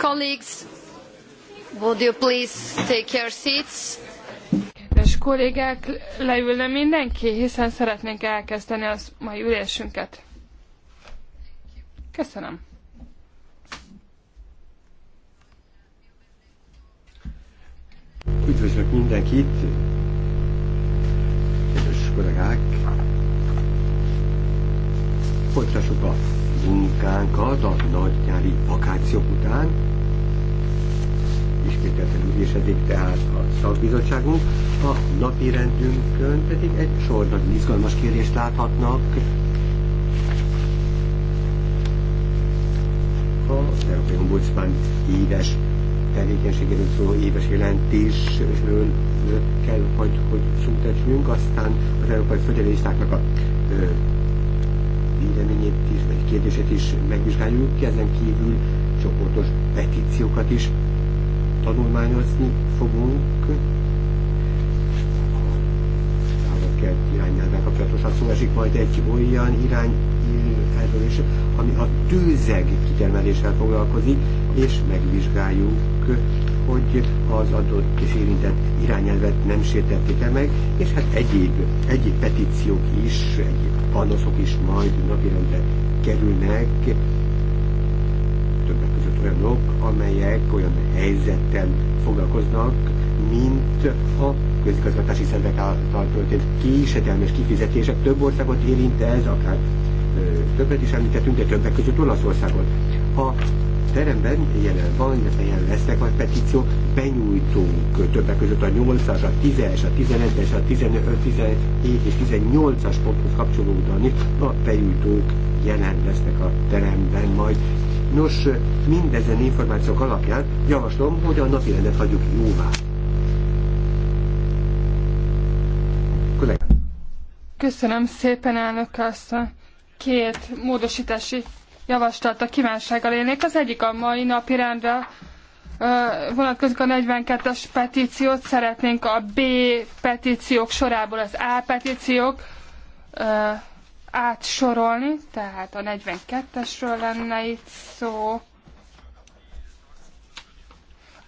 Colleagues, would you please take your seats? Kedves kollégák, leülne mindenki, hiszen szeretnénk elkezdeni az mai ülésünket. Köszönöm. Üdvözlök mindenkit, kedves kollégák, folytassuk a munkánkat a nagy nyári vakációk után. Ismételten ügyésedik tehát a szakbizottságunk. A napi rendünkön pedig egy sor nagy izgalmas kérést láthatnak. Az Európai Ombudsman éves tevékenységéről szóló éves jelentésről kell majd, hogy szót aztán az Európai Föderalistáknak a véleményét is, vagy kérdését is megvizsgáljuk, ezen kívül csoportos petíciókat is tanulmányozni fogunk. A államkert irányelvvel kapcsolatosan szó esik majd egy olyan irány erről is, ami a tűzeg kitermeléssel foglalkozik, és megvizsgáljuk, hogy az adott és érintett irányelvet nem sértették -e meg, és hát egyéb, egyéb petíciók is, egyéb panaszok is majd napirendre kerülnek, többek között olyanok, amelyek olyan helyzetten foglalkoznak, mint a közigazgatási szervek által történt késedelmes kifizetések. Több országot érint ez, akár ö, többet is említettünk, de többek között Olaszországot. A teremben jelen van, illetve jelen lesznek majd petíciók, benyújtunk többek között a 8-as, a 10-es, a 11-es, a 15, 17 és 18-as ponthoz kapcsolódani a benyújtók jelen lesznek a teremben majd. Nos, mindezen információk alapján javaslom, hogy a napi rendet hagyjuk jóvá. Kollégám. Köszönöm szépen, elnök azt a Két módosítási javaslat a kívánsággal élnék. Az egyik a mai napi rendre vonatkozik a 42-es petíciót, szeretnénk a B petíciók sorából az A petíciók átsorolni, tehát a 42-esről lenne itt szó.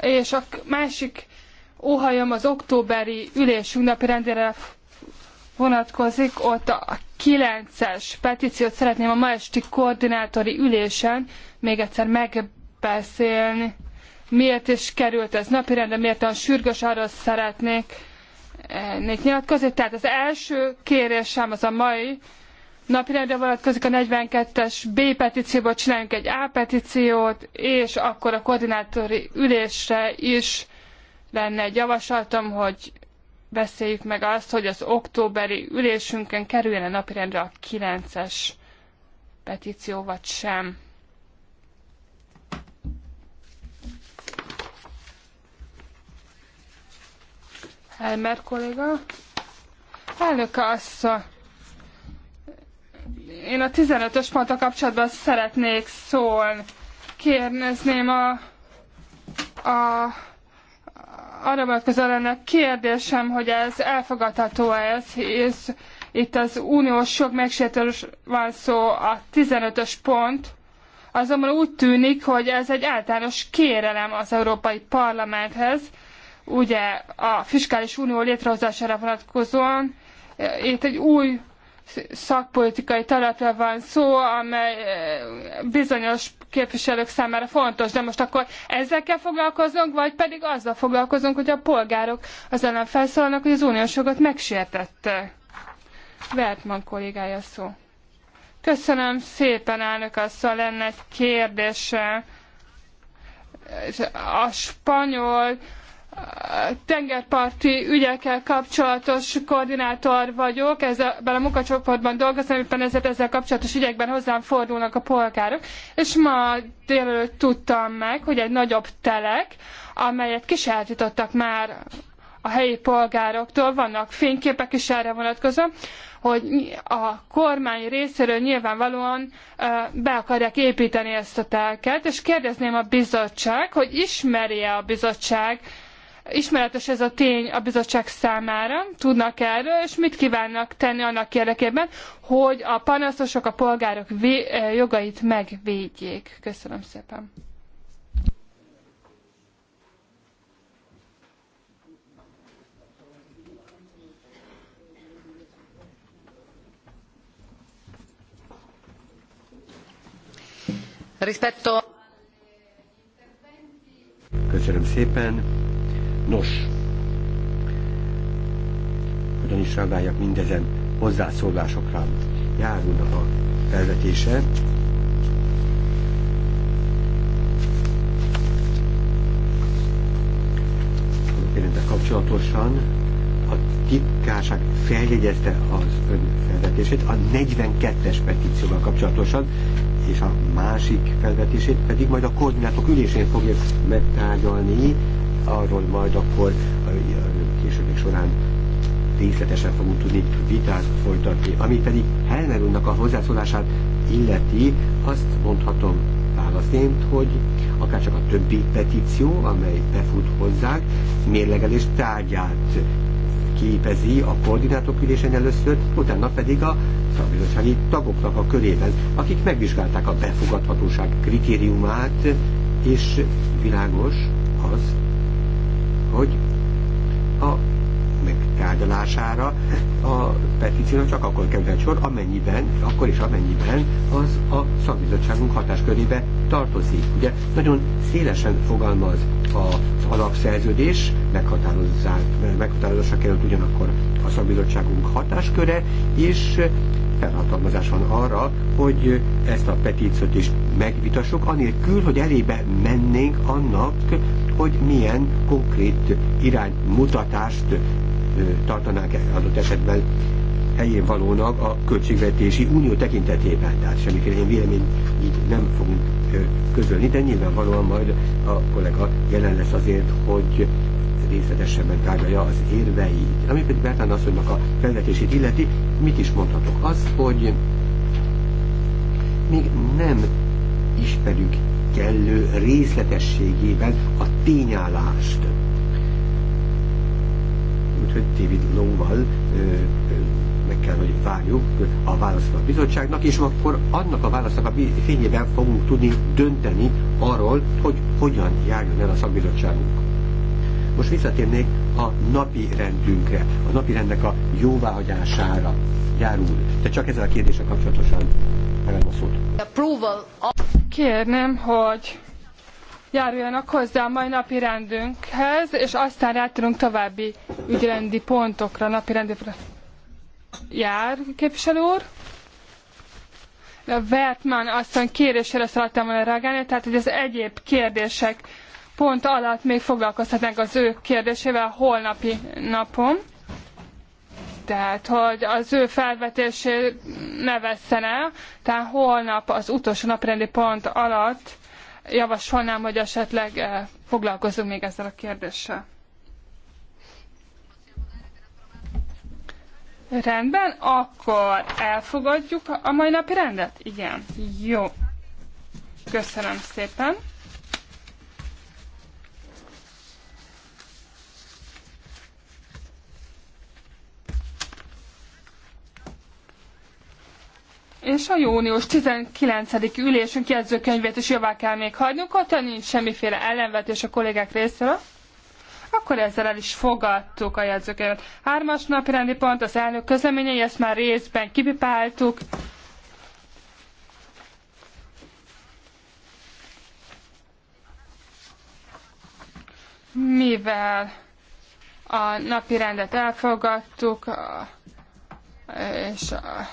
És a másik óhajom az októberi ülésünk napi rendjére vonatkozik, ott a 9-es petíciót szeretném a ma esti koordinátori ülésen még egyszer megbeszélni miért is került ez napirendre, miért olyan sürgős, arra szeretnék eh, nék nyilatkozni. Tehát az első kérésem az a mai napirendre vonatkozik a 42-es B petícióból, csináljunk egy A petíciót, és akkor a koordinátori ülésre is lenne egy javaslatom, hogy beszéljük meg azt, hogy az októberi ülésünkön kerüljön a napirendre a 9-es petíció, vagy sem. Helmer kolléga. Elnök asszony, én a 15-ös ponttal kapcsolatban szeretnék szólni. Kérdezném a, a arra vonatkozóan lenne kérdésem, hogy ez elfogadható -e ez, és itt az uniós jog megsértős van szó a 15-ös pont, azonban úgy tűnik, hogy ez egy általános kérelem az Európai Parlamenthez, ugye a fiskális unió létrehozására vonatkozóan. E, itt egy új szakpolitikai területre van szó, amely e, bizonyos képviselők számára fontos, de most akkor ezzel kell foglalkoznunk, vagy pedig azzal foglalkozunk, hogy a polgárok az ellen felszólalnak, hogy az uniós jogot megsértette. Vertman kollégája szó. Köszönöm szépen, elnök asszony, lenne egy kérdése. A spanyol tengerparti ügyekkel kapcsolatos koordinátor vagyok, ebben a munkacsoportban dolgozom, éppen ezért ezzel kapcsolatos ügyekben hozzám fordulnak a polgárok, és ma délelőtt tudtam meg, hogy egy nagyobb telek, amelyet kisártítottak már a helyi polgároktól, vannak fényképek is erre vonatkozóan, hogy a kormány részéről nyilvánvalóan be akarják építeni ezt a telket, és kérdezném a bizottság, hogy ismeri-e a bizottság ismeretes ez a tény a bizottság számára, tudnak erről, és mit kívánnak tenni annak érdekében, hogy a panaszosok, a polgárok eh, jogait megvédjék. Köszönöm szépen. Rispetto Köszönöm szépen. Nos, hogyan is reagáljak mindezen hozzászólásokra? Járulnak a felvetése. Kérdezzel kapcsolatosan a titkárság feljegyezte az ön felvetését a 42-es petícióval kapcsolatosan, és a másik felvetését pedig majd a koordinátok ülésén fogja megtárgyalni, arról majd akkor a későbbik során részletesen fogunk tudni vitát folytatni. Ami pedig Helmer úrnak a hozzászólását illeti, azt mondhatom válaszként, hogy akár csak a többi petíció, amely befut hozzánk, mérlegelés tárgyát képezi a koordinátok ülésen először, utána pedig a szakbizottsági tagoknak a körében, akik megvizsgálták a befogadhatóság kritériumát, és világos az, hogy a megtárgyalására a petíciónak csak akkor kerülhet sor, amennyiben, akkor is amennyiben az a szakbizottságunk hatáskörébe tartozik. Ugye nagyon szélesen fogalmaz az alapszerződés, meghatározásra került ugyanakkor a szakbizottságunk hatásköre, és felhatalmazás van arra, hogy ezt a petíciót is megvitassuk, anélkül, hogy elébe mennénk annak, hogy milyen konkrét iránymutatást tartanánk adott esetben helyén valónak a költségvetési unió tekintetében. Tehát semmiféle ilyen vélemény így nem fogunk közölni, de nyilvánvalóan majd a kollega jelen lesz azért, hogy részletesebben tárgyalja az érveit. Ami pedig Bertán asszonynak a felvetését illeti, mit is mondhatok? Az, hogy még nem ismerjük kellő részletességében a tényállást. Úgyhogy David Lowell kell, hogy várjuk a választ a bizottságnak, és akkor annak a választnak a fényében fogunk tudni dönteni arról, hogy hogyan járjon el a szakbizottságunk. Most visszatérnék a napi rendünkre, a napi rendnek a jóváhagyására. járul. Te de csak ezzel a kérdéssel kapcsolatosan megadom a szót. Kérném, hogy járuljanak hozzá a mai napi rendünkhez, és aztán rátérünk további ügyrendi pontokra, napi rendi pontokra jár, képviselő úr. De Vertman asszony kérdésére szerettem volna reagálni, tehát hogy az egyéb kérdések pont alatt még foglalkozhatnánk az ő kérdésével holnapi napon. Tehát, hogy az ő felvetését ne vesszen el, tehát holnap az utolsó naprendi pont alatt javasolnám, hogy esetleg eh, foglalkozunk még ezzel a kérdéssel. Rendben, akkor elfogadjuk a mai napi rendet? Igen. Jó. Köszönöm szépen. és a június 19. ülésünk jegyzőkönyvét is jobbá kell még hagynunk, ott nincs semmiféle ellenvetés a kollégák részéről. Akkor ezzel el is fogadtuk a jegyzőkönyvet. Hármas napi rendi pont, az elnök közleményei, ezt már részben kipipáltuk. Mivel a napi rendet elfogadtuk, és a,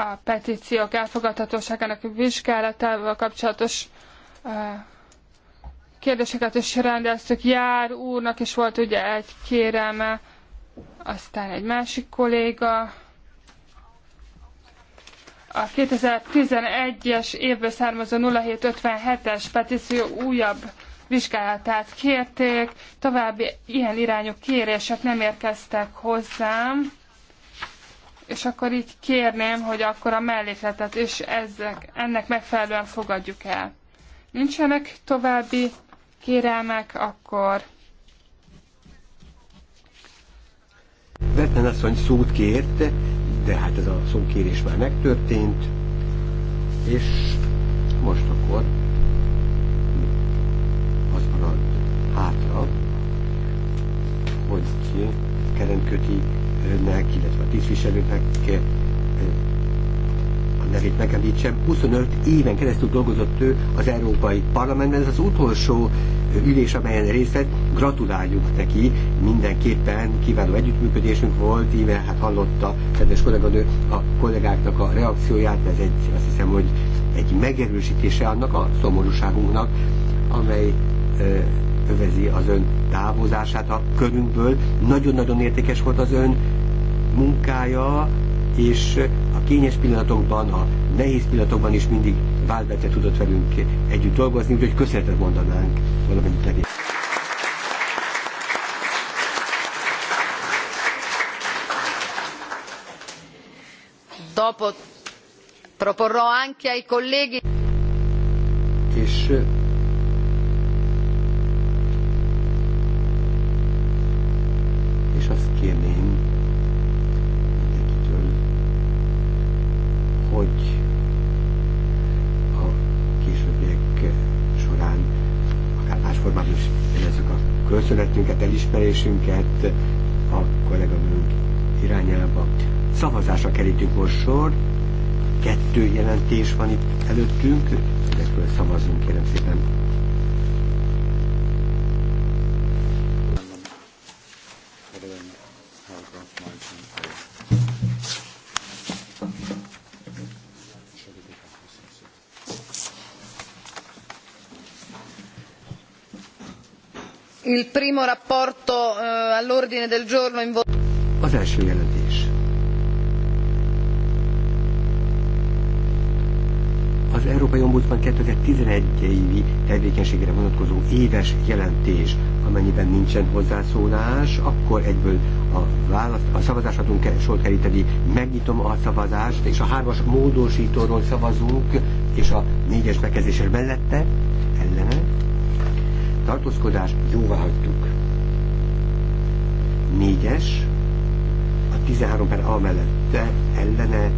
a petíciók elfogadhatóságának vizsgálatával kapcsolatos kérdéseket is rendeztük. Jár úrnak is volt ugye egy kérelme, aztán egy másik kolléga. A 2011-es évből származó 0757-es petíció újabb vizsgálatát kérték, további ilyen irányú kérések nem érkeztek hozzám, és akkor így kérném, hogy akkor a mellékletet is ezek, ennek megfelelően fogadjuk el. Nincsenek további kérelmek, akkor... Vetlen asszony szót kért, de hát ez a szókérés már megtörtént, és most akkor az marad hátra, hogy Kerenkötinek, illetve a tisztviselőnek nevét megemlítsem, 25 éven keresztül dolgozott ő az Európai Parlamentben, ez az utolsó ülés, amelyen részt vett, gratuláljuk neki, mindenképpen kiváló együttműködésünk volt, íme hát hallotta kedves kolléganő a kollégáknak a reakcióját, ez egy, azt hiszem, hogy egy megerősítése annak a szomorúságunknak, amely ö, övezi az ön távozását a körünkből. Nagyon-nagyon értékes volt az ön munkája, és a kényes pillanatokban, a nehéz pillanatokban is mindig Válbete tudott velünk együtt dolgozni, úgyhogy köszönetet mondanánk valamennyi legyen. Dopo proporrò anche ai colleghi és hogy a későbbiek során akár más formában is érezzük a köszönetünket, elismerésünket a kollégamunk irányába. Szavazásra kerítünk most sor, kettő jelentés van itt előttünk, ezekről szavazunk, kérem szépen. Il primo rapporto uh, all'ordine del giorno in Az első jelentés. Az Európai Ombudsman 2011 évi tevékenységére vonatkozó éves jelentés, amennyiben nincsen hozzászólás, akkor egyből a, választ, a szavazásra tudunk sort keríteni. Megnyitom a szavazást, és a hármas módosítóról szavazunk, és a négyes bekezdésről mellette, ellene, tartózkodás, jóvá hagytuk. Négyes, a 13 per A mellette ellene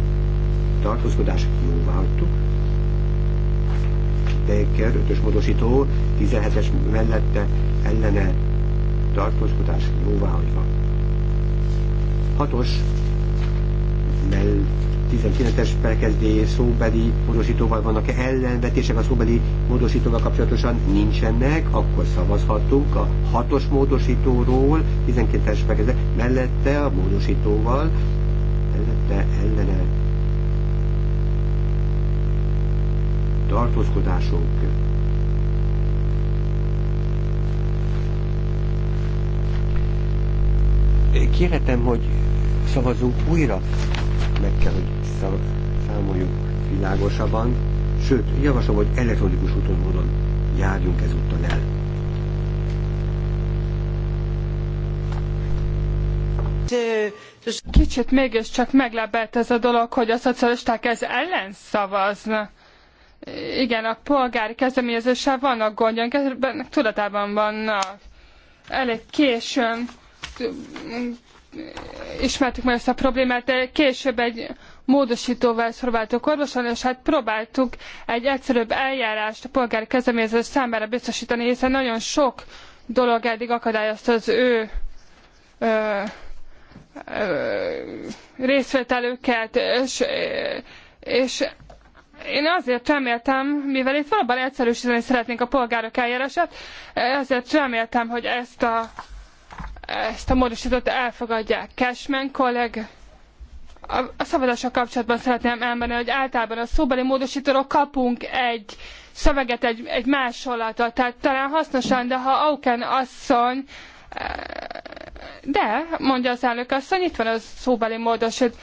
tartózkodás, jóvá hagytuk. Decker 5-ös módosító, 17-es mellette ellene tartózkodás, jóváhagyva. 6-os mellette 19-es perkezdés szóbeli módosítóval vannak-e ellenvetések a szóbeli módosítóval kapcsolatosan nincsenek, akkor szavazhatunk a hatos módosítóról, 19 es perkezdés mellette a módosítóval, mellette ellene tartózkodások kérhetem, hogy szavazunk újra meg kell, hogy számoljuk világosabban. Sőt, javaslom, hogy elektronikus úton módon járjunk ezúttal el. Kicsit csak meglepett ez a dolog, hogy a szocialisták ez ellen szavazna. Igen, a polgári kezdeményezéssel vannak gondjaink, ebben tudatában vannak. Elég későn ismertük meg ezt a problémát, de később egy módosítóval ezt próbáltuk orvosolni, és hát próbáltuk egy egyszerűbb eljárást a polgári kezdeményezés számára biztosítani, hiszen nagyon sok dolog eddig akadályozta az ő ö, ö, részvételüket, és, és én azért reméltem, mivel itt valóban egyszerűsíteni szeretnénk a polgárok eljárását, ezért reméltem, hogy ezt a ezt a módosítót elfogadják. Cashman kolleg, a, a szavazással kapcsolatban szeretném elmondani, hogy általában a szóbeli módosítóról kapunk egy szöveget, egy, egy másolatot, tehát talán hasznosan, de ha Auken asszony eh, de, mondja az elnök asszony, itt van a szóbeli módosít.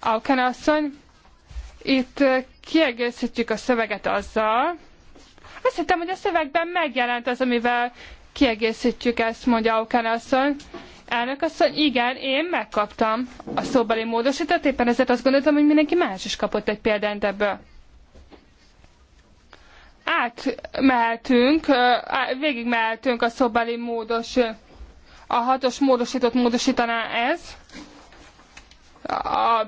Auken asszony, itt eh, kiegészítjük a szöveget azzal. Azt hittem, hogy a szövegben megjelent az, amivel kiegészítjük ezt, mondja Aukán asszony. Elnök asszony, igen, én megkaptam a szóbeli módosítat, éppen ezért azt gondoltam, hogy mindenki más is kapott egy példányt ebből. Átmehetünk, végigmehetünk a szóbeli módos, a hatos módosított módosítaná ez. A,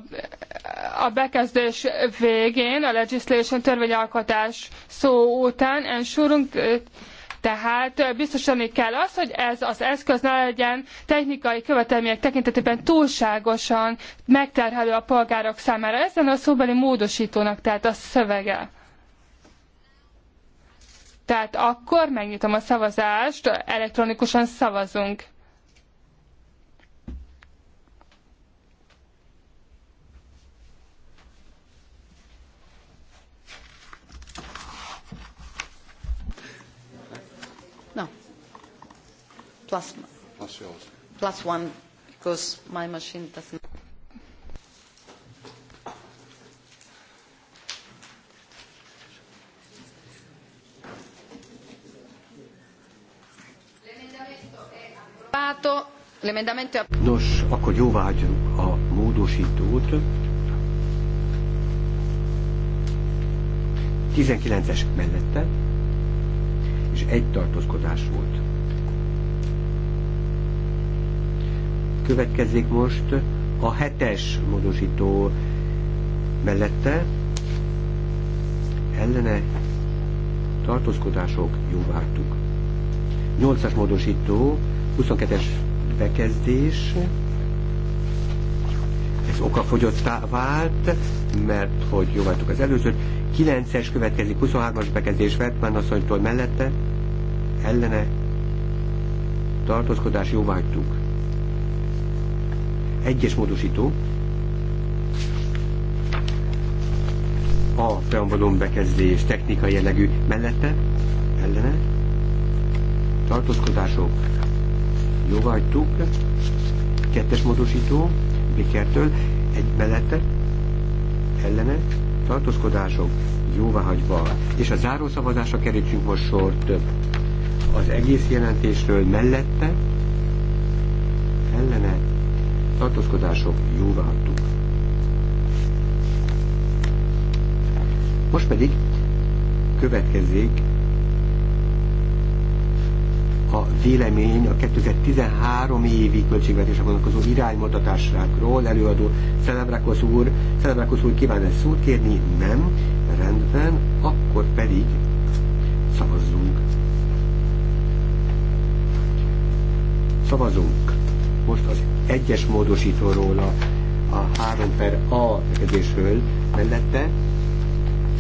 a bekezdés végén, a legislation törvényalkotás szó után ensúrunk, tehát biztosítani kell azt, hogy ez az eszköz ne legyen technikai követelmények tekintetében túlságosan megterhelő a polgárok számára. Ez lenne a szóbeli módosítónak, tehát a szövege. Tehát akkor megnyitom a szavazást, elektronikusan szavazunk. plus plus yours. Plus one, because my machine doesn't. Nos, akkor hagyjuk a módosítót. 19-es mellette, és egy tartózkodás volt. Következzék most a hetes módosító mellette ellene tartózkodások jóváltuk. 8-as módosító, 22-es bekezdés, ez oka fogyottá vált, mert hogy jóváltuk az előzőt, 9-es következik, 23-as bekezdés Vertmán asszonytól mellette, ellene tartózkodás jóváltuk. Egyes módosító. A preambulum bekezdés technikai jellegű mellette, ellene, tartózkodások, jóvágytuk, kettes módosító, Bikertől, egy mellette, ellene, tartózkodások, jóváhagyva. És a zárószavazásra kerítsünk most sort az egész jelentésről mellette, ellene, tartózkodások jóváhagytuk. Most pedig következzék a vélemény a 2013 évi költségvetésre vonatkozó iránymutatásrákról. Előadó Szelebrakosz úr, Szelebrakosz úr kíván ezt szót kérni? Nem. Rendben, akkor pedig szavazzunk. Szavazunk. Most az egyes módosítóról a, a 3 per A bekezdésről mellette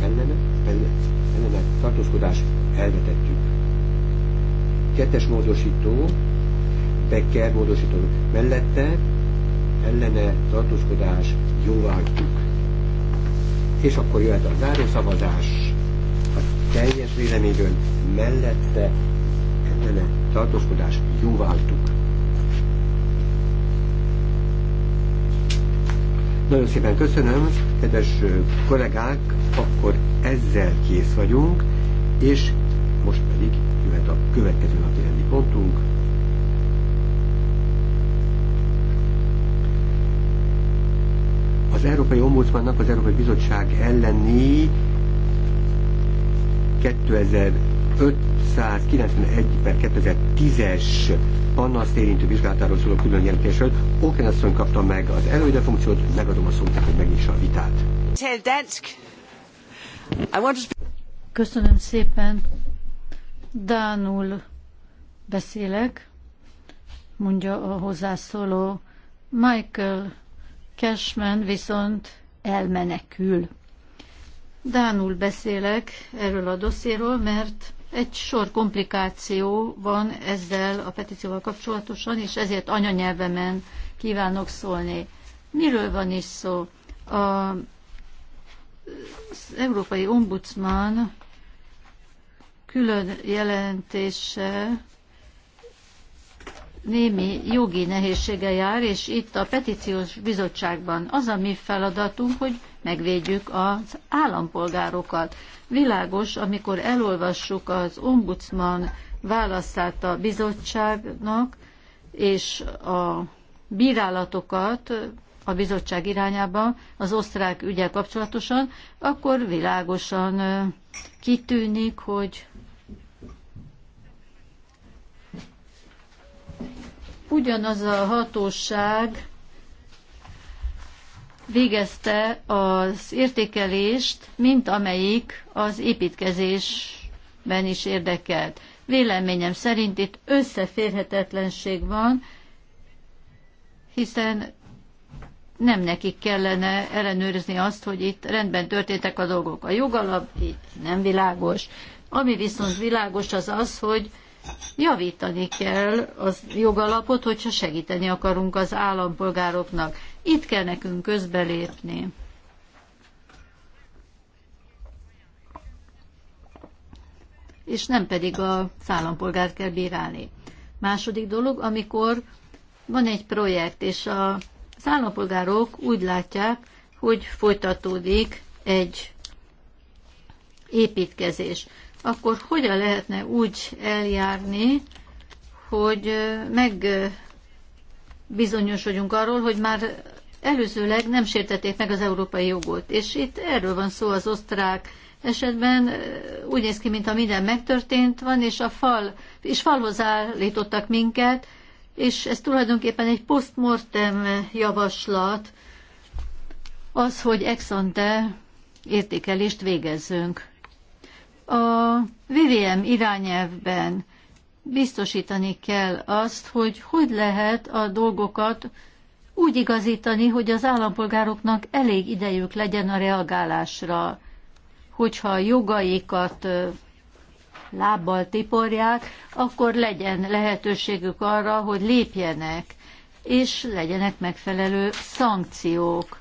ellene, ellene, ellene tartózkodás elvetettük. Kettes módosító, Becker módosító mellette ellene tartózkodás jóvá hagytuk. És akkor jöhet a zárószavazás a teljes véleményből mellette ellene tartózkodás jóvá hagytuk. Nagyon szépen köszönöm, kedves kollégák, akkor ezzel kész vagyunk, és most pedig jöhet a következő napi rendi pontunk. Az Európai Ombudsmannak az Európai Bizottság elleni 2000 591 per 2010-es panaszt érintő vizsgálatáról szóló külön jelentésről. Oken asszony kapta meg az előide funkciót, megadom a szót, hogy megnyissa a vitát. Köszönöm szépen. Dánul beszélek, mondja a hozzászóló. Michael Cashman viszont elmenekül. Dánul beszélek erről a dosszéról, mert egy sor komplikáció van ezzel a petícióval kapcsolatosan, és ezért anyanyelvemen kívánok szólni. Miről van is szó? A, az Európai Ombudsman külön jelentése némi jogi nehézsége jár, és itt a petíciós bizottságban az a mi feladatunk, hogy megvédjük az állampolgárokat. Világos, amikor elolvassuk az ombudsman válaszát a bizottságnak, és a bírálatokat a bizottság irányába az osztrák ügyel kapcsolatosan, akkor világosan kitűnik, hogy ugyanaz a hatóság végezte az értékelést, mint amelyik az építkezésben is érdekelt. Véleményem szerint itt összeférhetetlenség van, hiszen nem nekik kellene ellenőrizni azt, hogy itt rendben történtek a dolgok. A jogalap itt nem világos. Ami viszont világos az az, hogy javítani kell az jogalapot, hogyha segíteni akarunk az állampolgároknak. Itt kell nekünk közbelépni. és nem pedig az állampolgárt kell bírálni. Második dolog, amikor van egy projekt, és a, az állampolgárok úgy látják, hogy folytatódik egy építkezés akkor hogyan lehetne úgy eljárni, hogy megbizonyosodjunk arról, hogy már előzőleg nem sértették meg az európai jogot. És itt erről van szó az osztrák esetben úgy néz ki, mintha minden megtörtént van, és a fal, és falhoz állítottak minket, és ez tulajdonképpen egy postmortem javaslat, az, hogy ex ante értékelést végezzünk. A VVM irányelvben biztosítani kell azt, hogy hogy lehet a dolgokat úgy igazítani, hogy az állampolgároknak elég idejük legyen a reagálásra, hogyha a jogaikat lábbal tiporják, akkor legyen lehetőségük arra, hogy lépjenek, és legyenek megfelelő szankciók.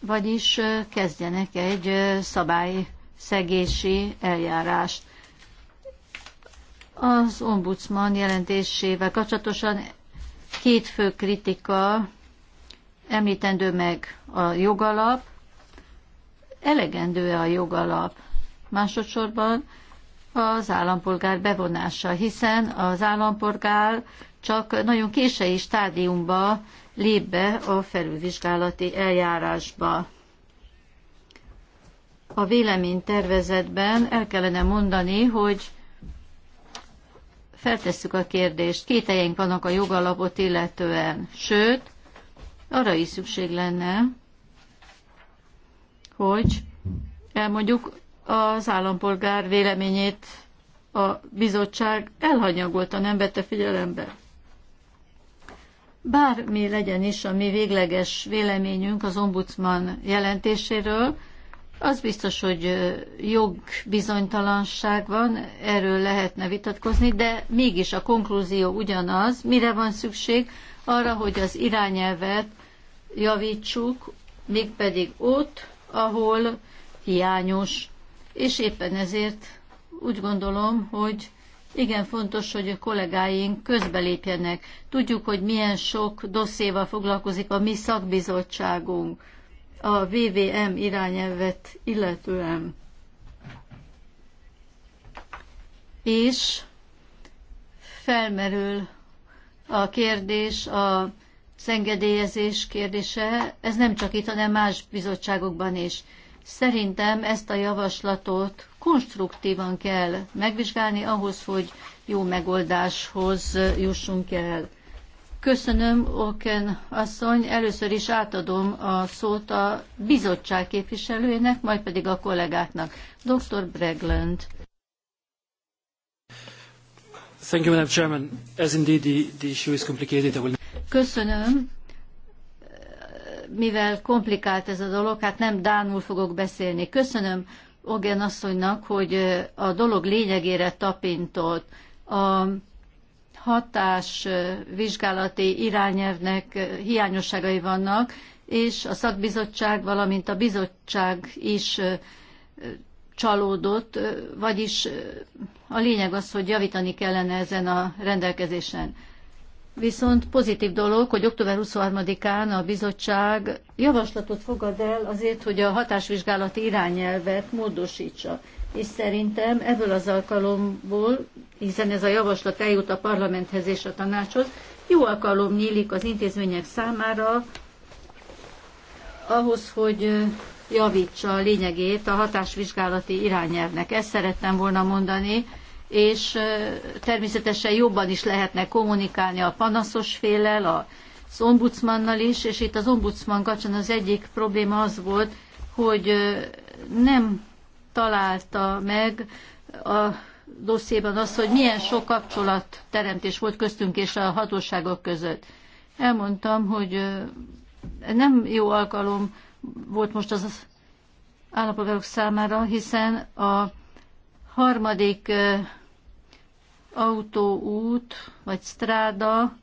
Vagyis kezdjenek egy szabály szegési eljárást. Az ombudsman jelentésével kapcsolatosan két fő kritika említendő meg a jogalap, elegendő-e a jogalap? Másodszorban az állampolgár bevonása, hiszen az állampolgár csak nagyon késői stádiumba lép be a felülvizsgálati eljárásba a véleménytervezetben el kellene mondani, hogy feltesszük a kérdést, két kételjeink vannak a jogalapot illetően, sőt, arra is szükség lenne, hogy elmondjuk az állampolgár véleményét a bizottság elhanyagolta, nem vette figyelembe. Bármi legyen is a mi végleges véleményünk az ombudsman jelentéséről, az biztos, hogy jogbizonytalanság van, erről lehetne vitatkozni, de mégis a konklúzió ugyanaz, mire van szükség arra, hogy az irányelvet javítsuk, mégpedig ott, ahol hiányos. És éppen ezért úgy gondolom, hogy igen fontos, hogy a kollégáink közbelépjenek. Tudjuk, hogy milyen sok dosszéval foglalkozik a mi szakbizottságunk a VVM irányelvet illetően. És felmerül a kérdés, a szengedélyezés kérdése, ez nem csak itt, hanem más bizottságokban is. Szerintem ezt a javaslatot konstruktívan kell megvizsgálni ahhoz, hogy jó megoldáshoz jussunk el. Köszönöm, Oken asszony. Először is átadom a szót a bizottság képviselőjének, majd pedig a kollégáknak. Dr. Bregland. Thank you, Madam Chairman. As indeed the, the issue is complicated, I will... Köszönöm. Mivel komplikált ez a dolog, hát nem Dánul fogok beszélni. Köszönöm Ogen asszonynak, hogy a dolog lényegére tapintott. A hatás vizsgálati irányelvnek hiányosságai vannak, és a szakbizottság, valamint a bizottság is csalódott, vagyis a lényeg az, hogy javítani kellene ezen a rendelkezésen. Viszont pozitív dolog, hogy október 23-án a bizottság javaslatot fogad el azért, hogy a hatásvizsgálati irányelvet módosítsa és szerintem ebből az alkalomból, hiszen ez a javaslat eljut a parlamenthez és a tanácshoz, jó alkalom nyílik az intézmények számára ahhoz, hogy javítsa a lényegét a hatásvizsgálati irányelvnek. Ezt szerettem volna mondani, és természetesen jobban is lehetne kommunikálni a panaszos félel, a az ombudsmannal is, és itt az ombudsman kapcsán az egyik probléma az volt, hogy nem találta meg a dossziéban azt, hogy milyen sok kapcsolatteremtés volt köztünk és a hatóságok között. Elmondtam, hogy nem jó alkalom volt most az állapotok számára, hiszen a harmadik autóút vagy stráda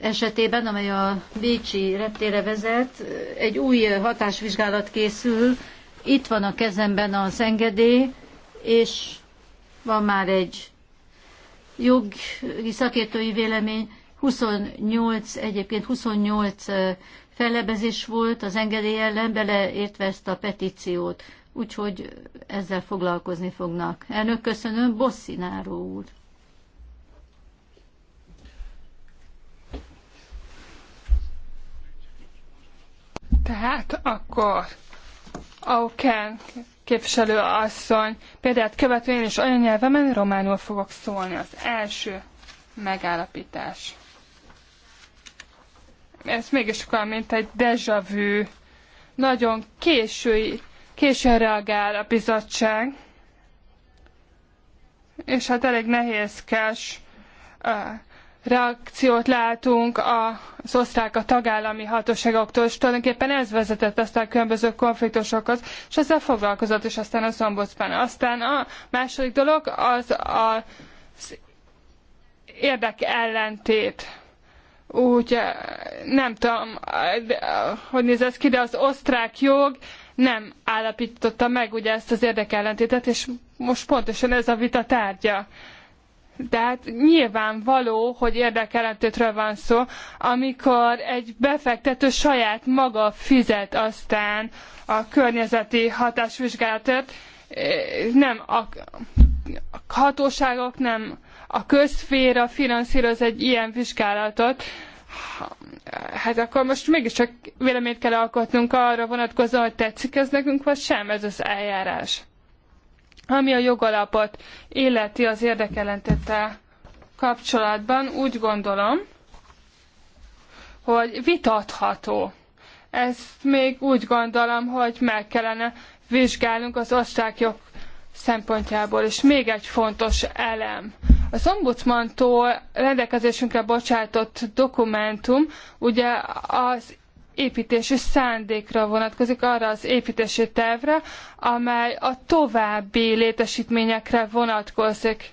esetében, amely a Bécsi reptére vezet, egy új hatásvizsgálat készül itt van a kezemben az engedély, és van már egy jogi szakértői vélemény, 28, egyébként 28 fellebezés volt az engedély ellen, beleértve ezt a petíciót, úgyhogy ezzel foglalkozni fognak. Elnök, köszönöm, Bosszináró úr. Tehát akkor Auken képviselő asszony példát követően én is olyan nyelvemen románul fogok szólni. Az első megállapítás. Ez mégis olyan, mint egy deja vu. Nagyon késői, későn reagál a bizottság, és hát elég nehézkes reakciót látunk az osztrák, a tagállami hatóságoktól, és tulajdonképpen ez vezetett aztán különböző konfliktusokhoz, és ezzel foglalkozott, és aztán az ombudsman. Aztán a második dolog az az érdek ellentét. Úgy eh, nem tudom, eh, hogy néz ez ki, de az osztrák jog nem állapította meg ugye ezt az érdekellentétet, és most pontosan ez a vita tárgya. De hát nyilvánvaló, hogy érdekelentétről van szó, amikor egy befektető saját maga fizet aztán a környezeti hatásvizsgálatért, nem a, hatóságok, nem a közféra finanszíroz egy ilyen vizsgálatot, hát akkor most mégiscsak véleményt kell alkotnunk arra vonatkozóan, hogy tetszik ez nekünk, vagy sem ez az eljárás. Ami a jogalapot illeti az érdekellentéttel kapcsolatban, úgy gondolom, hogy vitatható. Ezt még úgy gondolom, hogy meg kellene vizsgálnunk az osztrák jog szempontjából. És még egy fontos elem. Az ombudsmantól rendelkezésünkre bocsátott dokumentum ugye az építési szándékra vonatkozik, arra az építési tervre, amely a további létesítményekre vonatkozik.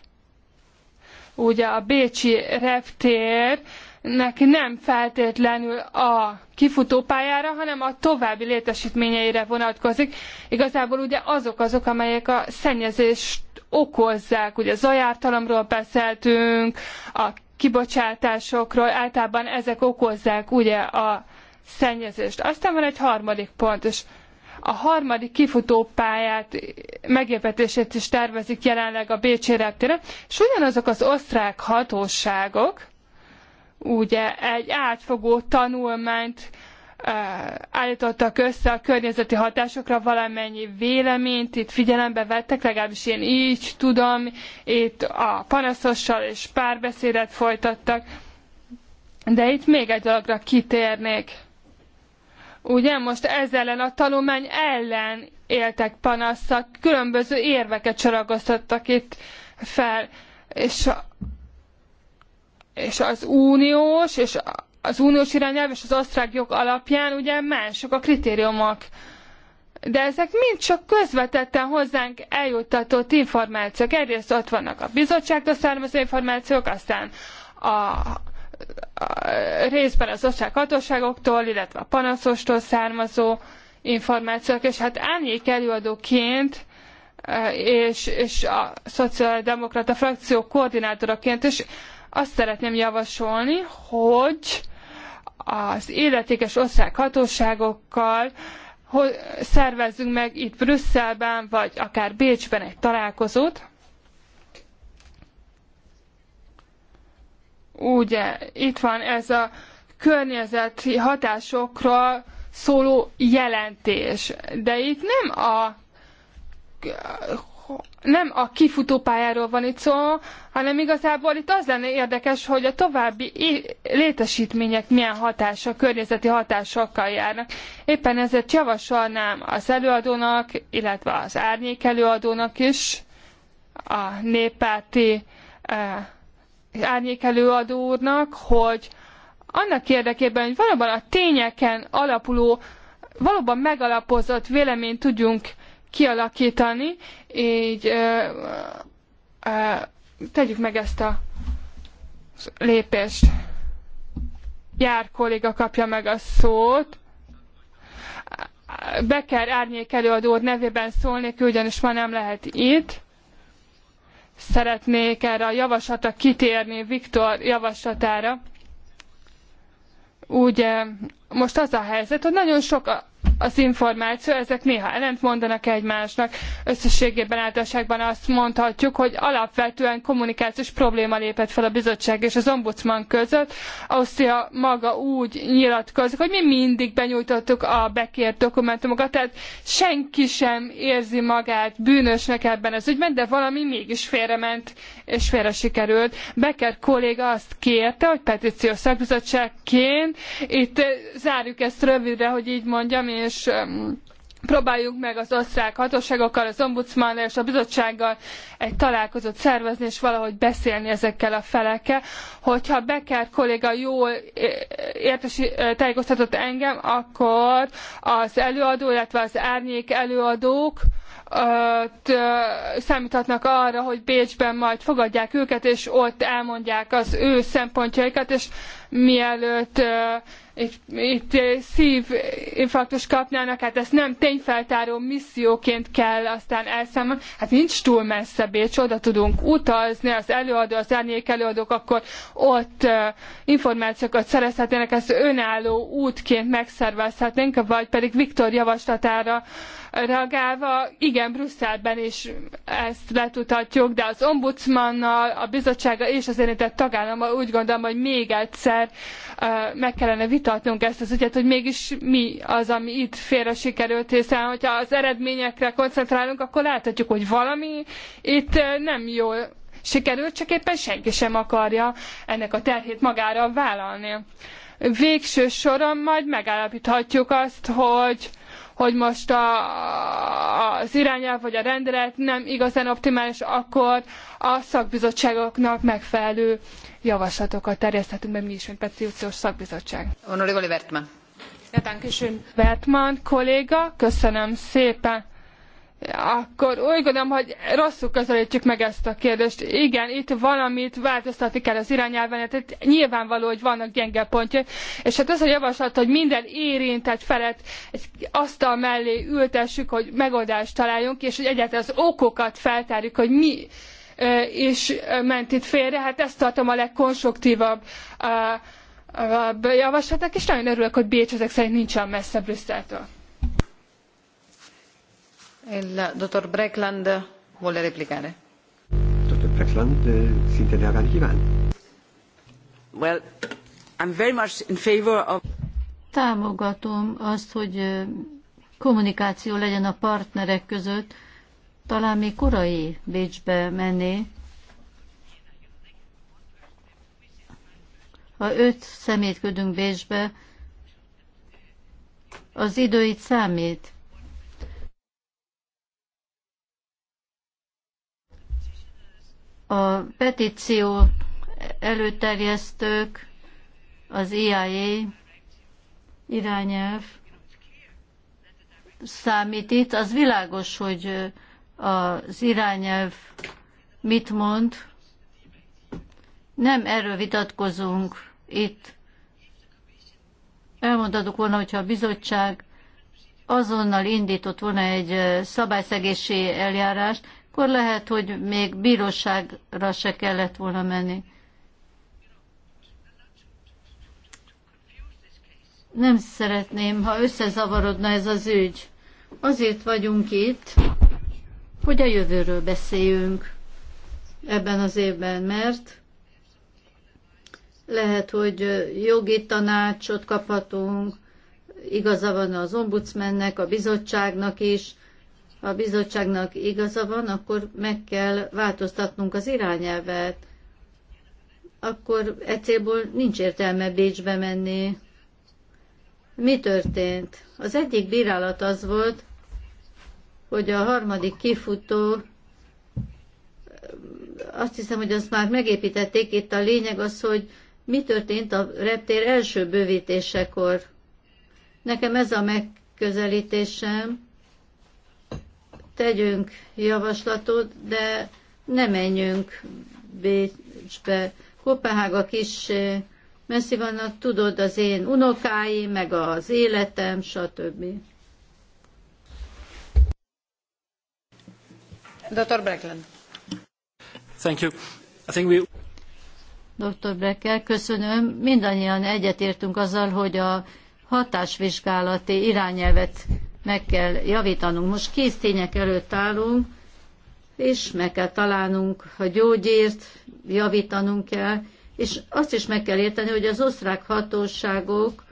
Ugye a Bécsi reptér neki nem feltétlenül a kifutópályára, hanem a további létesítményeire vonatkozik. Igazából ugye azok azok, amelyek a szennyezést okozzák. Ugye zajártalomról beszéltünk, a kibocsátásokról, általában ezek okozzák ugye a szennyezést. Aztán van egy harmadik pont, és a harmadik kifutópályát megépetését is tervezik jelenleg a Bécsi reptére, és ugyanazok az osztrák hatóságok, ugye egy átfogó tanulmányt eh, állítottak össze a környezeti hatásokra valamennyi véleményt, itt figyelembe vettek, legalábbis én így tudom, itt a panaszossal és párbeszédet folytattak, de itt még egy dologra kitérnék Ugye most ez ellen a tanulmány ellen éltek panaszak, különböző érveket soragoztattak itt fel, és, a, és az uniós, és az uniós irányelv és az osztrák jog alapján ugye mások a kritériumok. De ezek mind csak közvetetten hozzánk eljuttatott információk. Egyrészt ott vannak a bizottságtól származó információk, aztán a részben az osztrák hatóságoktól, illetve a panaszostól származó információk, és hát árnyék előadóként e, és, és a szociáldemokrata frakció koordinátoraként is azt szeretném javasolni, hogy az illetékes osztrák hatóságokkal szervezzünk meg itt Brüsszelben, vagy akár Bécsben egy találkozót, ugye itt van ez a környezeti hatásokról szóló jelentés. De itt nem a nem a kifutópályáról van itt szó, hanem igazából itt az lenne érdekes, hogy a további létesítmények milyen hatása, környezeti hatásokkal járnak. Éppen ezért javasolnám az előadónak, illetve az árnyék előadónak is, a néppárti eh, árnyékelőadó úrnak, hogy annak érdekében, hogy valóban a tényeken alapuló, valóban megalapozott véleményt tudjunk kialakítani, így ö, ö, tegyük meg ezt a lépést. Jár kolléga kapja meg a szót. Becker árnyék előadó nevében szólnék, ugyanis ma nem lehet itt szeretnék erre a javaslatra kitérni, Viktor javaslatára. Ugye most az a helyzet, hogy nagyon sok az információ, ezek néha ellentmondanak egymásnak. Összességében általánosságban azt mondhatjuk, hogy alapvetően kommunikációs probléma lépett fel a bizottság és az ombudsman között. Ausztria maga úgy nyilatkozik, hogy mi mindig benyújtottuk a bekért dokumentumokat, tehát senki sem érzi magát bűnösnek ebben az ügyben, de valami mégis félrement és félre sikerült. Becker kolléga azt kérte, hogy petíciós szakbizottságként itt zárjuk ezt rövidre, hogy így mondjam, és és próbáljunk meg az osztrák hatóságokkal, az ombudsmannal és a bizottsággal egy találkozót szervezni, és valahogy beszélni ezekkel a felekkel. Hogyha Becker kolléga jól e, értesi, e, tájékoztatott engem, akkor az előadó, illetve az árnyék előadók számíthatnak arra, hogy Bécsben majd fogadják őket, és ott elmondják az ő szempontjaikat, és mielőtt itt, itt szívinfarktus kapnának, hát ezt nem tényfeltáró misszióként kell aztán elszámolni. Hát nincs túl messze Bécs, oda tudunk utazni, az előadó, az árnyék előadók, akkor ott információkat szerezhetnének, ezt önálló útként megszervezhetnénk, vagy pedig Viktor javaslatára reagálva, igen, Brüsszelben is ezt letutatjuk, de az ombudsmannal, a bizottsága és az érintett tagállammal úgy gondolom, hogy még egyszer meg kellene vitatnunk ezt az ügyet, hogy mégis mi az, ami itt félre sikerült, hiszen hogyha az eredményekre koncentrálunk, akkor láthatjuk, hogy valami itt nem jól sikerült, csak éppen senki sem akarja ennek a terhét magára vállalni. Végső soron majd megállapíthatjuk azt, hogy hogy most a, az irányelv vagy a rendelet nem igazán optimális, akkor a szakbizottságoknak megfelelő javaslatokat terjeszthetünk be mi is, mint petíciós szakbizottság. Honorable Vertman. Vertman kolléga, köszönöm szépen akkor úgy gondolom, hogy rosszul közelítjük meg ezt a kérdést. Igen, itt valamit változtatni kell az irányelven, tehát nyilvánvaló, hogy vannak gyenge pontja. és hát az a javaslat, hogy minden érintett felett egy asztal mellé ültessük, hogy megoldást találjunk, és hogy egyáltalán az okokat feltárjuk, hogy mi is ment itt félre, hát ezt tartom a legkonstruktívabb javaslatnak, és nagyon örülök, hogy Bécs ezek szerint nincsen messze Brüsszeltől. Dr. dottor Breckland vuole replicare. ¿eh? Dr. Breckland eh, szinte reagálni kíván. Well, I'm very much in favor of... Támogatom azt, hogy kommunikáció legyen a partnerek között. Talán még korai Bécsbe menni, ha öt szemét ködünk Bécsbe, az időit számít. A petíció előterjesztők, az IAE irányelv számít itt. Az világos, hogy az irányelv mit mond. Nem erről vitatkozunk itt. Elmondhatok volna, hogyha a bizottság azonnal indított volna egy szabályszegési eljárást, akkor lehet, hogy még bíróságra se kellett volna menni. Nem szeretném, ha összezavarodna ez az ügy. Azért vagyunk itt, hogy a jövőről beszéljünk ebben az évben, mert lehet, hogy jogi tanácsot kaphatunk, igaza van az ombudsmannek, a bizottságnak is, a bizottságnak igaza van, akkor meg kell változtatnunk az irányelvet. Akkor e célból nincs értelme Bécsbe menni. Mi történt? Az egyik bírálat az volt, hogy a harmadik kifutó, azt hiszem, hogy azt már megépítették, itt a lényeg az, hogy mi történt a reptér első bővítésekor. Nekem ez a megközelítésem, tegyünk javaslatot, de ne menjünk Bécsbe. Kopenhága kis messzi vannak, tudod, az én unokáim, meg az életem, stb. Dr. Breckland. Thank you. I think we... Dr. Breckel, köszönöm. Mindannyian egyetértünk azzal, hogy a hatásvizsgálati irányelvet meg kell javítanunk. Most kész tények előtt állunk, és meg kell találnunk a gyógyírt, javítanunk kell, és azt is meg kell érteni, hogy az osztrák hatóságok,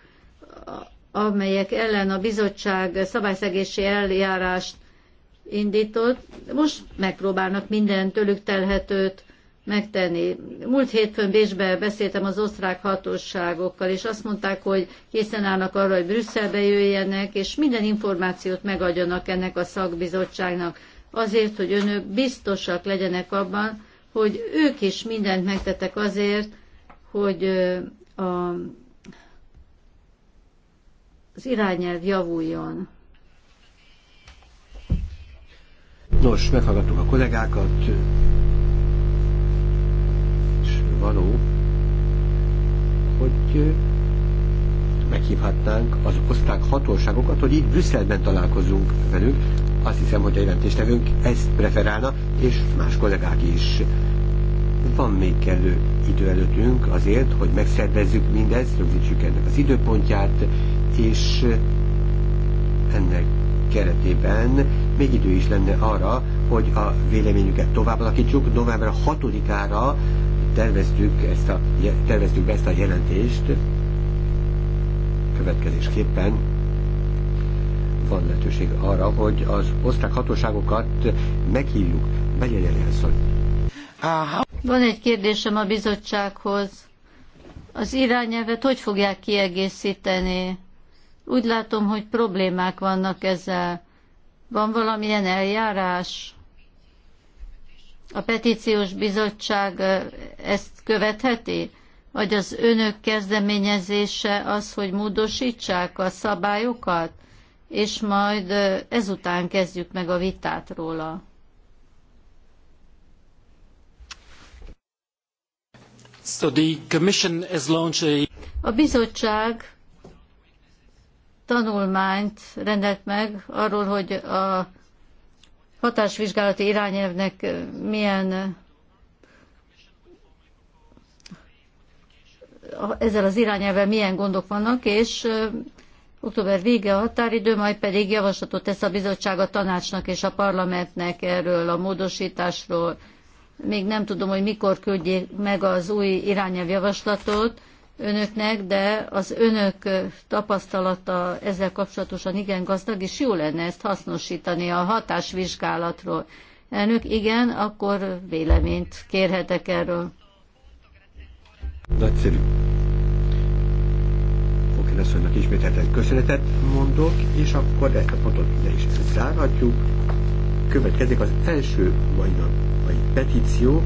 amelyek ellen a bizottság szabályszegési eljárást indított, most megpróbálnak minden tőlük telhetőt megtenni. Múlt hétfőn Bécsbe beszéltem az osztrák hatóságokkal, és azt mondták, hogy készen állnak arra, hogy Brüsszelbe jöjjenek, és minden információt megadjanak ennek a szakbizottságnak, azért, hogy önök biztosak legyenek abban, hogy ők is mindent megtettek azért, hogy a, az irányelv javuljon. Nos, meghallgattuk a kollégákat, való, hogy meghívhatnánk az osztrák hatóságokat, hogy itt Brüsszelben találkozunk velünk. Azt hiszem, hogy a jelentéstevőnk ezt preferálna, és más kollégák is. Van még kellő idő előttünk azért, hogy megszervezzük mindezt, rögzítsük ennek az időpontját, és ennek keretében még idő is lenne arra, hogy a véleményüket tovább alakítsuk. November 6-ára terveztük, ezt a, terveztük be ezt a jelentést, következésképpen van lehetőség arra, hogy az osztrák hatóságokat meghívjuk. Begyegyeli asszony. Van egy kérdésem a bizottsághoz. Az irányelvet hogy fogják kiegészíteni? Úgy látom, hogy problémák vannak ezzel. Van valamilyen eljárás? A petíciós bizottság ezt követheti? Vagy az önök kezdeményezése az, hogy módosítsák a szabályokat, és majd ezután kezdjük meg a vitát róla? So the commission has launched a... a bizottság tanulmányt rendelt meg arról, hogy a hatásvizsgálati irányelvnek milyen ezzel az irányelvvel milyen gondok vannak, és október vége a határidő, majd pedig javaslatot tesz a bizottság a tanácsnak és a parlamentnek erről a módosításról. Még nem tudom, hogy mikor küldjék meg az új irányelvjavaslatot, javaslatot, önöknek, de az önök tapasztalata ezzel kapcsolatosan igen gazdag, és jó lenne ezt hasznosítani a hatásvizsgálatról. Elnök, igen, akkor véleményt kérhetek erről. Nagyszerű. hogy ismételten hát köszönetet mondok, és akkor ezt a pontot ide is zárhatjuk. Következik az első mai, mai petíció,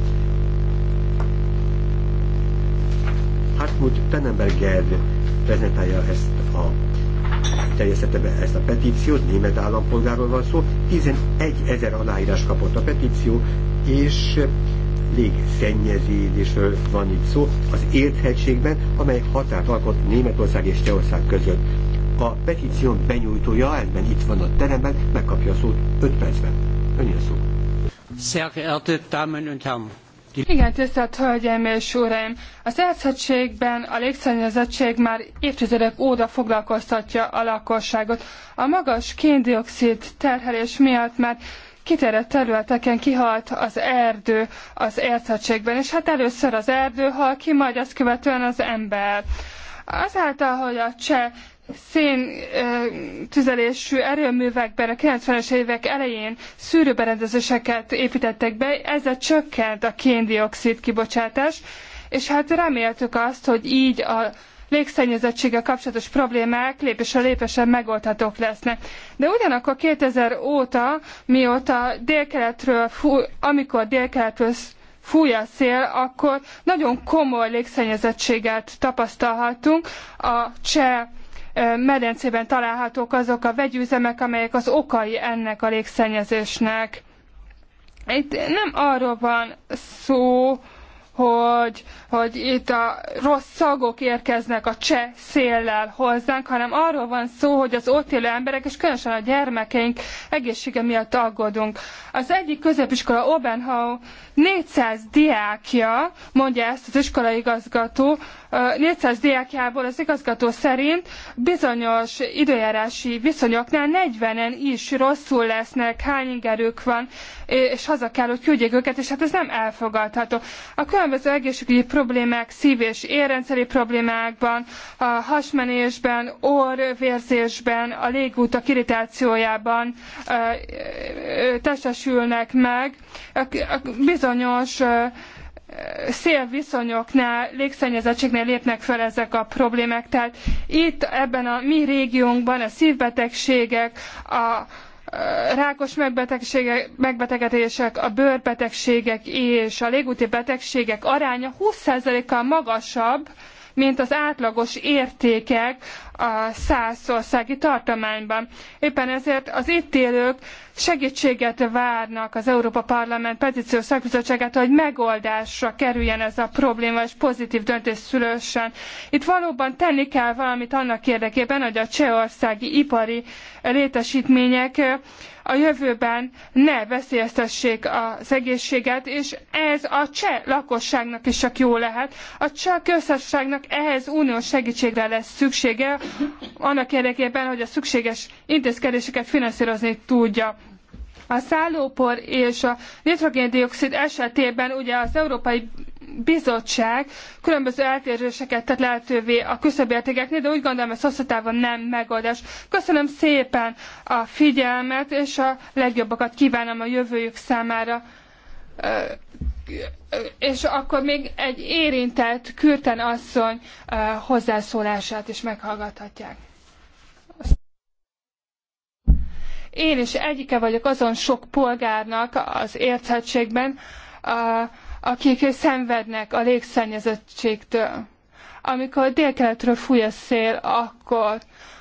Hartmut Pennenberger prezentálja ezt a terjesztette be ezt a petíciót, német állampolgáról van szó, 11 ezer aláírás kapott a petíció, és légszennyezésről van itt szó az érthetségben, amely határt alkot Németország és Csehország között. A petíció benyújtója, ebben itt van a teremben, megkapja a szót 5 percben. a szó. Sehr geehrte Damen und Herren! Igen, tisztelt Hölgyeim és Uraim! a elszegységben a légszennyezettség már évtizedek óta foglalkoztatja a lakosságot. A magas kéndioxid terhelés miatt már kiterjedt területeken kihalt az erdő az elszegységben, és hát először az erdő hal ki, majd ezt követően az ember. Azáltal, hogy a cseh szén tüzelésű erőművekben a 90-es évek elején szűrőberendezéseket építettek be, ezzel csökkent a kén-dioxid kibocsátás, és hát reméltük azt, hogy így a légszennyezettséggel kapcsolatos problémák lépésről lépesen megoldhatók lesznek. De ugyanakkor 2000 óta, mióta délkeletről, amikor délkeletről fúj a szél, akkor nagyon komoly légszennyezettséget tapasztalhatunk. A cseh medencében találhatók azok a vegyüzemek, amelyek az okai ennek a légszennyezésnek. Itt nem arról van szó, hogy, hogy itt a rossz szagok érkeznek a cseh széllel hozzánk, hanem arról van szó, hogy az ott élő emberek, és különösen a gyermekeink egészsége miatt aggódunk. Az egyik középiskola Obenhau 400 diákja, mondja ezt az iskolaigazgató, 400 diákjából az igazgató szerint bizonyos időjárási viszonyoknál 40-en is rosszul lesznek, hány ingerük van, és haza kell, hogy küldjék őket, és hát ez nem elfogadható. A különböző egészségügyi problémák, szív- és érrendszeri problémákban, a hasmenésben, orvérzésben, a légútak irritációjában testesülnek meg. Bizonyos bizonyos szélviszonyoknál, légszennyezettségnél lépnek fel ezek a problémák. Tehát itt ebben a mi régiónkban a szívbetegségek, a rákos megbetegségek, megbetegedések, a bőrbetegségek és a légúti betegségek aránya 20%-kal magasabb, mint az átlagos értékek a százországi tartományban. Éppen ezért az itt élők segítséget várnak az Európa Parlament petíciós szakbizottságától, hogy megoldásra kerüljen ez a probléma, és pozitív döntés szülősen. Itt valóban tenni kell valamit annak érdekében, hogy a csehországi ipari létesítmények a jövőben ne veszélyeztessék az egészséget, és ez a cseh lakosságnak is csak jó lehet. A cseh köztársaságnak ehhez uniós segítségre lesz szüksége, annak érdekében, hogy a szükséges intézkedéseket finanszírozni tudja. A szállópor és a nitrogéndioxid esetében ugye az Európai bizottság különböző eltéréseket tett lehetővé a küszöbértékeknél, de úgy gondolom, ez hosszú távon nem megoldás. Köszönöm szépen a figyelmet, és a legjobbakat kívánom a jövőjük számára. És akkor még egy érintett Kürten asszony hozzászólását is meghallgathatják. Én is egyike vagyok azon sok polgárnak az érthetségben, akik szenvednek a légszennyezettségtől. Amikor délkeletről fúj a szél, akkor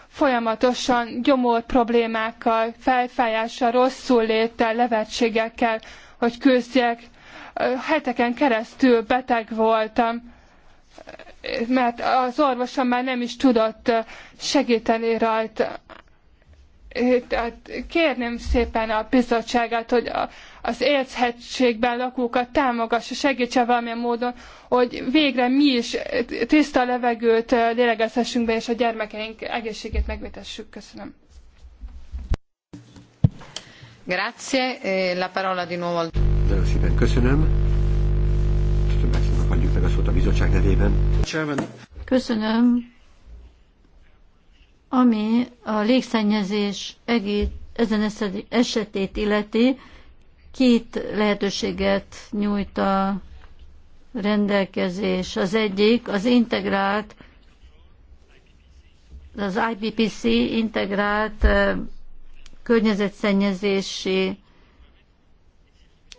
folyamatosan gyomor problémákkal, felfájással, rosszul léttel, levetségekkel, hogy küzdjek. Heteken keresztül beteg voltam, mert az orvosom már nem is tudott segíteni rajta. Tehát kérném szépen a bizottságát, hogy a, az érthetségben lakókat támogassa, segítse valamilyen módon, hogy végre mi is tiszta levegőt lélegezhessünk be, és a gyermekeink egészségét megvétessük. Köszönöm. Grazie. Eh, la parola di nuovo. Nagyon szépen köszönöm. Többek adjuk meg a szót a bizottság nevében. Köszönöm. Ami a légszennyezés egész, ezen esetét illeti, két lehetőséget nyújt a rendelkezés. Az egyik az integrált, az IPPC integrált környezetszennyezési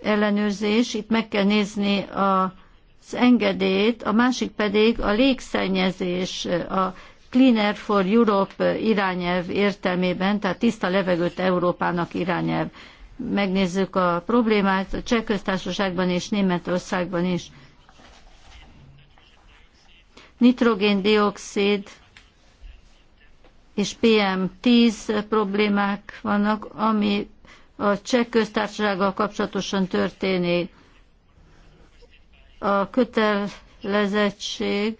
ellenőrzés, itt meg kell nézni az engedélyt, a másik pedig a légszennyezés, a Cleaner for Europe irányelv értelmében, tehát tiszta levegőt Európának irányelv. Megnézzük a problémát a Cseh köztársaságban és Németországban is. Nitrogén-dioxid és PM10 problémák vannak, ami a cseh köztársasággal kapcsolatosan történik. A kötelezettség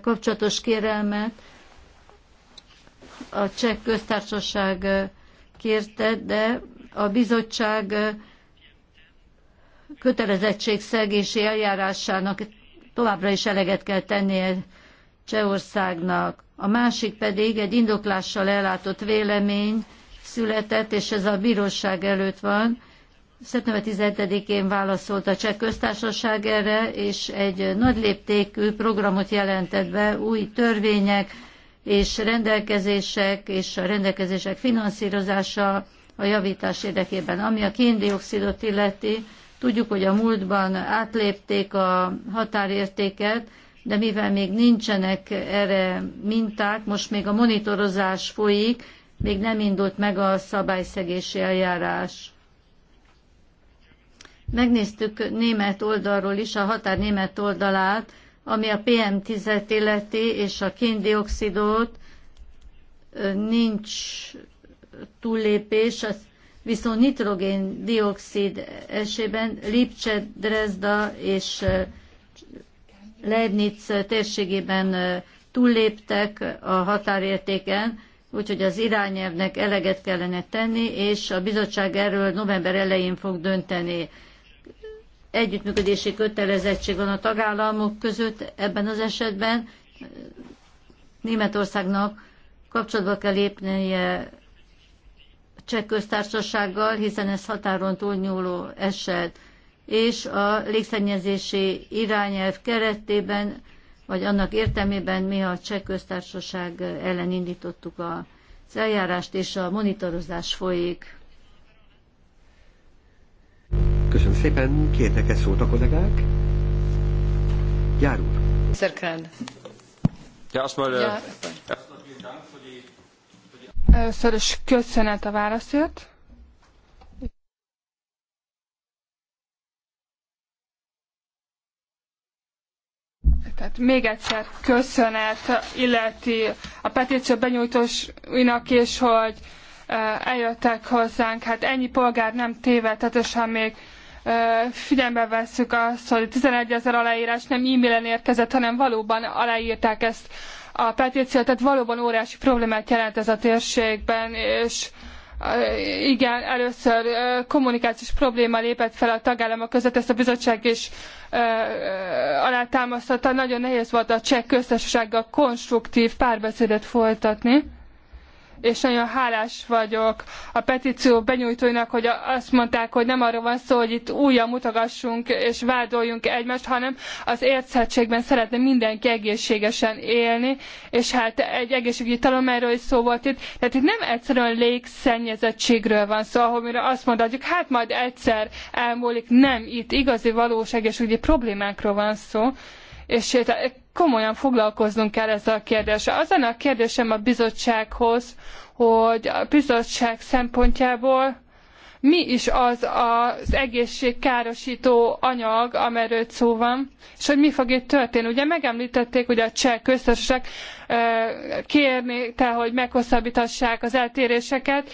kapcsolatos kérelmet a cseh köztársaság kérte, de a bizottság kötelezettségszegési eljárásának továbbra is eleget kell tennie Csehországnak. A másik pedig egy indoklással ellátott vélemény született, és ez a bíróság előtt van, Szeptember 17-én válaszolt a cseh köztársaság erre, és egy nagy léptékű programot jelentett be, új törvények és rendelkezések, és a rendelkezések finanszírozása a javítás érdekében. Ami a kéndioxidot illeti, tudjuk, hogy a múltban átlépték a határértéket, de mivel még nincsenek erre minták, most még a monitorozás folyik, még nem indult meg a szabályszegési eljárás. Megnéztük német oldalról is a határ német oldalát, ami a pm 10 illeti, és a kéndioxidot nincs túllépés, az viszont nitrogén-dioxid esében Lipcse, Dresda és Leibniz térségében túlléptek a határértéken, úgyhogy az irányelvnek eleget kellene tenni, és a bizottság erről november elején fog dönteni együttműködési kötelezettség van a tagállamok között ebben az esetben. Németországnak kapcsolatba kell lépnie cseh köztársasággal, hiszen ez határon túlnyúló eset, és a légszennyezési irányelv keretében, vagy annak értelmében mi a cseh köztársaság ellen indítottuk az eljárást, és a monitorozás folyik. Köszönöm szépen, kérnek ezt szót a kollégák. Jár úr. Ja, azt már... Először is köszönet a válaszért. Tehát még egyszer köszönet illeti a petíció benyújtóinak is, hogy eh, eljöttek hozzánk. Hát ennyi polgár nem tévedhetősen még figyelembe vesszük azt, hogy 11 ezer aláírás nem e-mailen érkezett, hanem valóban aláírták ezt a petíciót, tehát valóban óriási problémát jelent ez a térségben, és igen, először kommunikációs probléma lépett fel a tagállamok között, ezt a bizottság is alátámasztotta. Nagyon nehéz volt a cseh köztársasággal konstruktív párbeszédet folytatni és nagyon hálás vagyok a petíció benyújtóinak, hogy azt mondták, hogy nem arról van szó, hogy itt újra mutogassunk és vádoljunk egymást, hanem az értszettségben szeretne mindenki egészségesen élni, és hát egy egészségügyi tanulmányról is szó volt itt, tehát itt nem egyszerűen légszennyezettségről van szó, ahol mire azt mondhatjuk, hát majd egyszer elmúlik, nem, itt igazi valós egészségügyi problémákról van szó, és hát komolyan foglalkoznunk kell ezzel a kérdéssel. Az lenne a kérdésem a bizottsághoz, hogy a bizottság szempontjából mi is az az egészségkárosító anyag, amiről szó van, és hogy mi fog itt történni. Ugye megemlítették, hogy a cseh köztársaság kérni, te, hogy meghosszabbítassák az eltéréseket.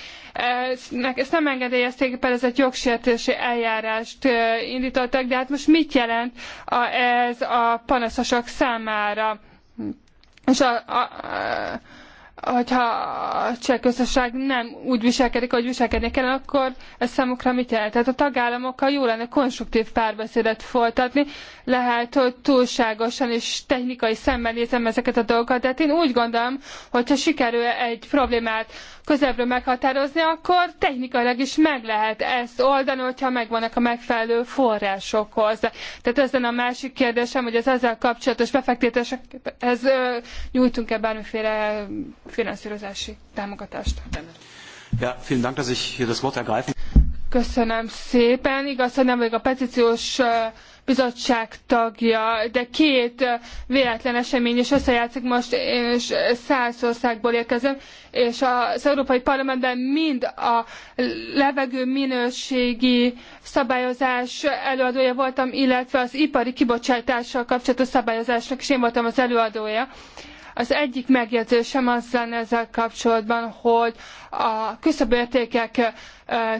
Ezt nem engedélyezték, például ez egy jogsértési eljárást indítottak, de hát most mit jelent ez a panaszosok számára? És a, a, a hogyha a cseh közösség nem úgy viselkedik, ahogy viselkedni kell, akkor ez számukra mit jelent? Tehát a tagállamokkal jó lenne konstruktív párbeszédet folytatni, lehet, hogy túlságosan és technikai szemmel nézem ezeket a dolgokat, de hát én úgy gondolom, hogyha sikerül egy problémát közelről meghatározni, akkor technikailag is meg lehet ezt oldani, hogyha megvannak a megfelelő forrásokhoz. Tehát ezen a másik kérdésem, hogy az ezzel kapcsolatos befektetésekhez nyújtunk-e bármiféle finanszírozási támogatást? Ja, vielen Dank, dass ich hier das Wort ergreifen. Köszönöm szépen. Igaz, hogy nem vagyok a petíciós bizottság tagja, de két véletlen esemény is összejátszik most, én is száz országból érkezem, és az Európai Parlamentben mind a levegő minőségi szabályozás előadója voltam, illetve az ipari kibocsátással kapcsolatos szabályozásnak is én voltam az előadója. Az egyik megjegyzésem az lenne ezzel kapcsolatban, hogy a küszöbértékek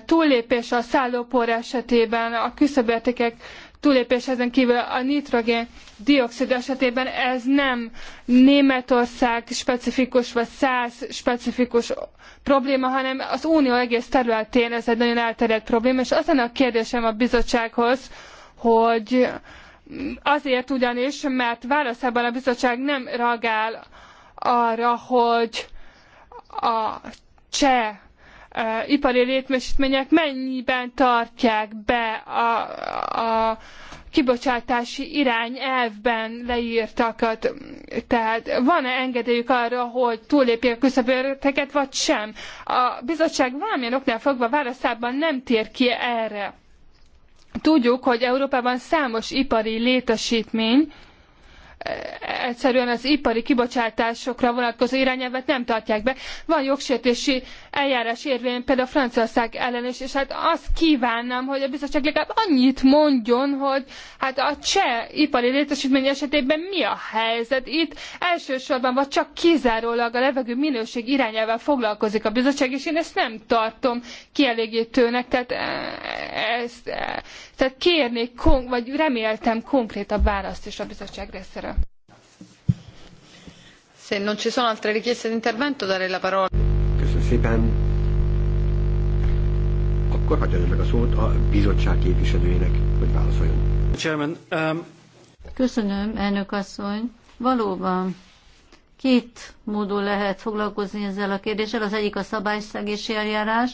túllépése a szállópor esetében a küszöbértékek túlépés ezen kívül a nitrogén dioxid esetében ez nem Németország specifikus vagy száz specifikus probléma, hanem az unió egész területén ez egy nagyon elterjedt probléma, és az lenne a kérdésem a bizottsághoz, hogy azért ugyanis, mert válaszában a bizottság nem reagál arra, hogy a cseh ipari létmesítmények mennyiben tartják be a, a kibocsátási irányelvben leírtakat. Tehát van-e engedélyük arra, hogy túllépjék a küszöbérteket, vagy sem? A bizottság valamilyen oknál fogva válaszában nem tér ki erre. Tudjuk, hogy Európában számos ipari létesítmény, egyszerűen az ipari kibocsátásokra vonatkozó irányelvet nem tartják be. Van jogsértési eljárás érvény például Franciaország ellen is, és hát azt kívánnám, hogy a bizottság legalább annyit mondjon, hogy hát a cseh ipari létesítmény esetében mi a helyzet itt. Elsősorban vagy csak kizárólag a levegő minőség irányelvel foglalkozik a bizottság, és én ezt nem tartom kielégítőnek, tehát eh, ezt eh, tehát kérnék, kon- vagy reméltem konkrétabb választ is a bizottság részéről. Se non ci sono altre richieste di intervento, darei la parola. Köszönöm szépen. Akkor meg a szót a bizottság képviselőjének, hogy válaszoljon. Chairman, um... Köszönöm, elnök asszony. Valóban két módon lehet foglalkozni ezzel a kérdéssel. Az egyik a szabályszegési eljárás,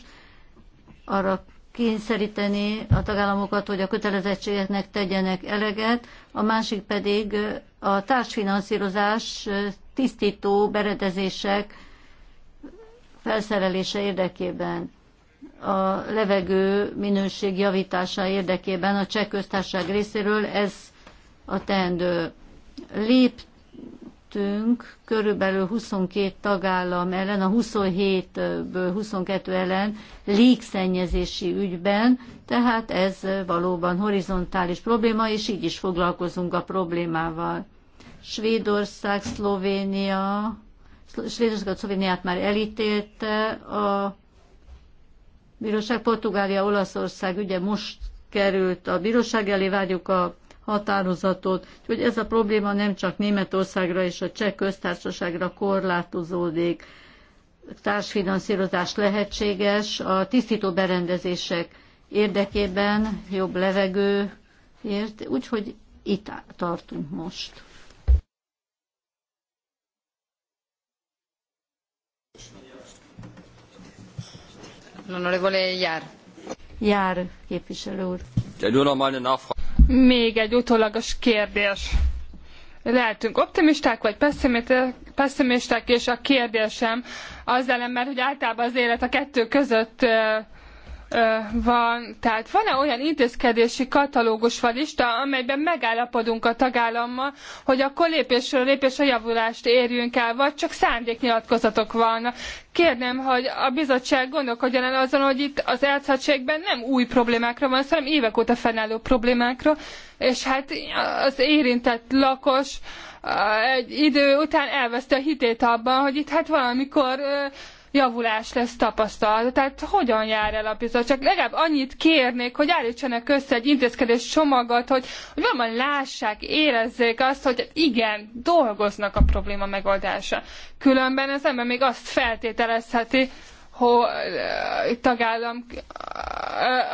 arra kényszeríteni a tagállamokat, hogy a kötelezettségeknek tegyenek eleget, a másik pedig a társfinanszírozás tisztító beredezések felszerelése érdekében, a levegő minőség javítása érdekében a cseh köztársaság részéről ez a teendő. lépt döntöttünk körülbelül 22 tagállam ellen, a 27-ből 22 ellen légszennyezési ügyben, tehát ez valóban horizontális probléma, és így is foglalkozunk a problémával. Svédország, Szlovénia, Svédország, Szlovéniát már elítélte a bíróság, Portugália, Olaszország ügye most került a bíróság elé, várjuk a határozatot, hogy ez a probléma nem csak Németországra és a cseh köztársaságra korlátozódik. Társfinanszírozás lehetséges, a tisztító berendezések érdekében jobb levegőért, úgyhogy itt tartunk most. L'onorevole Jár. Jár, képviselő úr. Még egy utólagos kérdés. Lehetünk optimisták vagy pessimisták, és a kérdésem az ellen, mert hogy általában az élet a kettő között van, tehát van-e olyan intézkedési katalógus vagy lista, amelyben megállapodunk a tagállammal, hogy akkor lépésről lépésre javulást érjünk el, vagy csak szándéknyilatkozatok vannak. Kérném, hogy a bizottság gondolkodjon el azon, hogy itt az elszátségben nem új problémákra van, hanem évek óta fennálló problémákra, és hát az érintett lakos egy idő után elveszti a hitét abban, hogy itt hát valamikor javulás lesz tapasztalható. Tehát hogyan jár el a bizottság? Legalább annyit kérnék, hogy állítsanak össze egy intézkedés csomagot, hogy, hogy valóban lássák, érezzék azt, hogy igen, dolgoznak a probléma megoldása. Különben az ember még azt feltételezheti, tagállam,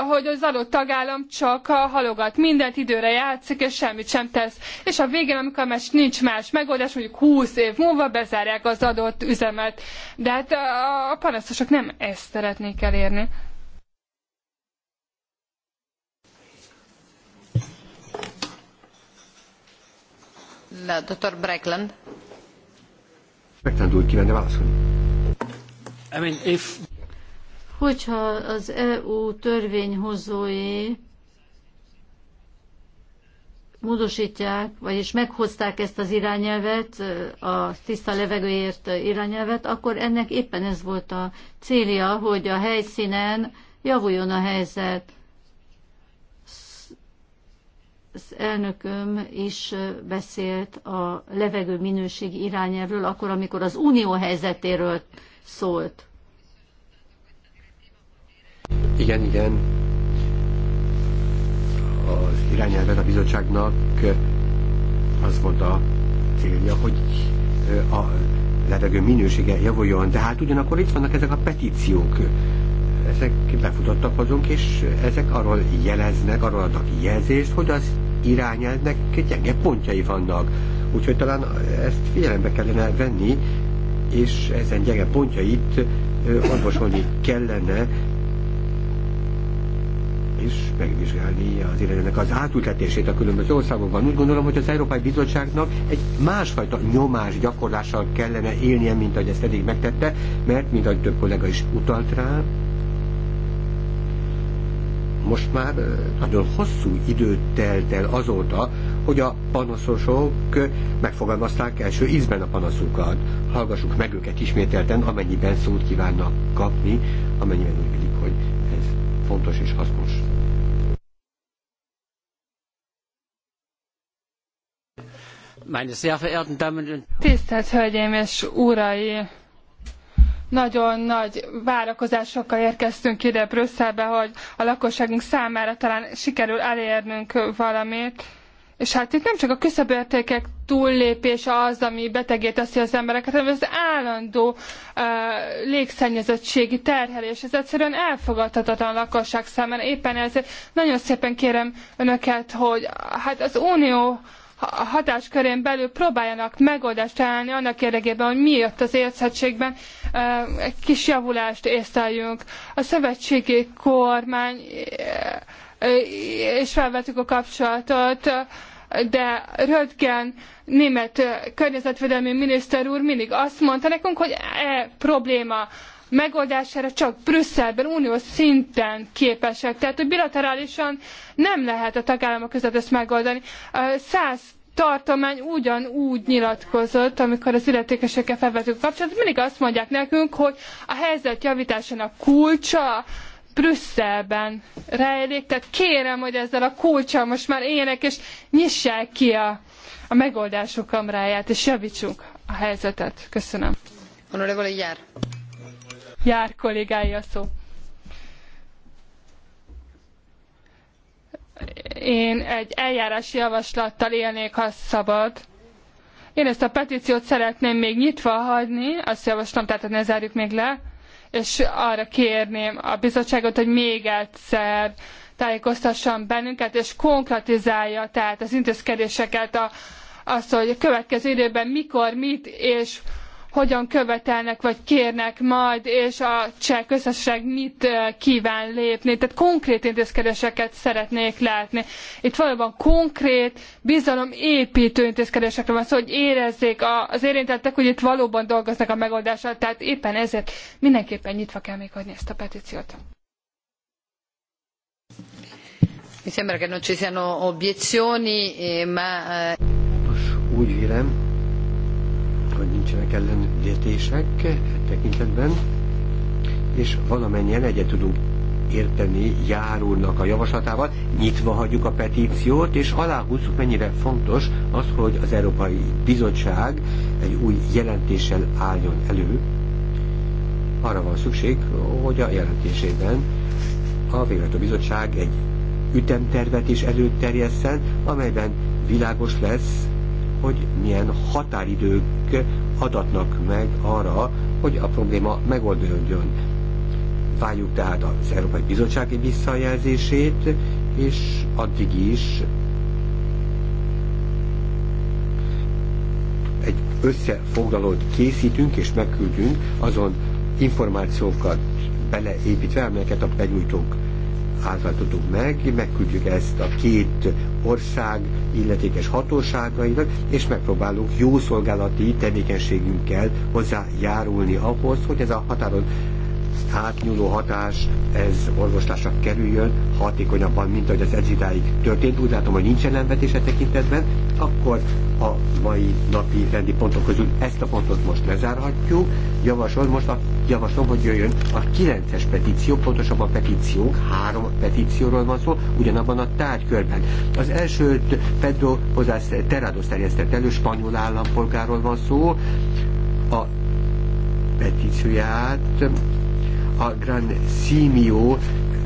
hogy az adott tagállam csak halogat mindent, időre játszik, és semmit sem tesz. És a végén, amikor már nincs más megoldás, mondjuk 20 év múlva bezárják az adott üzemet. De hát a panaszosok nem ezt szeretnék elérni. Dr. Breckland. Breckland úr kívánja válaszolni. I mean, if... Hogyha az EU törvényhozói módosítják, vagyis meghozták ezt az irányelvet, a tiszta levegőért irányelvet, akkor ennek éppen ez volt a célja, hogy a helyszínen javuljon a helyzet. Az elnököm is beszélt a levegő minőségi irányelvről, akkor, amikor az unió helyzetéről szólt. Igen, igen. Az irányelvet a bizottságnak az volt a célja, hogy a levegő minősége javuljon, de hát ugyanakkor itt vannak ezek a petíciók, ezek befutottak hozzunk, és ezek arról jeleznek, arról adnak jelzést, hogy az irányelvnek gyenge pontjai vannak. Úgyhogy talán ezt figyelembe kellene venni, és ezen gyenge pontjait orvosolni kellene, és megvizsgálni az irányának az átültetését a különböző országokban. Úgy gondolom, hogy az Európai Bizottságnak egy másfajta nyomás gyakorlással kellene élnie, mint ahogy ezt eddig megtette, mert, mint ahogy több kollega is utalt rá, most már nagyon hosszú időt telt el azóta, hogy a panaszosok megfogalmazták első ízben a panaszukat. Hallgassuk meg őket ismételten, amennyiben szót kívánnak kapni, amennyiben úgy vélik, hogy ez fontos és hasznos. Tisztelt Hölgyeim és Uraim! nagyon nagy várakozásokkal érkeztünk ide Brüsszelbe, hogy a lakosságunk számára talán sikerül elérnünk valamit. És hát itt nem csak a küszöbértékek túllépése az, ami betegét teszi az embereket, hanem az állandó uh, légszennyezettségi terhelés. Ez egyszerűen elfogadhatatlan a lakosság számára. Éppen ezért nagyon szépen kérem önöket, hogy hát az unió hatáskörén belül próbáljanak megoldást találni annak érdekében, hogy miért az értszettségben egy kis javulást észleljünk. A szövetségi kormány és felvettük a kapcsolatot de Röntgen, német környezetvédelmi miniszter úr mindig azt mondta nekünk, hogy e probléma megoldására csak Brüsszelben, uniós szinten képesek. Tehát, hogy bilaterálisan nem lehet a tagállamok között ezt megoldani. Száz tartomány ugyanúgy nyilatkozott, amikor az illetékesekkel felvettük a kapcsolatot, mindig azt mondják nekünk, hogy a helyzet javításának kulcsa Brüsszelben rejlik, tehát kérem, hogy ezzel a kulcsal most már éljenek, és nyissák ki a, a megoldások kamráját, és javítsunk a helyzetet. Köszönöm. Honorable Jár. Jár kollégája szó. Én egy eljárási javaslattal élnék, ha szabad. Én ezt a petíciót szeretném még nyitva hagyni, azt javaslom, tehát ne zárjuk még le és arra kérném a bizottságot, hogy még egyszer tájékoztasson bennünket, és konkretizálja tehát az intézkedéseket, a, azt, hogy a következő időben mikor, mit és hogyan követelnek vagy kérnek majd, és a cseh közösség mit kíván lépni. Tehát konkrét intézkedéseket szeretnék látni. Itt valóban konkrét, bizalomépítő intézkedésekre van szó, hogy érezzék az érintettek, hogy itt valóban dolgoznak a megoldásra, tehát éppen ezért mindenképpen nyitva kell még hagyni ezt a petíciót. Mi sembra che non ci siano obiezioni, eh, ma... Eh, Nos, úgy vélem, nincsenek ellenvetések tekintetben, és valamennyien egyet tudunk érteni járulnak a javaslatával, nyitva hagyjuk a petíciót, és aláhúzzuk, mennyire fontos az, hogy az Európai Bizottság egy új jelentéssel álljon elő. Arra van szükség, hogy a jelentésében a Végrehajtó Bizottság egy ütemtervet is előterjesszen, amelyben világos lesz, hogy milyen határidők adatnak meg arra, hogy a probléma megoldódjon. Várjuk tehát az Európai Bizottsági visszajelzését, és addig is egy összefoglalót készítünk és megküldünk azon információkat beleépítve, amelyeket a benyújtók által meg, megküldjük ezt a két ország illetékes hatóságainak, és megpróbálunk jó szolgálati tevékenységünkkel hozzájárulni ahhoz, hogy ez a határon átnyúló hatás ez orvoslásra kerüljön hatékonyabban, mint ahogy az ez történt. Úgy látom, hogy nincs ellenvetése tekintetben, akkor a mai napi rendi pontok közül ezt a pontot most lezárhatjuk. Javaslom, most a, javaslom, hogy jöjjön a 9-es petíció, pontosabban a petíciók, három petícióról van szó, ugyanabban a tárgykörben. Az elsőt Pedro Hozász Terrados terjesztett elő, spanyol állampolgáról van szó, a petícióját a Gran Simio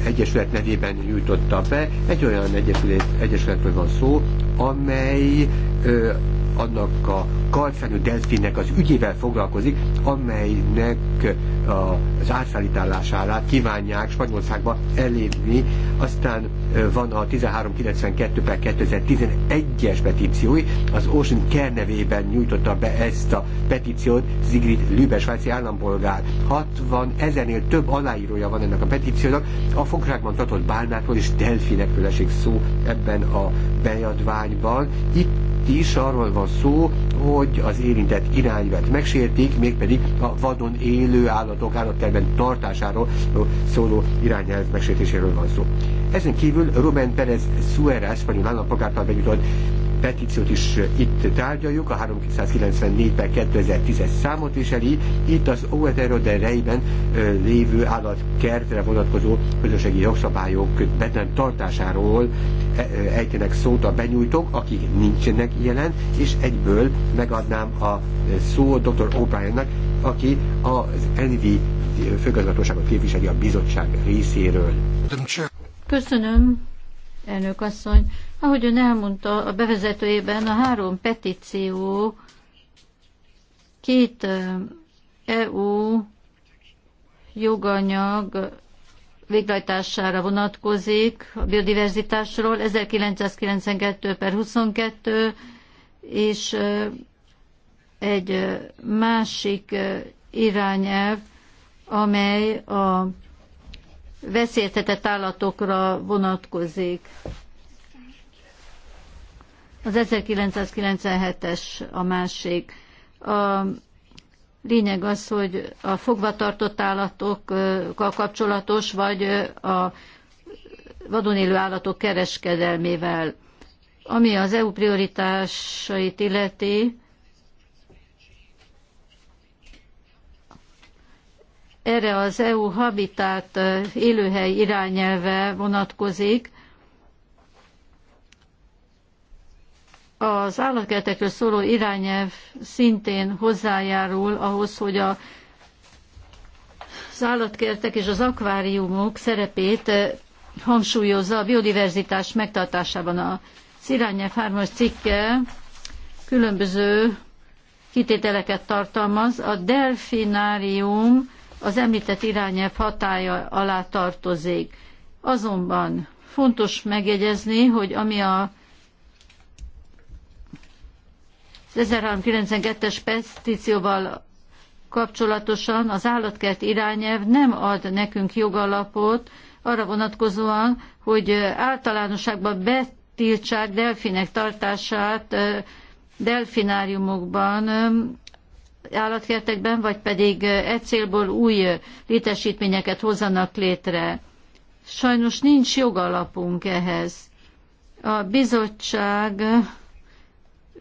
Egyesület nevében nyújtotta be. Egy olyan egyesület, egyesületről van szó, amely ö, annak a kartfenő delfinnek az ügyével foglalkozik, amelynek eh, az átszállításárát kívánják Spanyolországba elérni. Aztán eh, van a 1392 per 2011-es petíciói, az Ocean Care nevében nyújtotta be ezt a petíciót Zigrid Lübe, svájci állampolgár. 60 ezernél több aláírója van ennek a petíciónak, a fogságban tartott bálnákról és delfinekről esik szó ebben a bejadványban. Itt itt is arról van szó, hogy az érintett irányvet megsértik, mégpedig a vadon élő állatok állattermen tartásáról szóló irányelv megsértéséről van szó. Ezen kívül Ruben Pérez Suera, spanyol állampolgártal benyújtott petíciót is eh, itt tárgyaljuk, a 394-ben 2010-es számot viseli, itt az Oetero de Reyben eh, lévő állatkertre vonatkozó közösségi jogszabályok be tartásáról eh, ejtenek szót a benyújtók, akik nincsenek jelen, és egyből megadnám a szót dr. O'Briennek, aki az Envi főgazgatóságot képviseli a bizottság részéről. Köszönöm, elnök asszony. Ahogy ön elmondta a bevezetőjében, a három petíció két EU joganyag végrehajtására vonatkozik a biodiverzitásról, 1992 per 22, és egy másik irányelv, amely a veszélyeztetett állatokra vonatkozik. Az 1997-es a másik. A lényeg az, hogy a fogvatartott állatokkal kapcsolatos, vagy a vadon élő állatok kereskedelmével. Ami az EU prioritásait illeti, erre az EU habitát élőhely irányelve vonatkozik. Az állatkertekről szóló irányelv szintén hozzájárul ahhoz, hogy a az állatkertek és az akváriumok szerepét hangsúlyozza a biodiverzitás megtartásában. A irányelv 3 cikke különböző kitételeket tartalmaz. A delfinárium az említett irányelv hatája alá tartozik. Azonban fontos megjegyezni, hogy ami a 1392-es petícióval kapcsolatosan az állatkert irányelv nem ad nekünk jogalapot arra vonatkozóan, hogy általánosságban betiltsák delfinek tartását delfináriumokban állatkertekben, vagy pedig e célból új létesítményeket hozzanak létre. Sajnos nincs jogalapunk ehhez. A bizottság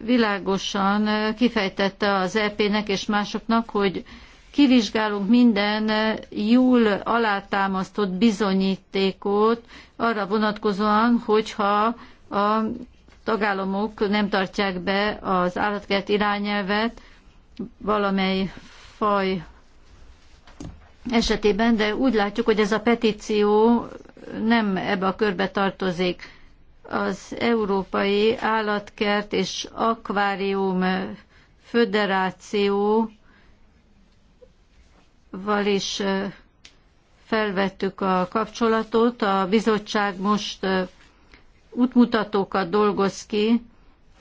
világosan kifejtette az EP-nek és másoknak, hogy kivizsgálunk minden jól alátámasztott bizonyítékot arra vonatkozóan, hogyha a tagállamok nem tartják be az állatkert irányelvet, valamely faj esetében, de úgy látjuk, hogy ez a petíció nem ebbe a körbe tartozik. Az Európai Állatkert és Akvárium Föderációval is felvettük a kapcsolatot. A bizottság most útmutatókat dolgoz ki,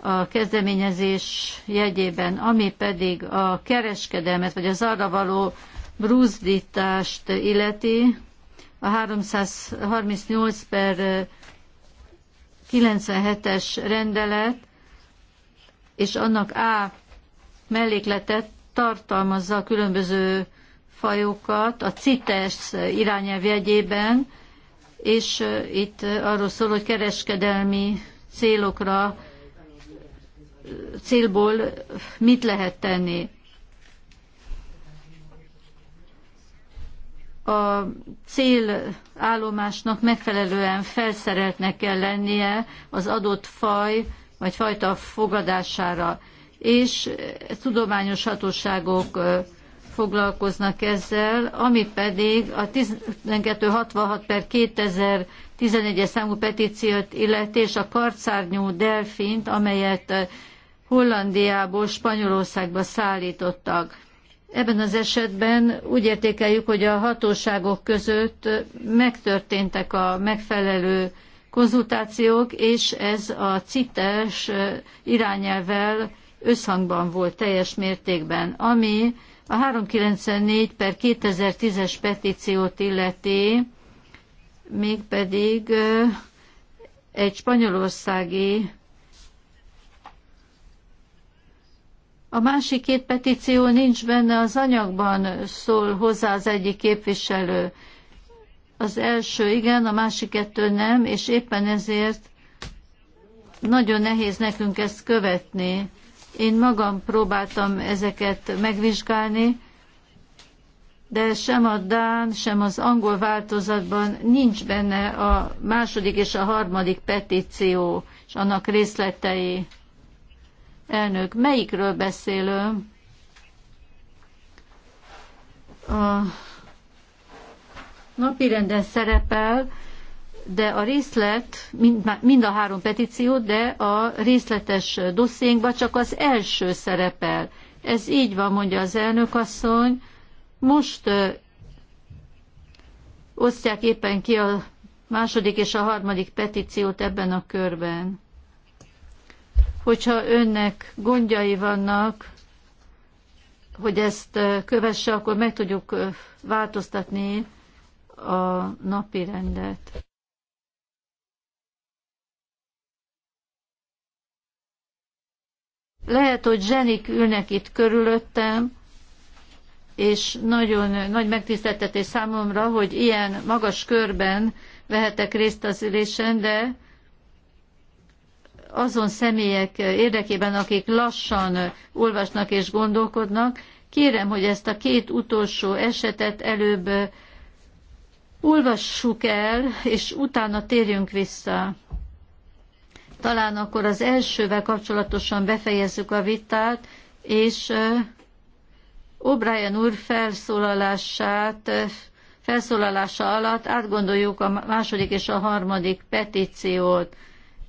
a kezdeményezés jegyében, ami pedig a kereskedelmet, vagy az arra való brúzdítást illeti, a 338 per 97-es rendelet és annak A mellékletet tartalmazza a különböző fajokat a CITES irányelv jegyében, és itt arról szól, hogy kereskedelmi célokra célból mit lehet tenni. A célállomásnak megfelelően felszereltnek kell lennie az adott faj vagy fajta fogadására, és tudományos hatóságok foglalkoznak ezzel, ami pedig a 1266 per 2011 es számú petíciót illeti, és a karcárnyú delfint, amelyet Hollandiából Spanyolországba szállítottak. Ebben az esetben úgy értékeljük, hogy a hatóságok között megtörténtek a megfelelő konzultációk, és ez a CITES irányelvel összhangban volt teljes mértékben, ami a 394 per 2010-es petíciót illeti, mégpedig egy spanyolországi A másik két petíció nincs benne az anyagban, szól hozzá az egyik képviselő. Az első igen, a másik kettő nem, és éppen ezért nagyon nehéz nekünk ezt követni. Én magam próbáltam ezeket megvizsgálni, de sem a Dán, sem az angol változatban nincs benne a második és a harmadik petíció és annak részletei. Elnök, melyikről beszélő? A napirenden szerepel, de a részlet, mind, a három petíció, de a részletes dossziénkban csak az első szerepel. Ez így van, mondja az elnök asszony. Most ö, osztják éppen ki a második és a harmadik petíciót ebben a körben. Hogyha önnek gondjai vannak, hogy ezt kövesse, akkor meg tudjuk változtatni a napi rendet. Lehet, hogy zsenik ülnek itt körülöttem, és nagyon nagy megtiszteltetés számomra, hogy ilyen magas körben vehetek részt az ülésen, de azon személyek érdekében, akik lassan olvasnak és gondolkodnak, kérem, hogy ezt a két utolsó esetet előbb olvassuk el, és utána térjünk vissza. Talán akkor az elsővel kapcsolatosan befejezzük a vitát, és O'Brien úr felszólalását, felszólalása alatt átgondoljuk a második és a harmadik petíciót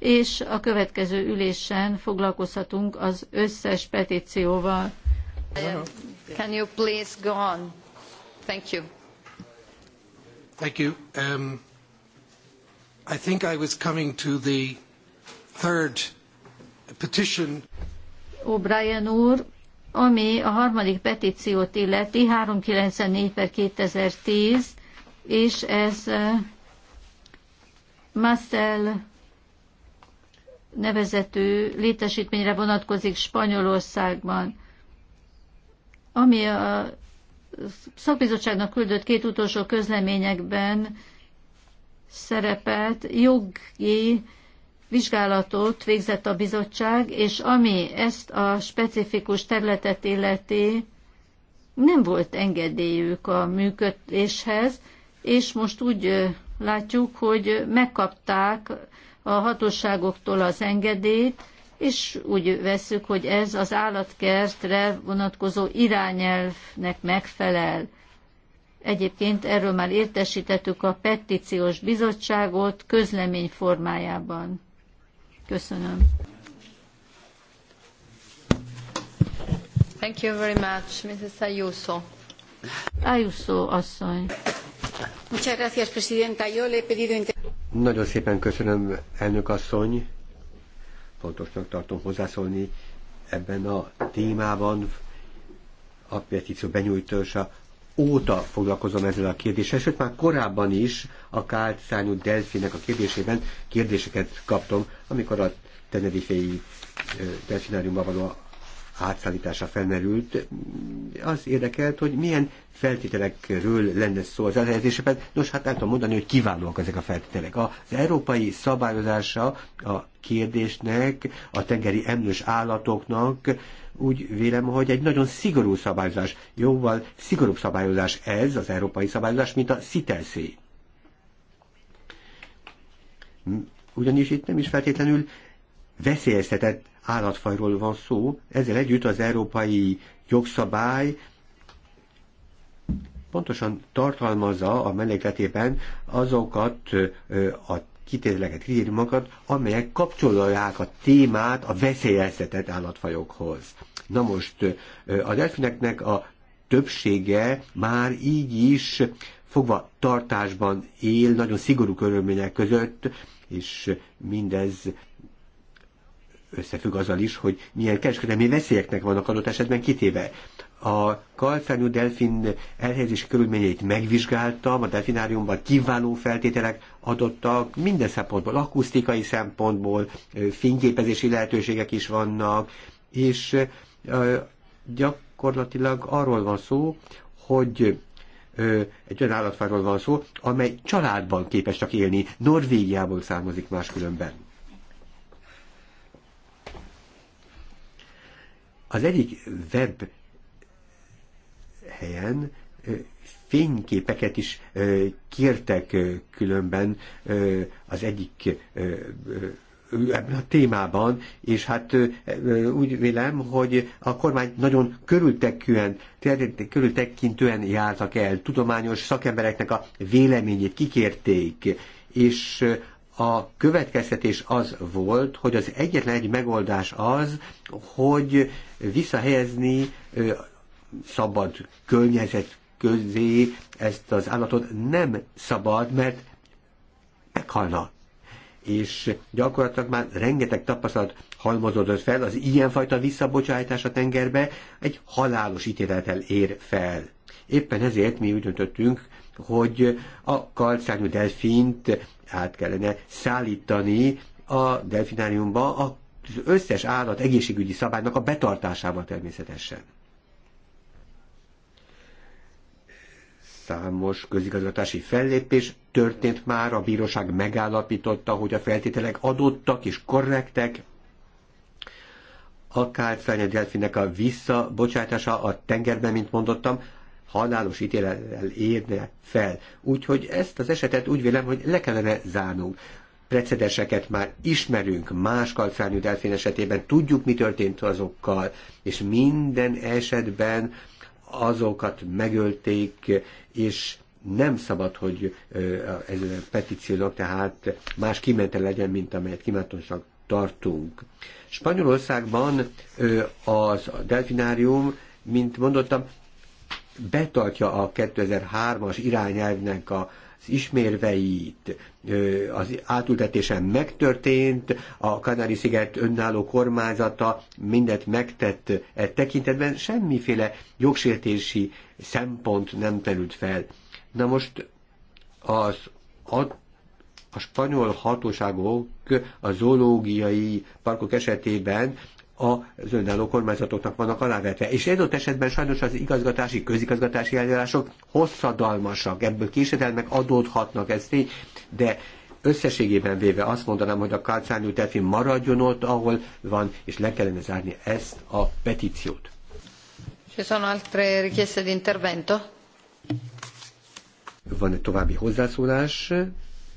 és a következő ülésen foglalkozhatunk az összes petícióval. Can you please go on? Thank you. Thank you. Um, I think I was coming to the third petition. O'Brien úr, ami a harmadik petíciót illeti, 394 per 2010, és ez uh, Marcel nevezetű létesítményre vonatkozik Spanyolországban. Ami a szakbizottságnak küldött két utolsó közleményekben szerepelt, jogi vizsgálatot végzett a bizottság, és ami ezt a specifikus területet illeti, nem volt engedélyük a működéshez, és most úgy látjuk, hogy megkapták a hatóságoktól az engedélyt, és úgy veszük, hogy ez az állatkertre vonatkozó irányelvnek megfelel. Egyébként erről már értesítettük a petíciós bizottságot közlemény formájában. Köszönöm. Thank you very much, Mrs. Ayuso. Ayuso asszony. Muchas gracias, presidenta. Yo le he pedido nagyon szépen köszönöm, elnök asszony. Fontosnak tartom hozzászólni ebben a témában. A petíció benyújtása óta foglalkozom ezzel a kérdéssel, sőt már korábban is a káltszányú delfinek a kérdésében kérdéseket kaptam, amikor a tenerifei delfináriumban való átszállítása felmerült, az érdekelt, hogy milyen feltételekről lenne szó az elhelyezésében. Nos, hát el tudom mondani, hogy kiválóak ezek a feltételek. Az európai szabályozása a kérdésnek, a tengeri emlős állatoknak úgy vélem, hogy egy nagyon szigorú szabályozás, jóval szigorúbb szabályozás ez, az európai szabályozás, mint a szitelszé. Ugyanis itt nem is feltétlenül veszélyeztetett állatfajról van szó, ezzel együtt az európai jogszabály pontosan tartalmazza a menekletében azokat a kitételeket, kritériumokat, amelyek kapcsolják a témát a veszélyeztetett állatfajokhoz. Na most a delfineknek a többsége már így is fogva tartásban él, nagyon szigorú körülmények között, és mindez összefügg azzal is, hogy milyen kereskedelmi veszélyeknek vannak adott esetben kitéve. A Calfernu delfin elhelyezési körülményeit megvizsgáltam, a delfináriumban kiváló feltételek adottak, minden szempontból, akusztikai szempontból, fényképezési lehetőségek is vannak, és gyakorlatilag arról van szó, hogy egy olyan állatfáról van szó, amely családban képes csak élni, Norvégiából származik máskülönben. Az egyik web helyen fényképeket is kértek különben az egyik ebben a témában, és hát úgy vélem, hogy a kormány nagyon körültekűen, körültekintően jártak el, tudományos szakembereknek a véleményét kikérték, és a következtetés az volt, hogy az egyetlen egy megoldás az, hogy visszahelyezni szabad környezet közé ezt az állatot nem szabad, mert meghalna. És gyakorlatilag már rengeteg tapasztalat halmozódott fel, az ilyenfajta visszabocsájtás a tengerbe egy halálos ítéletel ér fel. Éppen ezért mi úgy döntöttünk, hogy a kalcányú delfint át kellene szállítani a delfináriumba az összes állat egészségügyi szabálynak a betartásával természetesen. Számos közigazgatási fellépés történt már, a bíróság megállapította, hogy a feltételek adottak és korrektek, a kártfánya delfinek a visszabocsátása a tengerben, mint mondottam, halálos ítélettel érne fel. Úgyhogy ezt az esetet úgy vélem, hogy le kellene zárnunk precedenseket már ismerünk más kalcárnyú delfin esetében, tudjuk, mi történt azokkal, és minden esetben azokat megölték, és nem szabad, hogy ez a petíciónak tehát más kimente legyen, mint amelyet kimentonsnak tartunk. Spanyolországban az delfinárium, mint mondottam, betartja a 2003-as irányelvnek a az ismérveit, az átültetésen megtörtént, a Kanári-sziget önálló kormányzata mindent megtett e tekintetben, semmiféle jogsértési szempont nem terült fel. Na most az a, a spanyol hatóságok a zoológiai parkok esetében az önálló kormányzatoknak vannak alávetve. És ott esetben sajnos az igazgatási, közigazgatási eljárások hosszadalmasak, ebből késedelmek adódhatnak, ez tény, de összességében véve azt mondanám, hogy a Kálcány tefi maradjon ott, ahol van, és le kellene zárni ezt a petíciót. Ci sono altre richieste di intervento? Van egy további hozzászólás?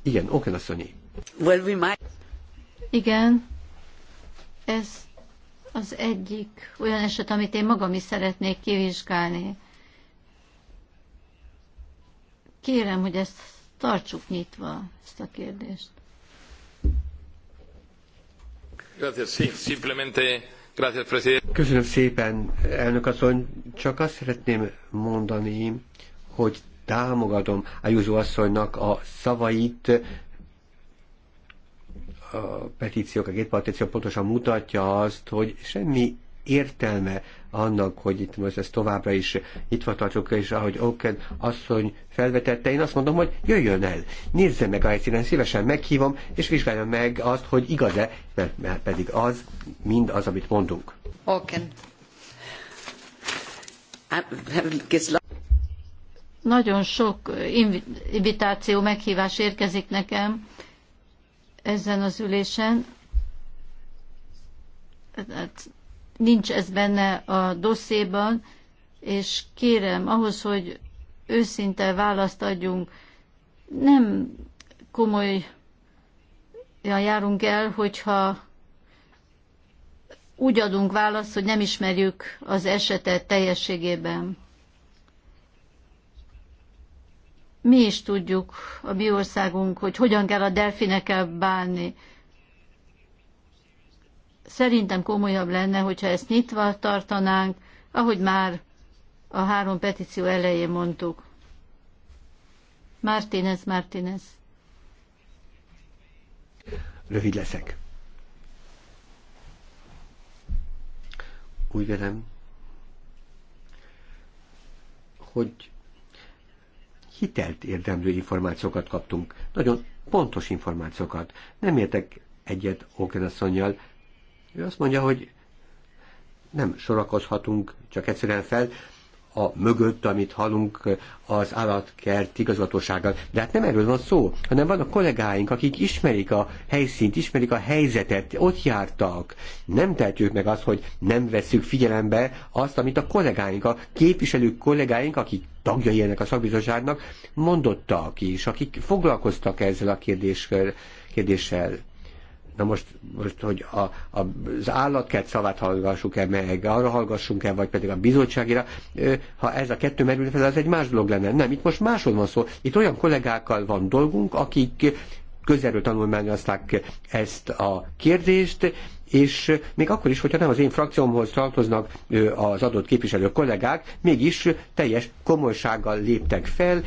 Igen, oké, asszonyi. Igen, ez az egyik olyan eset, amit én magam is szeretnék kivizsgálni. Kérem, hogy ezt tartsuk nyitva, ezt a kérdést. Köszönöm szépen, elnök asszony. Csak azt szeretném mondani, hogy támogatom Ajuzó asszonynak a szavait, a petíciók, a két petíció pontosan mutatja azt, hogy semmi értelme annak, hogy itt most ezt továbbra is nyitva tartjuk, és ahogy Oken asszony felvetette, én azt mondom, hogy jöjjön el, nézze meg a helyszínen, szívesen meghívom, és vizsgálja meg azt, hogy igaz-e, mert, mert pedig az, mind az, amit mondunk. Oken. Nagyon sok invitáció, meghívás érkezik nekem, ezen az ülésen. Hát nincs ez benne a dosszéban, és kérem, ahhoz, hogy őszinte választ adjunk, nem komoly, járunk el, hogyha úgy adunk választ, hogy nem ismerjük az esetet teljességében. mi is tudjuk, a mi országunk, hogy hogyan kell a delfinekkel bánni. Szerintem komolyabb lenne, hogyha ezt nyitva tartanánk, ahogy már a három petíció elején mondtuk. Martínez, Martínez. Rövid leszek. Úgy velem, hogy hitelt érdemlő információkat kaptunk, nagyon pontos információkat. Nem értek egyet Okenasszonyjal. Ő azt mondja, hogy nem sorakozhatunk csak egyszerűen fel, a mögött, amit hallunk az állatkert igazgatósággal. De hát nem erről van szó, hanem van a kollégáink, akik ismerik a helyszínt, ismerik a helyzetet, ott jártak. Nem tehetjük meg azt, hogy nem veszük figyelembe azt, amit a kollégáink, a képviselők kollégáink, akik tagjai ennek a szakbizottságnak mondottak is, akik foglalkoztak ezzel a kérdéssel. kérdéssel. Na most, most hogy a, a, az állatkert szavát hallgassuk-e meg, arra hallgassunk-e, vagy pedig a bizottságira, ha ez a kettő merül fel, az egy más dolog lenne. Nem, itt most máshol van szó. Itt olyan kollégákkal van dolgunk, akik közelről tanulmányozták ezt a kérdést, és még akkor is, hogyha nem az én frakciómhoz tartoznak az adott képviselő kollégák, mégis teljes komolysággal léptek fel,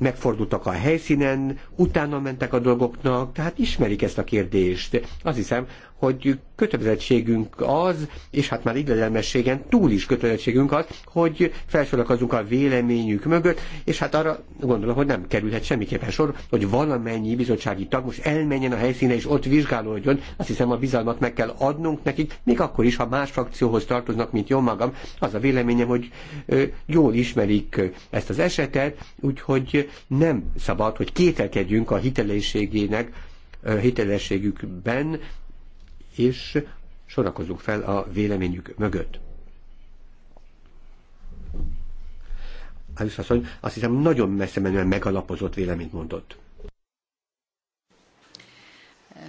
megfordultak a helyszínen, utána mentek a dolgoknak, tehát ismerik ezt a kérdést. Azt hiszem, hogy kötelezettségünk az, és hát már idelemességen túl is kötelezettségünk az, hogy felsorakozunk a véleményük mögött, és hát arra gondolom, hogy nem kerülhet semmiképpen sor, hogy valamennyi bizottsági tag most elmenjen a helyszíne és ott vizsgálódjon. Azt hiszem a bizalmat meg kell adnunk nekik, még akkor is, ha más frakcióhoz tartoznak, mint jó magam. Az a véleményem, hogy jól ismerik ezt az esetet, úgyhogy nem szabad, hogy kételkedjünk a hitelességének hitelességükben, és sorakozunk fel a véleményük mögött. Ájusz asszony azt hiszem nagyon messze menően megalapozott véleményt mondott.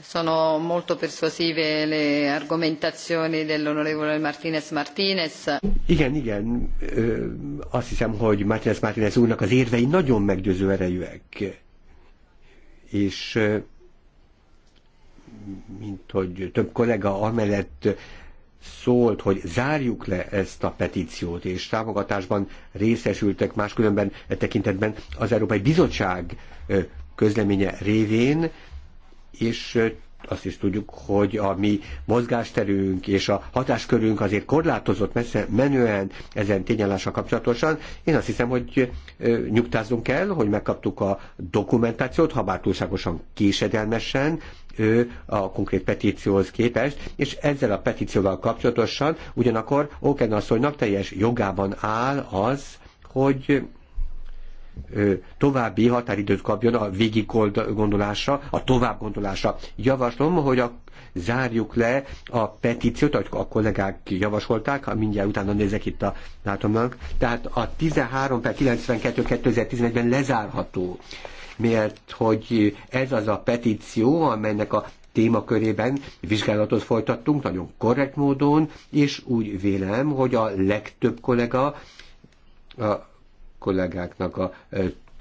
Sono molto persuasive le argomentazioni dell'onorevole Martinez Martinez. Igen, igen, ö, azt hiszem, hogy Martinez Martinez úrnak az érvei nagyon meggyőző erejűek. És mint hogy több kollega amellett szólt, hogy zárjuk le ezt a petíciót, és támogatásban részesültek máskülönben e tekintetben az Európai Bizottság közleménye révén, és azt is tudjuk, hogy a mi mozgásterünk és a hatáskörünk azért korlátozott messze menően ezen tényállással kapcsolatosan. Én azt hiszem, hogy nyugtázunk kell, hogy megkaptuk a dokumentációt, ha bár túlságosan késedelmesen, ő a konkrét petícióhoz képest, és ezzel a petícióval kapcsolatosan ugyanakkor Oken asszonynak teljes jogában áll az, hogy további határidőt kapjon a végig gondolásra, a tovább gondolásra. Javaslom, hogy a, zárjuk le a petíciót, ahogy a kollégák javasolták, ha mindjárt utána nézek itt a látomnak. Tehát a 13 per 92 2011-ben lezárható mert hogy ez az a petíció, amelynek a témakörében vizsgálatot folytattunk nagyon korrekt módon, és úgy vélem, hogy a legtöbb kollega, a kollégáknak a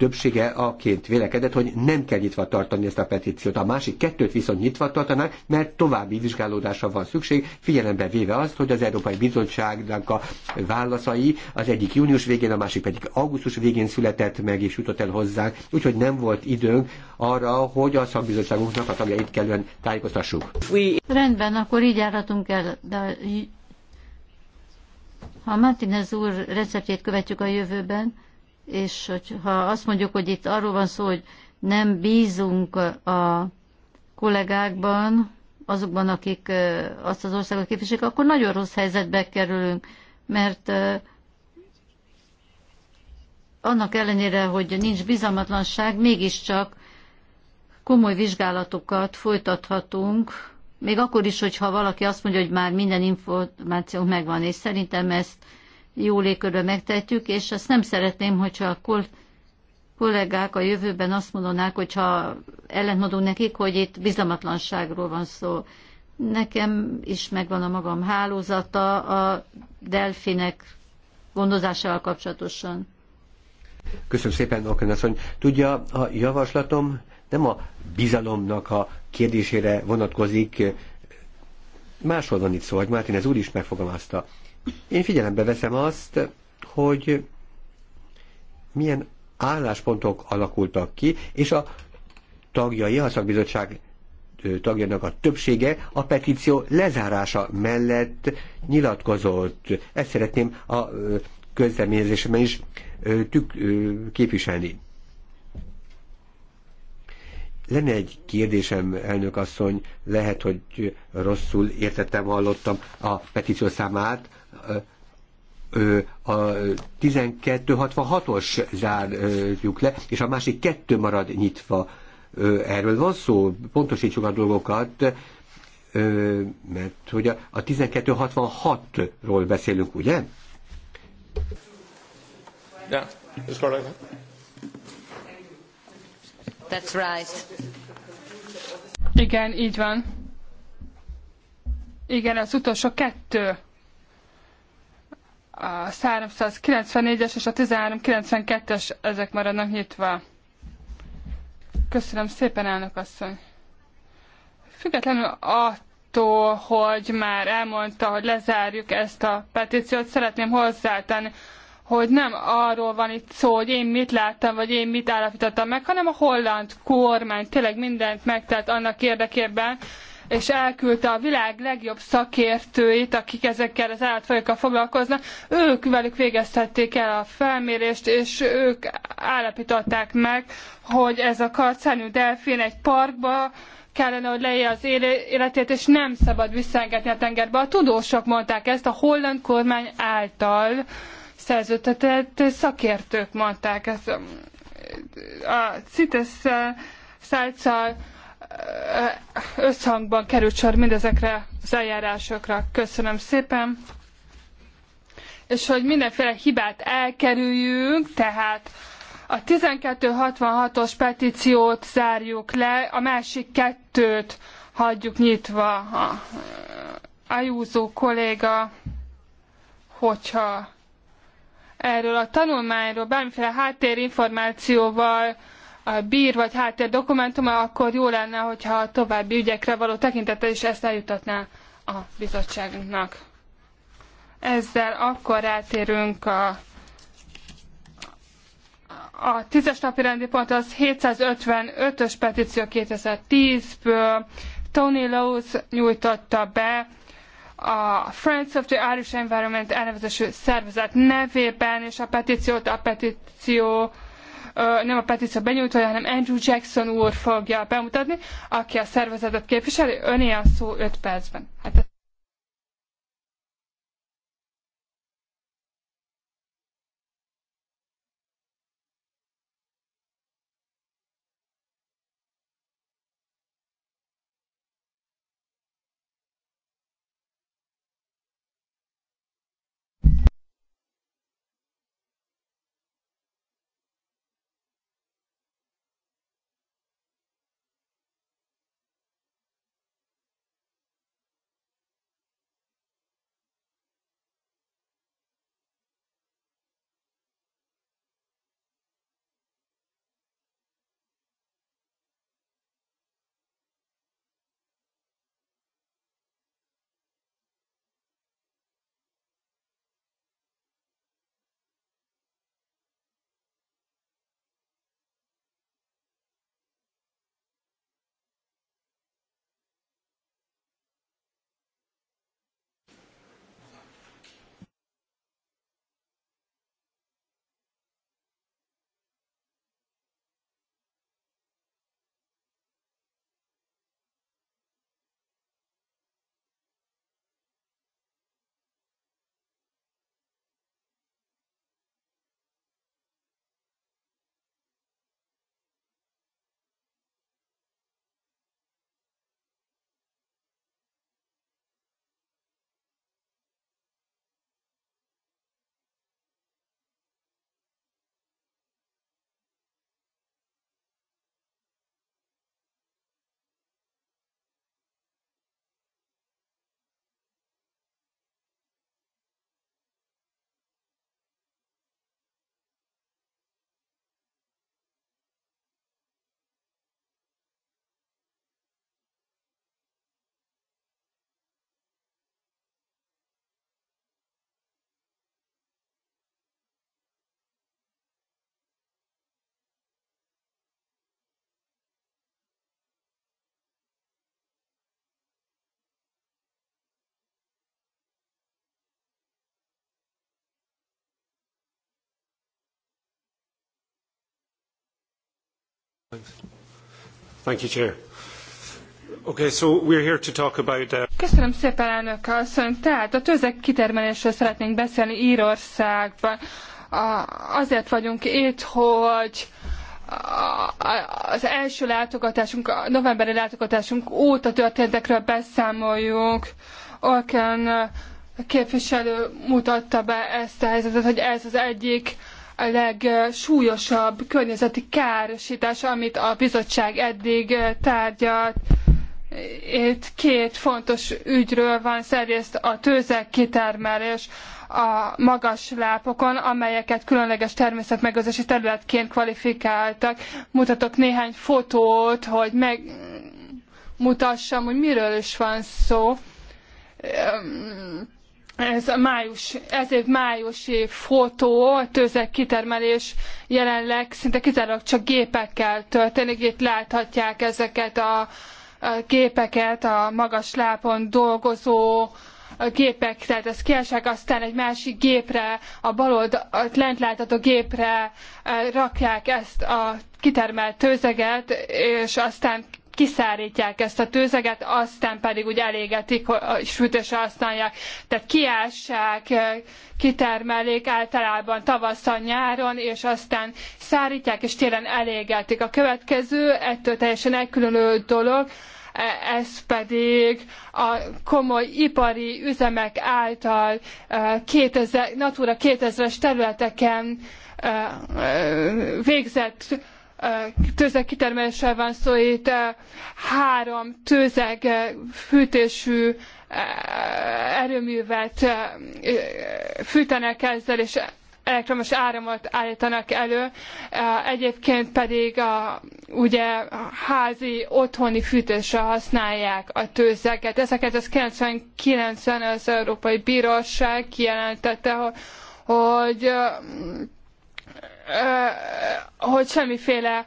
többsége aként vélekedett, hogy nem kell nyitva tartani ezt a petíciót. A másik kettőt viszont nyitva tartanák, mert további vizsgálódásra van szükség, figyelembe véve azt, hogy az Európai Bizottságnak a válaszai az egyik június végén, a másik pedig augusztus végén született meg és jutott el hozzánk, úgyhogy nem volt időnk arra, hogy a szakbizottságunknak a tagjait kellően tájékoztassuk. Rendben, akkor így járhatunk el, de ha Martinez úr receptjét követjük a jövőben, és hogyha azt mondjuk, hogy itt arról van szó, hogy nem bízunk a kollégákban, azokban, akik azt az országot képviselik, akkor nagyon rossz helyzetbe kerülünk, mert annak ellenére, hogy nincs bizalmatlanság, mégiscsak komoly vizsgálatokat folytathatunk, még akkor is, hogyha valaki azt mondja, hogy már minden információ megvan, és szerintem ezt jó légkörben megtehetjük, és azt nem szeretném, hogyha a kollégák a jövőben azt mondanák, hogyha ellentmondunk nekik, hogy itt bizalmatlanságról van szó. Nekem is megvan a magam hálózata a delfinek gondozásával kapcsolatosan. Köszönöm szépen, Oken asszony. Tudja, a javaslatom nem a bizalomnak a kérdésére vonatkozik, máshol van itt szó, hogy Mártin ez úgy is megfogalmazta. Én figyelembe veszem azt, hogy milyen álláspontok alakultak ki, és a tagjai, a szakbizottság tagjának a többsége a petíció lezárása mellett nyilatkozott. Ezt szeretném a közleményezésemben is tük, képviselni. Lenne egy kérdésem, elnök asszony, lehet, hogy rosszul értettem, hallottam a petíció számát, a 1266-os zárjuk le, és a másik kettő marad nyitva. Erről van szó, pontosítsuk a dolgokat, mert hogy a, a 1266-ról beszélünk, ugye? That's right. Igen, így van. Igen, az utolsó kettő a 394-es és a 1392-es, ezek maradnak nyitva. Köszönöm szépen, elnök asszony. Függetlenül attól, hogy már elmondta, hogy lezárjuk ezt a petíciót, szeretném hozzátenni, hogy nem arról van itt szó, hogy én mit láttam, vagy én mit állapítottam meg, hanem a holland kormány tényleg mindent megtett annak érdekében, és elküldte a világ legjobb szakértőit, akik ezekkel az állatfajokkal foglalkoznak. Ők velük végeztették el a felmérést, és ők állapították meg, hogy ez a karcánű delfin egy parkba kellene, hogy leélje az életét, és nem szabad visszaengedni a tengerbe. A tudósok mondták ezt, a holland kormány által szerződtetett szakértők mondták ezt. A CITES szájccal összhangban került sor mindezekre az eljárásokra. Köszönöm szépen! És hogy mindenféle hibát elkerüljünk, tehát a 1266-os petíciót zárjuk le, a másik kettőt hagyjuk nyitva. A Ajúzó kolléga, hogyha erről a tanulmányról bármiféle háttérinformációval bír vagy háttér dokumentuma, akkor jó lenne, hogyha a további ügyekre való tekintettel is ezt eljutatná a bizottságunknak. Ezzel akkor rátérünk a a tízes napi rendi pont az 755-ös petíció 2010-ből Tony Lowes nyújtotta be a Friends of the Irish Environment elnevezésű szervezet nevében, és a petíciót a petíció nem a petíció benyújtója, hanem Andrew Jackson úr fogja bemutatni, aki a szervezetet képviseli. Öné a szó 5 percben. Hát Thank you, Chair. Okay, so we're here to talk about, uh... Köszönöm szépen, elnök asszony. Tehát a tőzek kitermelésről szeretnénk beszélni Írországban. azért vagyunk itt, hogy az első látogatásunk, a novemberi látogatásunk óta történtekről beszámoljunk. Orken képviselő mutatta be ezt a helyzetet, hogy ez az egyik legsúlyosabb környezeti károsítás, amit a bizottság eddig tárgyalt. Itt két fontos ügyről van, szerint a tőzek kitermelés, a magas lápokon, amelyeket különleges természetmegőrzési területként kvalifikáltak. Mutatok néhány fotót, hogy megmutassam, hogy miről is van szó ez a május, ez év májusi fotó, a tőzek kitermelés jelenleg szinte kizárólag csak gépekkel történik. Itt láthatják ezeket a, a gépeket, a magas lápon dolgozó gépek, tehát ez kiesek, aztán egy másik gépre, a balold lent látható gépre eh, rakják ezt a kitermelt tőzeget, és aztán kiszárítják ezt a tőzeget, aztán pedig úgy elégetik, sütésre használják. Tehát kiássák, kitermelik általában tavasszal, nyáron, és aztán szárítják, és télen elégetik. A következő, ettől teljesen elkülönülő dolog, e, ez pedig a komoly ipari üzemek által 2000, e, Natura 2000-es területeken e, végzett tőzeg kitermeléssel van szó, itt eh, három tőzeg eh, fűtésű eh, erőművet fűtenek ezzel, és elektromos áramot állítanak elő, egyébként pedig a, ugye házi, otthoni fűtésre használják a tőzeket. Ezeket az 99 ben az Európai Bíróság kijelentette, hogy hogy semmiféle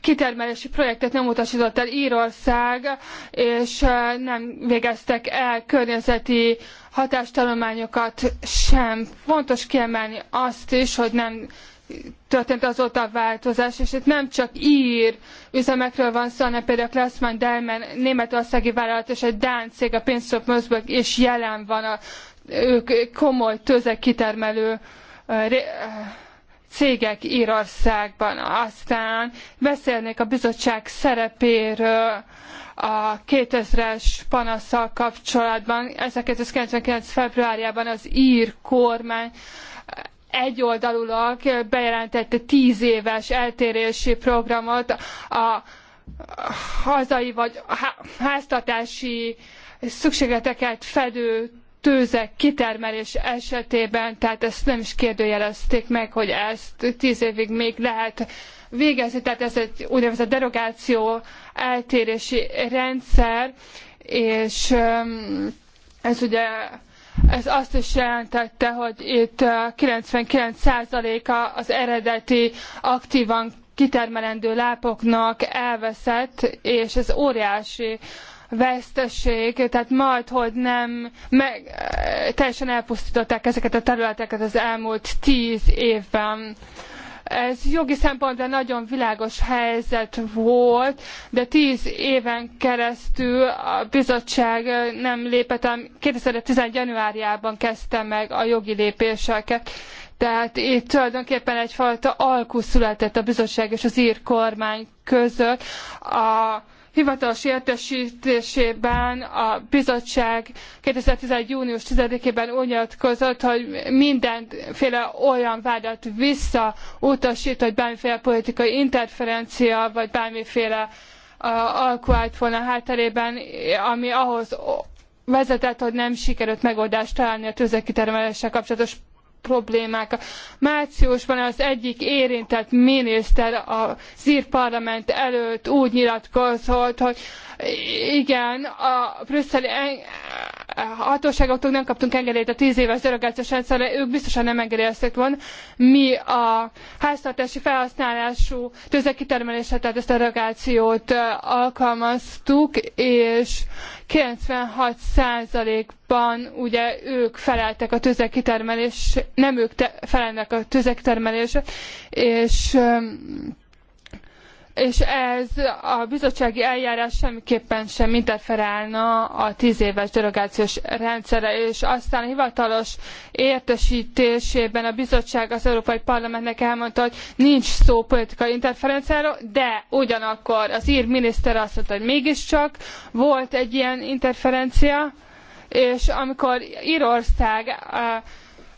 kitermelési projektet nem utasított el Írország, és nem végeztek el környezeti hatástanulmányokat sem. Fontos kiemelni azt is, hogy nem történt azóta a változás, és itt nem csak ír üzemekről van szó, hanem például Klassmann Delmen németországi vállalat és egy Dán cég, a Pénzszop Mözbög is jelen van, a, ők komoly tőzek kitermelő cégek Írországban. Aztán beszélnék a bizottság szerepéről a 2000-es panaszsal kapcsolatban. 1999. februárjában az ír kormány egyoldalúlag bejelentette tíz éves eltérési programot a hazai vagy háztartási szükségleteket fedő tőzek kitermelés esetében, tehát ezt nem is kérdőjelezték meg, hogy ezt tíz évig még lehet végezni, tehát ez egy úgynevezett derogáció eltérési rendszer, és ez ugye ez azt is jelentette, hogy itt 99%-a az eredeti aktívan kitermelendő lápoknak elveszett, és ez óriási veszteség, tehát majd, hogy nem meg, teljesen elpusztították ezeket a területeket az elmúlt tíz évben. Ez jogi szempontból nagyon világos helyzet volt, de tíz éven keresztül a bizottság nem lépett, 2011. januárjában kezdte meg a jogi lépéseket. Tehát itt tulajdonképpen egyfajta alkú született a bizottság és az ír kormány között a hivatalos értesítésében a bizottság 2011. június 10-ében úgy nyilatkozott, hogy mindenféle olyan vádat visszautasít, hogy bármiféle politikai interferencia, vagy bármiféle alkú állt volna hátterében, ami ahhoz vezetett, hogy nem sikerült megoldást találni a tőzekitermeléssel kapcsolatos problémák. Márciusban az egyik érintett miniszter a ír parlament előtt úgy nyilatkozott, hogy igen, a brüsszeli hatóságoktól nem kaptunk engedélyt a tíz éves derogációs rendszerre, ők biztosan nem engedélyezték volna. Mi a háztartási felhasználású tőzekitermelésre, tehát ezt a derogációt alkalmaztuk, és 96%-ban ugye ők feleltek a tőzekitermelés, nem ők te, felelnek a tőzekitermelésre, és és ez a bizottsági eljárás semmiképpen sem interferálna a tíz éves derogációs rendszere, és aztán a hivatalos értesítésében a bizottság az Európai Parlamentnek elmondta, hogy nincs szó politikai interferenciáról, de ugyanakkor az ír miniszter azt mondta, hogy mégiscsak volt egy ilyen interferencia, és amikor Írország uh,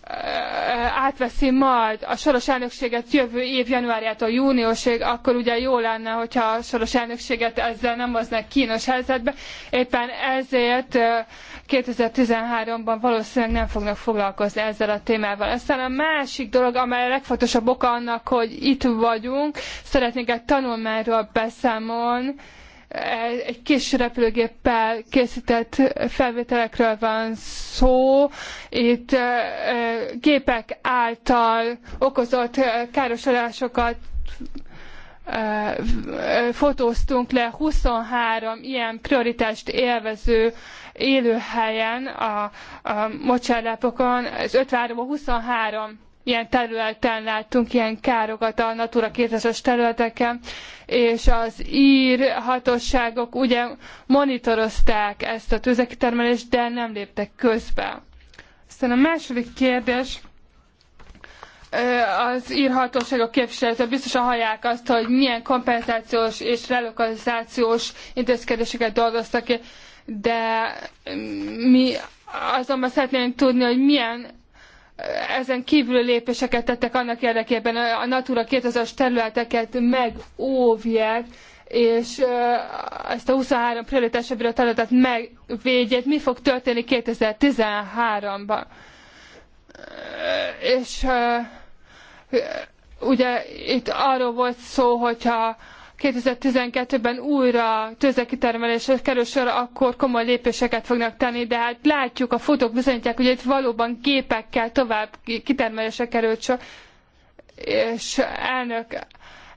Eh, átveszi majd a soros elnökséget jövő év januárjától júniusig, akkor ugye jó lenne, hogyha a soros elnökséget ezzel nem hoznák kínos helyzetbe. Éppen ezért 2013-ban eh, valószínűleg nem fognak foglalkozni ezzel a témával. Aztán a másik dolog, amely a legfontosabb oka annak, hogy itt vagyunk, szeretnék egy tanulmányról beszámolni, egy kis repülőgéppel készített felvételekről van szó. Itt gépek által okozott károsodásokat fotóztunk le 23 ilyen prioritást élvező élőhelyen a, a mocsárlápokon, ez 53 23 ilyen területen láttunk ilyen károkat a Natura 2000-es területeken, és az ír hatóságok ugye monitorozták ezt a tőzekitermelést, de nem léptek közbe. Aztán a második kérdés, az írhatóságok képviselete biztosan hallják azt, hogy milyen kompenzációs és relokalizációs intézkedéseket dolgoztak ki, de mm, mi azonban szeretnénk tudni, hogy milyen ezen kívül lépéseket tettek annak érdekében, a Natura 2000-as területeket megóvják, és ezt a 23 prioritásabb területet megvédjék. Mi fog történni 2013-ban? És ugye itt arról volt szó, hogyha 2012-ben újra tőzekitermelésre kerül sor, akkor komoly lépéseket fognak tenni, de hát látjuk, a fotók bizonyítják, hogy itt valóban gépekkel tovább kitermelésre került sor, és elnök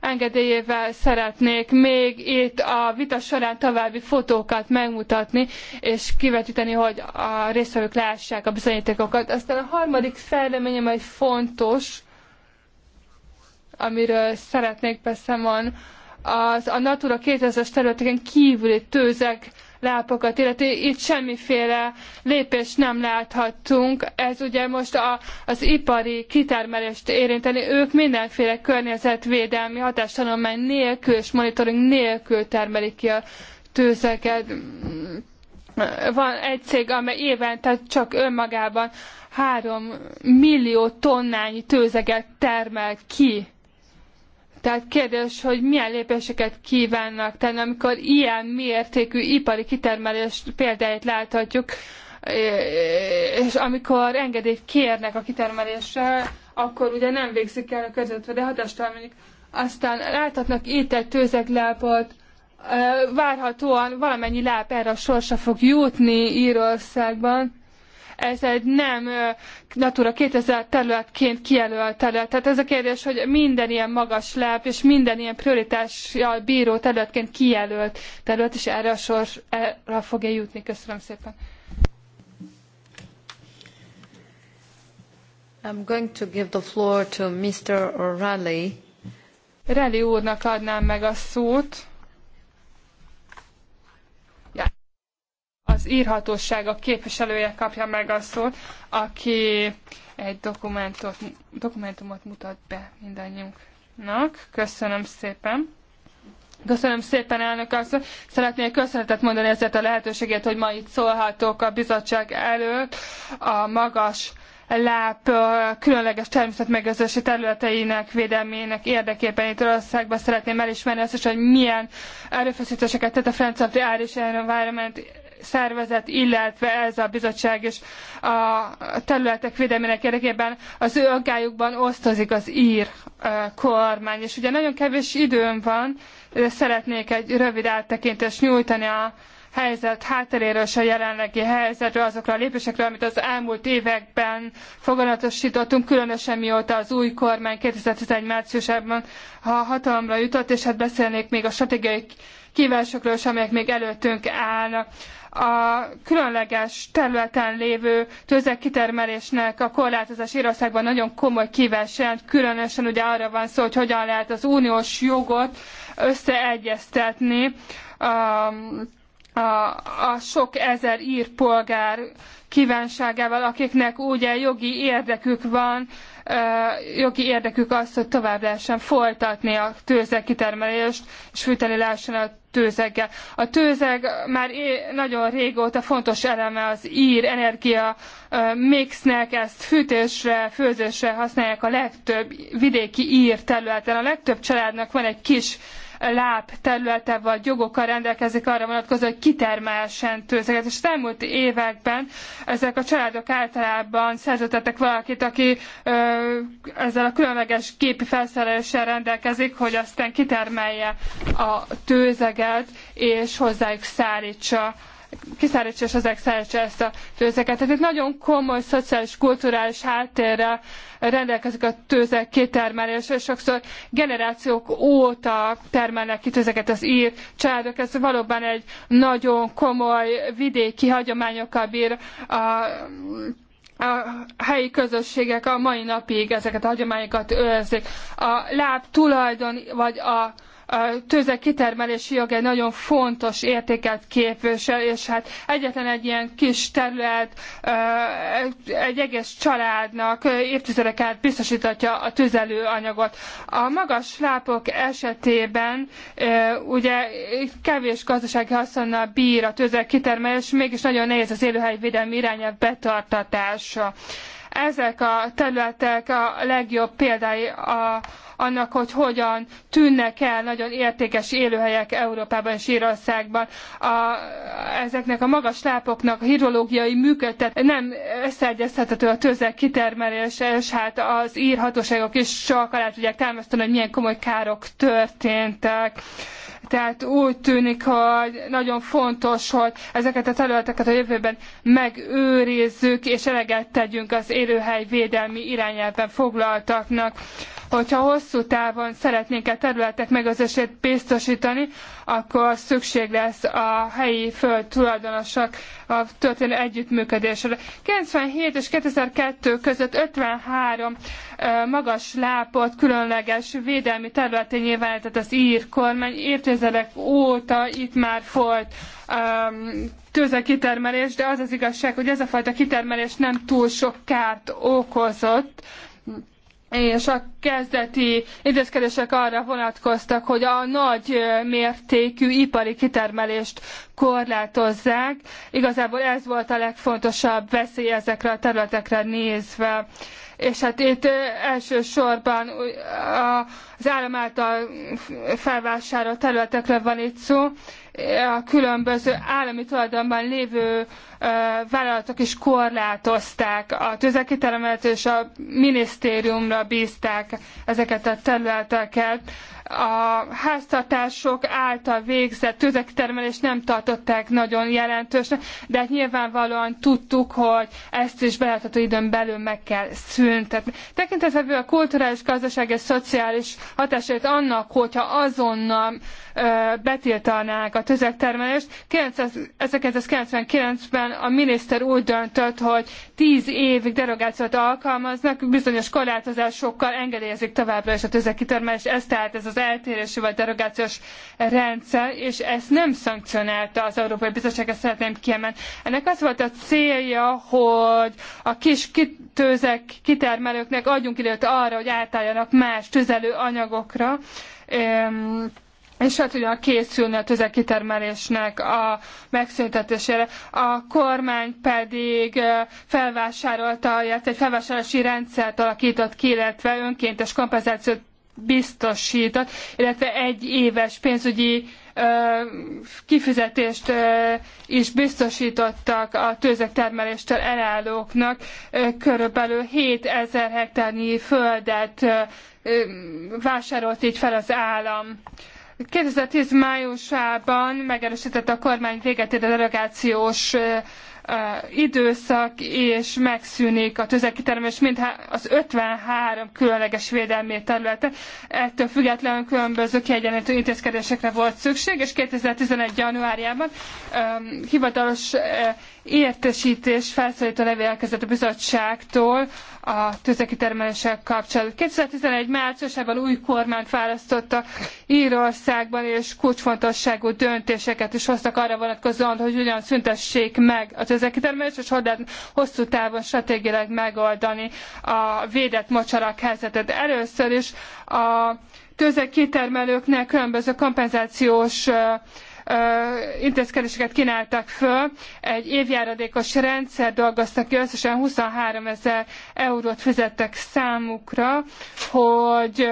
engedélyével szeretnék még itt a vita során további fotókat megmutatni, és kivetíteni, hogy a résztvevők lássák a bizonyítékokat. Aztán a harmadik fejleményem egy fontos, amiről szeretnék beszámolni, az, a Natura 2000-es területeken kívüli tőzek lápokat, illetve itt semmiféle lépést nem láthattunk. Ez ugye most a, az ipari kitermelést érinteni, ők mindenféle környezetvédelmi hatástanulmány nélkül és monitoring nélkül termelik ki a tőzeket. Van egy cég, amely évente csak önmagában 3 millió tonnányi tőzeget termel ki tehát kérdés, hogy milyen lépéseket kívánnak tenni, amikor ilyen mértékű ipari kitermelés példáit láthatjuk, és amikor engedélyt kérnek a kitermelésre, akkor ugye nem végzik el a közvetve, de hatástalanítják. Aztán láthatnak itt egy tőzeglápot, várhatóan valamennyi láb erre a sorsa fog jutni Írországban, ez egy nem Natura 2000 területként kijelölt terület. Tehát ez a kérdés, hogy minden ilyen magas láb és minden ilyen prioritással bíró területként kijelölt terület, és erre a sor erre fog -e jutni. Köszönöm szépen. I'm going to give the floor to Mr. O'Reilly. Rally úrnak adnám meg a szót. az írhatóság a képviselője kapja meg a szót, aki egy dokumentot, dokumentumot mutat be mindannyiunknak. Köszönöm szépen! Köszönöm szépen, elnök asszony. Szeretnék köszönetet mondani ezért a lehetőséget, hogy ma itt szólhatok a bizottság előtt a magas láp különleges természetmegőrzési területeinek védelmének érdekében itt országban szeretném elismerni azt is, hogy milyen erőfeszítéseket tett a Friends of the Irish Environment szervezet, illetve ez a bizottság is a területek védelmének érdekében az ő aggályukban osztozik az ír kormány. És ugye nagyon kevés időm van, de szeretnék egy rövid áttekintést nyújtani a helyzet hátteréről és a jelenlegi helyzetről, azokra a lépésekről, amit az elmúlt években foganatosítottunk, különösen mióta az új kormány 2011 márciusában ha hatalomra jutott, és hát beszélnék még a stratégiai kívásokról is, amelyek még előttünk állnak a különleges területen lévő tőzek kitermelésnek a korlátozás Írországban nagyon komoly kívánság, jelent, különösen ugye arra van szó, hogy hogyan lehet az uniós jogot összeegyeztetni a, a, a sok ezer ír polgár kívánságával, akiknek ugye jogi érdekük van jogi érdekük az, hogy tovább lehessen folytatni a tőzeg kitermelést, és fűteni lehessen a tőzeggel. A tőzeg már nagyon régóta fontos eleme az ír energia mixnek, ezt fűtésre, főzésre használják a legtöbb vidéki ír területen. A legtöbb családnak van egy kis láb területe vagy jogokkal rendelkezik arra vonatkozó, hogy kitermelsen tőzeket. És az elmúlt években ezek a családok általában szerződtettek valakit, aki ö, ezzel a különleges képi felszereléssel rendelkezik, hogy aztán kitermelje a tőzeget, és hozzájuk szállítsa kiszárítsa és ezek ezt a tőzeket. Tehát egy nagyon komoly szociális, kulturális háttérrel rendelkezik a tőzek kitermelés, és sokszor generációk óta termelnek ki tőzeket az ír családok. Ez valóban egy nagyon komoly vidéki hagyományokkal bír a a helyi közösségek a mai napig ezeket a hagyományokat őrzik. A láb tulajdon, vagy a a kitermelési jog egy nagyon fontos értéket képvisel, és hát egyetlen egy ilyen kis terület egy egész családnak évtizedek át biztosítatja a tüzelőanyagot. A magas lápok esetében ugye kevés gazdasági haszonnal bír a tőzek kitermelés, mégis nagyon nehéz az élőhelyvédelmi irányelv betartatása. Ezek a területek a legjobb példái a, annak, hogy hogyan tűnnek el nagyon értékes élőhelyek Európában és Írországban. A, ezeknek a magas lápoknak a hidrológiai működtet nem összeegyeztethető a tőzek kitermelése, és hát az ír hatóságok is csak alá tudják támasztani, hogy milyen komoly károk történtek. Tehát úgy tűnik, hogy nagyon fontos, hogy ezeket a területeket a jövőben megőrizzük, és eleget tegyünk az élőhely védelmi irányelven foglaltaknak. Hogyha hosszú távon szeretnénk a területek megőrzését biztosítani, akkor szükség lesz a helyi föld tulajdonosok a történő együttműködésre. 97 és 2002 között 53 magas lápot, különleges védelmi területé tehát az ír kormány. Évtizedek óta itt már folyt um, tőzekitermelés, de az az igazság, hogy ez a fajta kitermelés nem túl sok kárt okozott és a kezdeti intézkedések arra vonatkoztak, hogy a nagy mértékű ipari kitermelést korlátozzák. Igazából ez volt a legfontosabb veszély ezekre a területekre nézve és hát itt elsősorban az állam által felvásárolt területekre van itt szó, a különböző állami tulajdonban lévő vállalatok is korlátozták. A tüzekitelemet és a minisztériumra bízták ezeket a területeket. A háztartások által végzett tüzekitermelést nem tartották nagyon jelentősnek, de hát nyilvánvalóan tudtuk, hogy ezt is belátható időn belül meg kell szüntetni. Tekintetve a kulturális, gazdasági és szociális hatásait annak, hogyha azonnal ö, betiltanák a a tüzektermelést. 1999-ben a miniszter úgy döntött, hogy 10 évig derogációt alkalmaznak, bizonyos korlátozásokkal engedélyezik továbbra is a tüzekitermelést. Ez tehát ez az eltérésű vagy derogációs rendszer, és ezt nem szankcionálta az Európai Bizottság, ezt szeretném kiemelni. Ennek az volt a célja, hogy a kis tőzek kitermelőknek adjunk időt arra, hogy átálljanak más tüzelőanyagokra, és hát a készülni a tüzekitermelésnek a megszüntetésére. A kormány pedig felvásárolta, illetve egy felvásárlási rendszert alakított ki, illetve önkéntes kompenzációt biztosított, illetve egy éves pénzügyi kifizetést is biztosítottak a tőzek termeléstől elállóknak. Körülbelül 7000 hektárnyi földet vásárolt így fel az állam. 2010 májusában megerősítette a kormány véget ér a delegációs időszak, és megszűnik a tüzekitermelés mintha az 53 különleges védelmi területe. Ettől függetlenül különböző kiegyenlítő intézkedésekre volt szükség, és 2011. januárjában um, hivatalos uh, értesítés felszólító levél elkezdett a bizottságtól a tőzekitermeléssel kapcsolatban. 2011 márciusában új kormányt választottak Írországban, és kulcsfontosságú döntéseket is hoztak arra vonatkozóan, hogy hogyan szüntessék meg a tőzekitermelést, és hogy hosszú távon stratégiailag megoldani a védett mocsarak helyzetet. Először is a tőzek kitermelőknek különböző kompenzációs uh, intézkedéseket kínáltak föl. Egy évjáradékos rendszer dolgoztak ki, összesen 23 ezer eurót fizettek számukra, hogy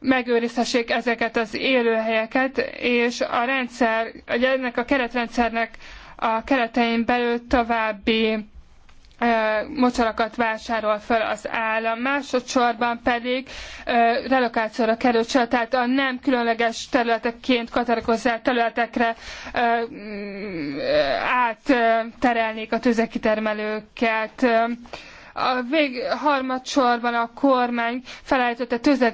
megőrizhessék ezeket az élőhelyeket, és a rendszer, ennek a keretrendszernek a keretein belül további mocsarakat vásárol fel az állam, másodszorban pedig relokációra került sor, tehát a nem különleges területeként kategorizált területekre átterelnék a tőzekitermelőket a vég, harmadsorban a kormány felállított egy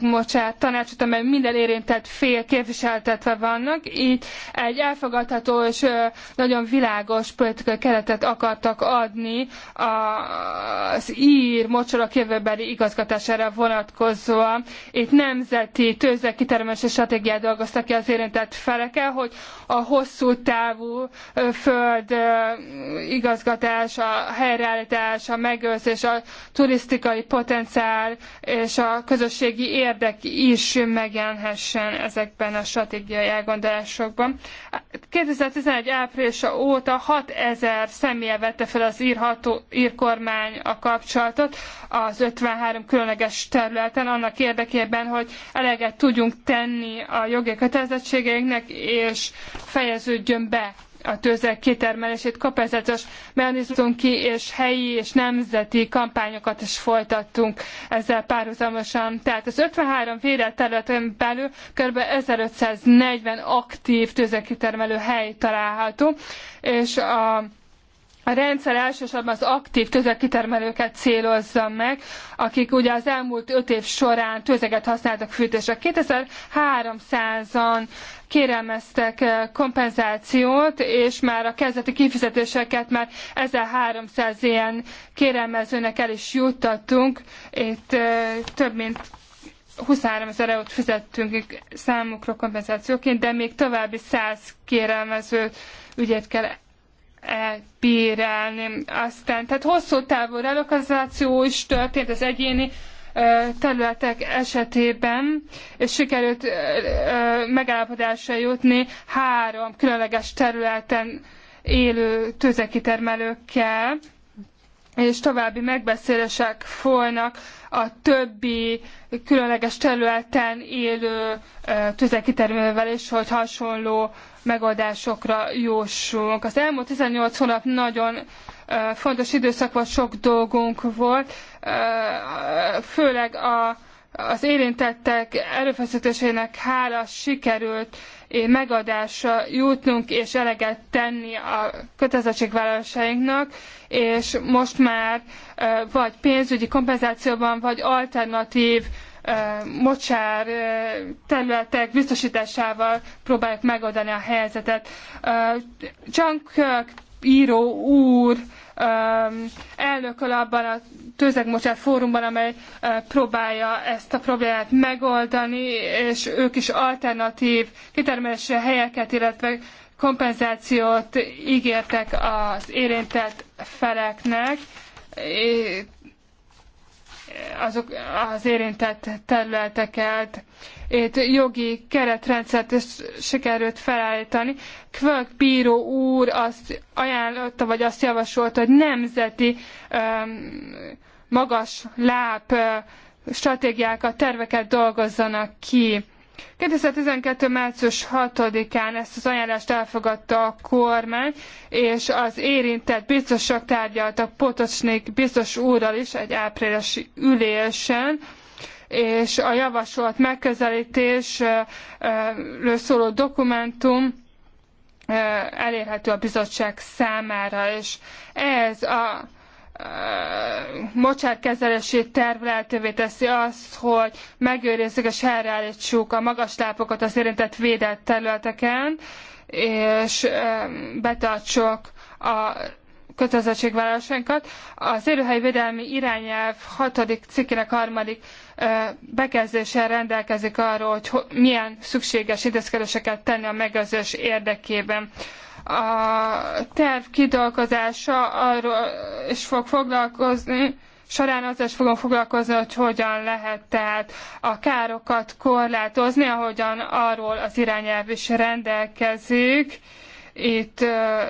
tanácsot, amely minden érintett fél képviseltetve vannak. így egy elfogadható és nagyon világos politikai keretet akartak adni az ír mocsorok jövőbeli igazgatására vonatkozóan. Itt nemzeti tőzeg kitermelési stratégiát dolgoztak ki az érintett felekkel, hogy a hosszú távú föld igazgatása a helyreállítás, a megőrzés, a turisztikai potenciál és a közösségi érdek is megjelenhessen ezekben a stratégiai elgondolásokban. 2011 áprilisa óta 6000 személye vette fel az írható, írkormány a kapcsolatot az 53 különleges területen annak érdekében, hogy eleget tudjunk tenni a jogi kötelezettségeinknek és fejeződjön be a tőzek kitermelését kompenzációs mechanizmuson ki, és helyi és nemzeti kampányokat is folytattunk ezzel párhuzamosan. Tehát az 53 védett területen belül kb. 1540 aktív tőzek kitermelő hely található, és a a rendszer elsősorban az aktív tőzegkitermelőket célozza meg, akik ugye az elmúlt öt év során tőzeget használtak fűtésre. 2300-an kérelmeztek eh, kompenzációt, és már a kezdeti kifizetéseket már 1300 ilyen kérelmezőnek el is juttattunk. Itt eh, több mint 23 ezer eurót fizettünk számukra kompenzációként, de még további 100 kérelmező ügyet kell elbírálni. Aztán, tehát hosszú távú relokalizáció is történt az egyéni területek esetében, és sikerült megállapodásra jutni három különleges területen élő tőzekitermelőkkel, és további megbeszélések folynak a többi különleges területen élő tüzekitermelővel is, hogy hasonló megoldásokra jósulunk. Az elmúlt 18 hónap nagyon fontos időszak volt, sok dolgunk volt, főleg a, az érintettek erőfeszítésének hála sikerült megadásra jutnunk és eleget tenni a kötelezettségvállalásainknak, és most már vagy pénzügyi kompenzációban, vagy alternatív mocsár területek biztosításával próbáljuk megoldani a helyzetet. Csankök író úr um, elnököl abban a tőzegmocsát fórumban, amely uh, próbálja ezt a problémát megoldani, és ők is alternatív kitermelési helyeket, illetve kompenzációt ígértek az érintett feleknek azok az érintett területeket. Itt jogi keretrendszert is sikerült felállítani. Kvölk bíró úr azt ajánlotta, vagy azt javasolta, hogy nemzeti magas láb stratégiákat, terveket dolgozzanak ki 2012. március 6-án ezt az ajánlást elfogadta a kormány, és az érintett biztosok tárgyaltak Potocsnik biztos úrral is egy áprilisi ülésen, és a javasolt megközelítésről szóló dokumentum elérhető a bizottság számára, és ez a mocsárkezelését terv lehetővé teszi azt, hogy megőrizzük és helyreállítsuk a magaslápokat az érintett védett területeken, és betartsuk a kötelezettségvállalásainkat. Az élőhely védelmi irányelv hatodik cikkének harmadik bekezdéssel rendelkezik arról, hogy milyen szükséges intézkedéseket tenni a megőrzés érdekében a terv kidolgozása arról is fog foglalkozni, során azzal is fogom foglalkozni, hogy hogyan lehet tehát a károkat korlátozni, ahogyan arról az irányelv is rendelkezik. Itt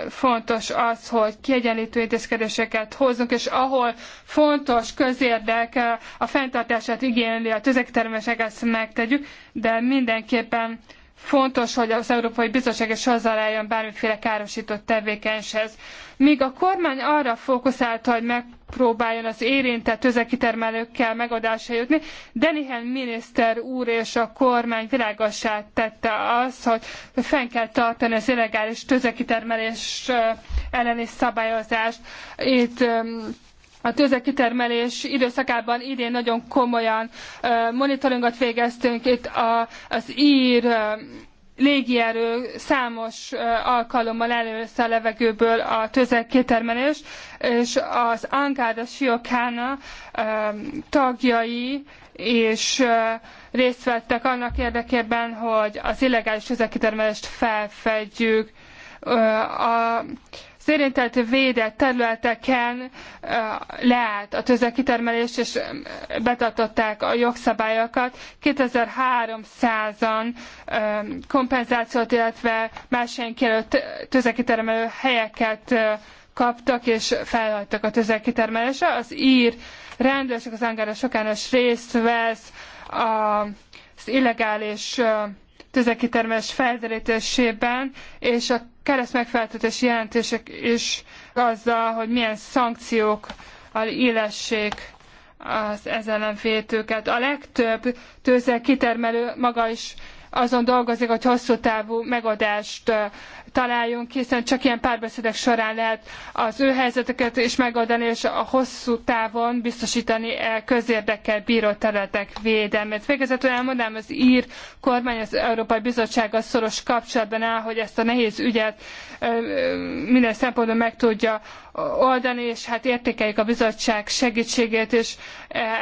fontos az, hogy kiegyenlítő intézkedéseket hozzunk, és ahol fontos közérdek a fenntartását igényli a tüzektermesek, ezt megtegyük, de mindenképpen fontos, hogy az Európai Bizottság is hozzájárjon bármiféle károsított tevékenységhez. Míg a kormány arra fókuszálta, hogy megpróbáljon az érintett özekitermelőkkel megoldásra jutni, de néhány miniszter úr és a kormány világossá tette azt, hogy fenn kell tartani az illegális tőzekitermelés elleni szabályozást. Itt a tőzek időszakában idén nagyon komolyan monitoringot végeztünk. Itt a, az ír légierő számos alkalommal először a levegőből a tőzek és az Angáda Siokána tagjai és részt vettek annak érdekében, hogy az illegális tőzek felfedjük. A, az érintett védett területeken leállt a tőzekitermelés, és betartották a jogszabályokat. 2300-an kompenzációt, illetve más senkielő tőzekitermelő helyeket kaptak, és felhagytak a tőzekitermelésre. Az ír rendőrség az angára sokános részt vesz az illegális tüzekitermelés felderítésében, és a kereszt megfeleltetés jelentések is azzal, hogy milyen szankciókkal illessék az ezen vétőket. A legtöbb tőzzel kitermelő maga is azon dolgozik, hogy hosszú távú megoldást találjunk, hiszen csak ilyen párbeszédek során lehet az ő helyzeteket is megoldani, és a hosszú távon biztosítani a e közérdekkel bíró területek védelmét. Végezetül elmondám, az ír kormány az Európai Bizottsággal szoros kapcsolatban áll, hogy ezt a nehéz ügyet minden szempontból meg tudja oldani, és hát értékeljük a bizottság segítségét, és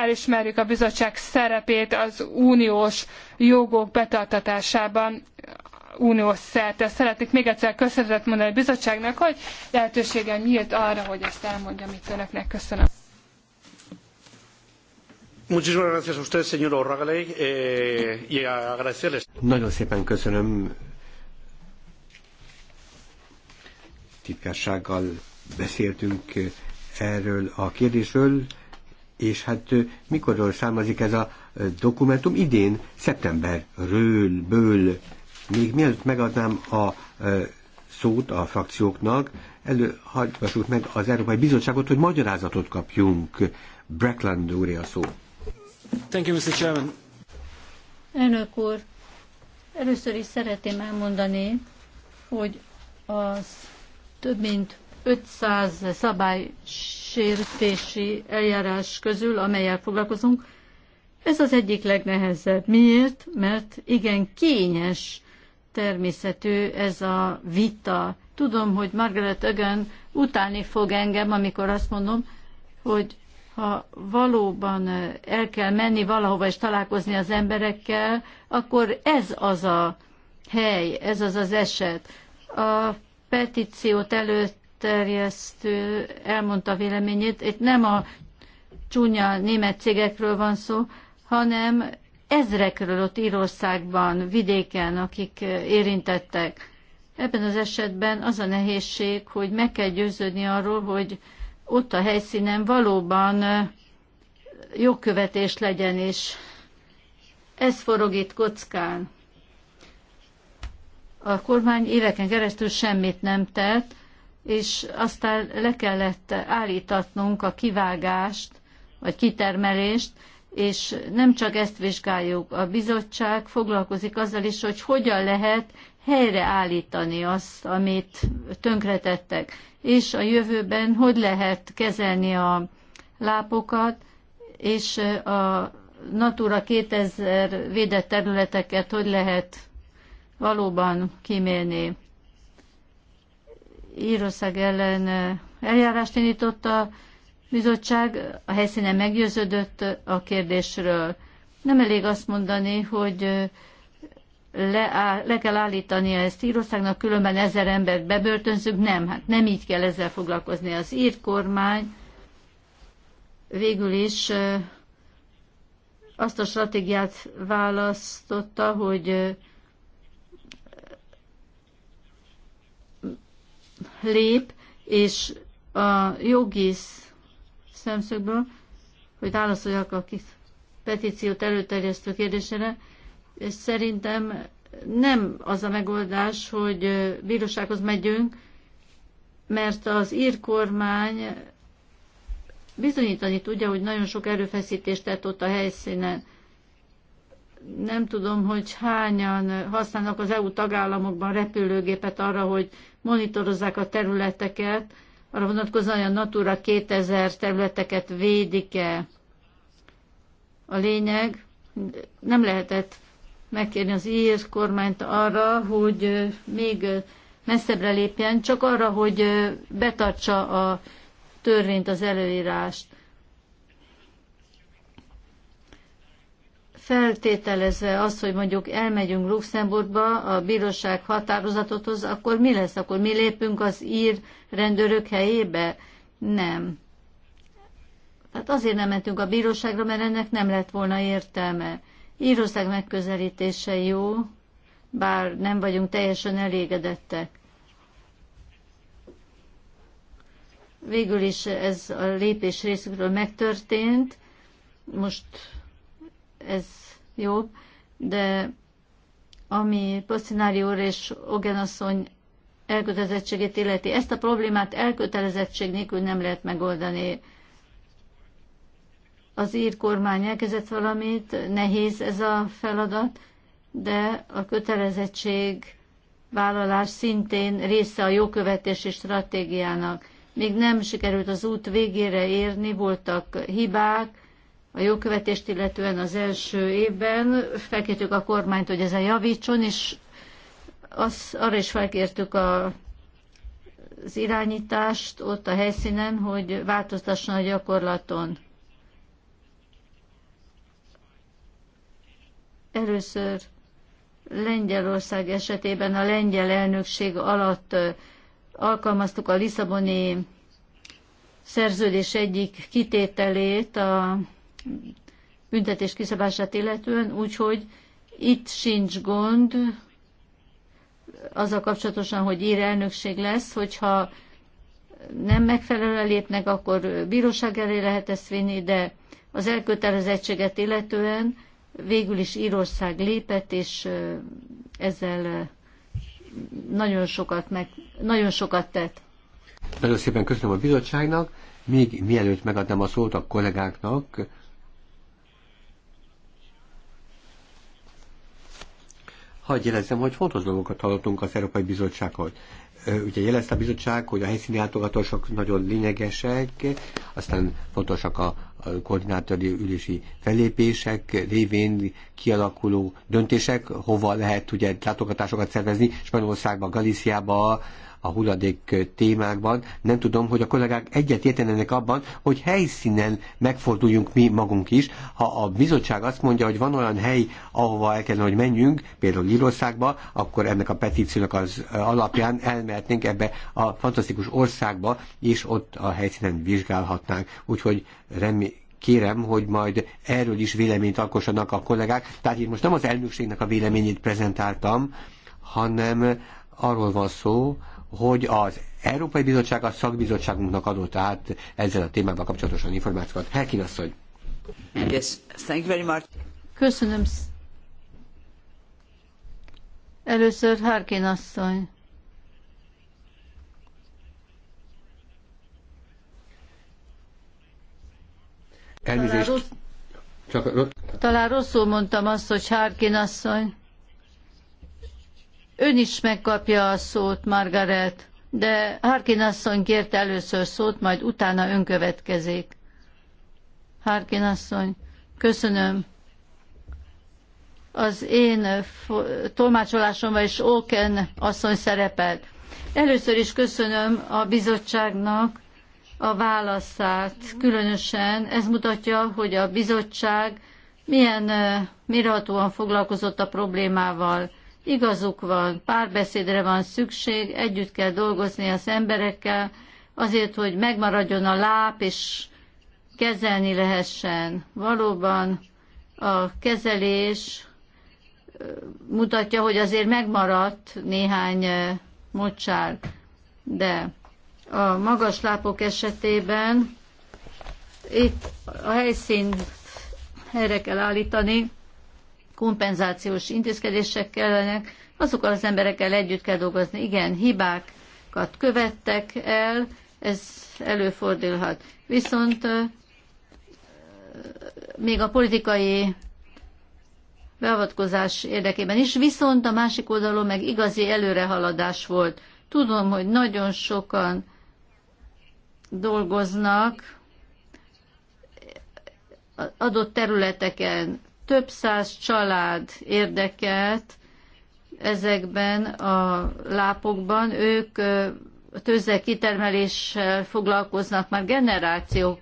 elismerjük a bizottság szerepét az uniós jogok betartatásában uniós szerte. Szeretnék még egyszer köszönetet mondani a bizottságnak, hogy lehetőségem nyílt arra, hogy ezt elmondjam itt önöknek. Köszönöm. Eh, Nagyon szépen köszönöm titkársággal beszéltünk erről a kérdésről, és hát eh, mikorról származik ez a eh, dokumentum? Idén, szeptemberről, ből még mielőtt megadnám a szót a frakcióknak, előhagyjuk meg az Európai Bizottságot, hogy magyarázatot kapjunk. Breckland úr a szó. Thank you, Mr. Chairman. Elnök úr, először is szeretném elmondani, hogy az több mint 500 szabálysértési eljárás közül, amelyel foglalkozunk, ez az egyik legnehezebb. Miért? Mert igen kényes természetű ez a vita. Tudom, hogy Margaret Ögön utálni fog engem, amikor azt mondom, hogy ha valóban eh, el kell menni valahova és találkozni az emberekkel, akkor ez az a hely, ez az az eset. A petíciót előterjesztő elmondta véleményét, itt nem a csúnya német cégekről van szó, hanem Ezrekről ott Írországban, vidéken, akik eh, érintettek. Ebben az esetben az a nehézség, hogy meg kell győződni arról, hogy ott a helyszínen valóban eh, jogkövetés legyen, és ez forog itt kockán. A kormány éveken keresztül semmit nem tett, és aztán le kellett állítatnunk a kivágást, vagy kitermelést, és nem csak ezt vizsgáljuk, a bizottság foglalkozik azzal is, hogy hogyan lehet helyreállítani azt, amit tönkretettek, és a jövőben hogy lehet kezelni a lápokat, és a Natura 2000 védett területeket hogy lehet valóban kimélni. Írország ellen eljárást indította bizottság a helyszínen meggyőződött a kérdésről. Nem elég azt mondani, hogy le, le kell állítania ezt Írországnak, különben ezer embert bebörtönzünk. Nem, hát nem így kell ezzel foglalkozni. Az ír kormány végül is azt a stratégiát választotta, hogy lép, és a jogi szemszögből, hogy válaszoljak a petíciót előterjesztő kérdésére, és szerintem nem az a megoldás, hogy bírósághoz megyünk, mert az ír kormány bizonyítani tudja, hogy nagyon sok erőfeszítést tett ott a helyszínen. Nem tudom, hogy hányan használnak az EU tagállamokban repülőgépet arra, hogy monitorozzák a területeket, arra vonatkozóan, hogy a Natura 2000 területeket védik-e. A lényeg, nem lehetett megkérni az ír kormányt arra, hogy még messzebbre lépjen, csak arra, hogy betartsa a törvényt, az előírást. feltételezve azt, hogy mondjuk elmegyünk Luxemburgba a bíróság határozatot hoz, akkor mi lesz? Akkor mi lépünk az ír rendőrök helyébe? Nem. Tehát azért nem mentünk a bíróságra, mert ennek nem lett volna értelme. Írország megközelítése jó, bár nem vagyunk teljesen elégedettek. Végül is ez a lépés részükről megtörtént. Most ez jó, de ami Pocinári úr és Ogenasszony elkötelezettségét illeti, ezt a problémát elkötelezettség nélkül nem lehet megoldani. Az ír kormány elkezdett valamit, nehéz ez a feladat, de a kötelezettség vállalás szintén része a jókövetési stratégiának. Még nem sikerült az út végére érni, voltak hibák, a jogkövetést illetően az első évben. Felkértük a kormányt, hogy ezen javítson, és az, arra is felkértük a, az irányítást ott a helyszínen, hogy változtasson a gyakorlaton. Először Lengyelország esetében a lengyel elnökség alatt alkalmaztuk a Lisszaboni szerződés egyik kitételét a büntetés kiszabását illetően, úgyhogy itt sincs gond azzal kapcsolatosan, hogy ír elnökség lesz, hogyha nem megfelelően lépnek, akkor bíróság elé lehet ezt vinni, de az elkötelezettséget illetően végül is Írország lépett, és ezzel nagyon sokat, meg, nagyon sokat tett. Nagyon szépen köszönöm a bizottságnak. Még mielőtt megadnám a szót a kollégáknak, Hagy jelezzem, hogy fontos dolgokat hallottunk az Európai Bizottsághoz. Ugye jelezte a bizottság, hogy a helyszíni látogatósok nagyon lényegesek, aztán fontosak a koordinátori ülési fellépések révén kialakuló döntések, hova lehet ugye látogatásokat szervezni, Spanyolországba, Galíciába, a hulladék témákban. Nem tudom, hogy a kollégák egyet értenek abban, hogy helyszínen megforduljunk mi magunk is. Ha a bizottság azt mondja, hogy van olyan hely, ahova el kellene, hogy menjünk, például Írországba, akkor ennek a petíciónak az alapján elmehetnénk ebbe a fantasztikus országba, és ott a helyszínen vizsgálhatnánk. Úgyhogy remé kérem, hogy majd erről is véleményt alkossanak a kollégák. Tehát itt most nem az elnökségnek a véleményét prezentáltam, hanem arról van szó, hogy az Európai Bizottság a szakbizottságunknak adott át ezzel a témával kapcsolatosan információkat. Helkin asszony. Yes, thank you very much. Köszönöm. Először Harkin asszony. Elnézést. Talán, rossz... Csak... Talán rosszul mondtam azt, hogy Harkin asszony. Ön is megkapja a szót, Margaret, de Harkin asszony kért először szót, majd utána ön következik. Harkin asszony, köszönöm. Az én eh, tolmácsolásomban is Oken asszony szerepelt. Először is köszönöm a bizottságnak a válaszát, különösen ez mutatja, hogy a bizottság milyen eh, mérhatóan foglalkozott a problémával. Igazuk van, párbeszédre van szükség, együtt kell dolgozni az emberekkel, azért, hogy megmaradjon a láp, és kezelni lehessen. Valóban a kezelés mutatja, hogy azért megmaradt néhány mocsár, de a magas lápok esetében itt a helyszínt helyre kell állítani, kompenzációs intézkedések kellenek, azokkal az emberekkel együtt kell dolgozni. Igen, hibákat követtek el, ez előfordulhat. Viszont még a politikai beavatkozás érdekében is, viszont a másik oldalon meg igazi előrehaladás volt. Tudom, hogy nagyon sokan dolgoznak adott területeken, több száz család érdekelt ezekben a lápokban. Ők tőzzel kitermeléssel foglalkoznak már generációk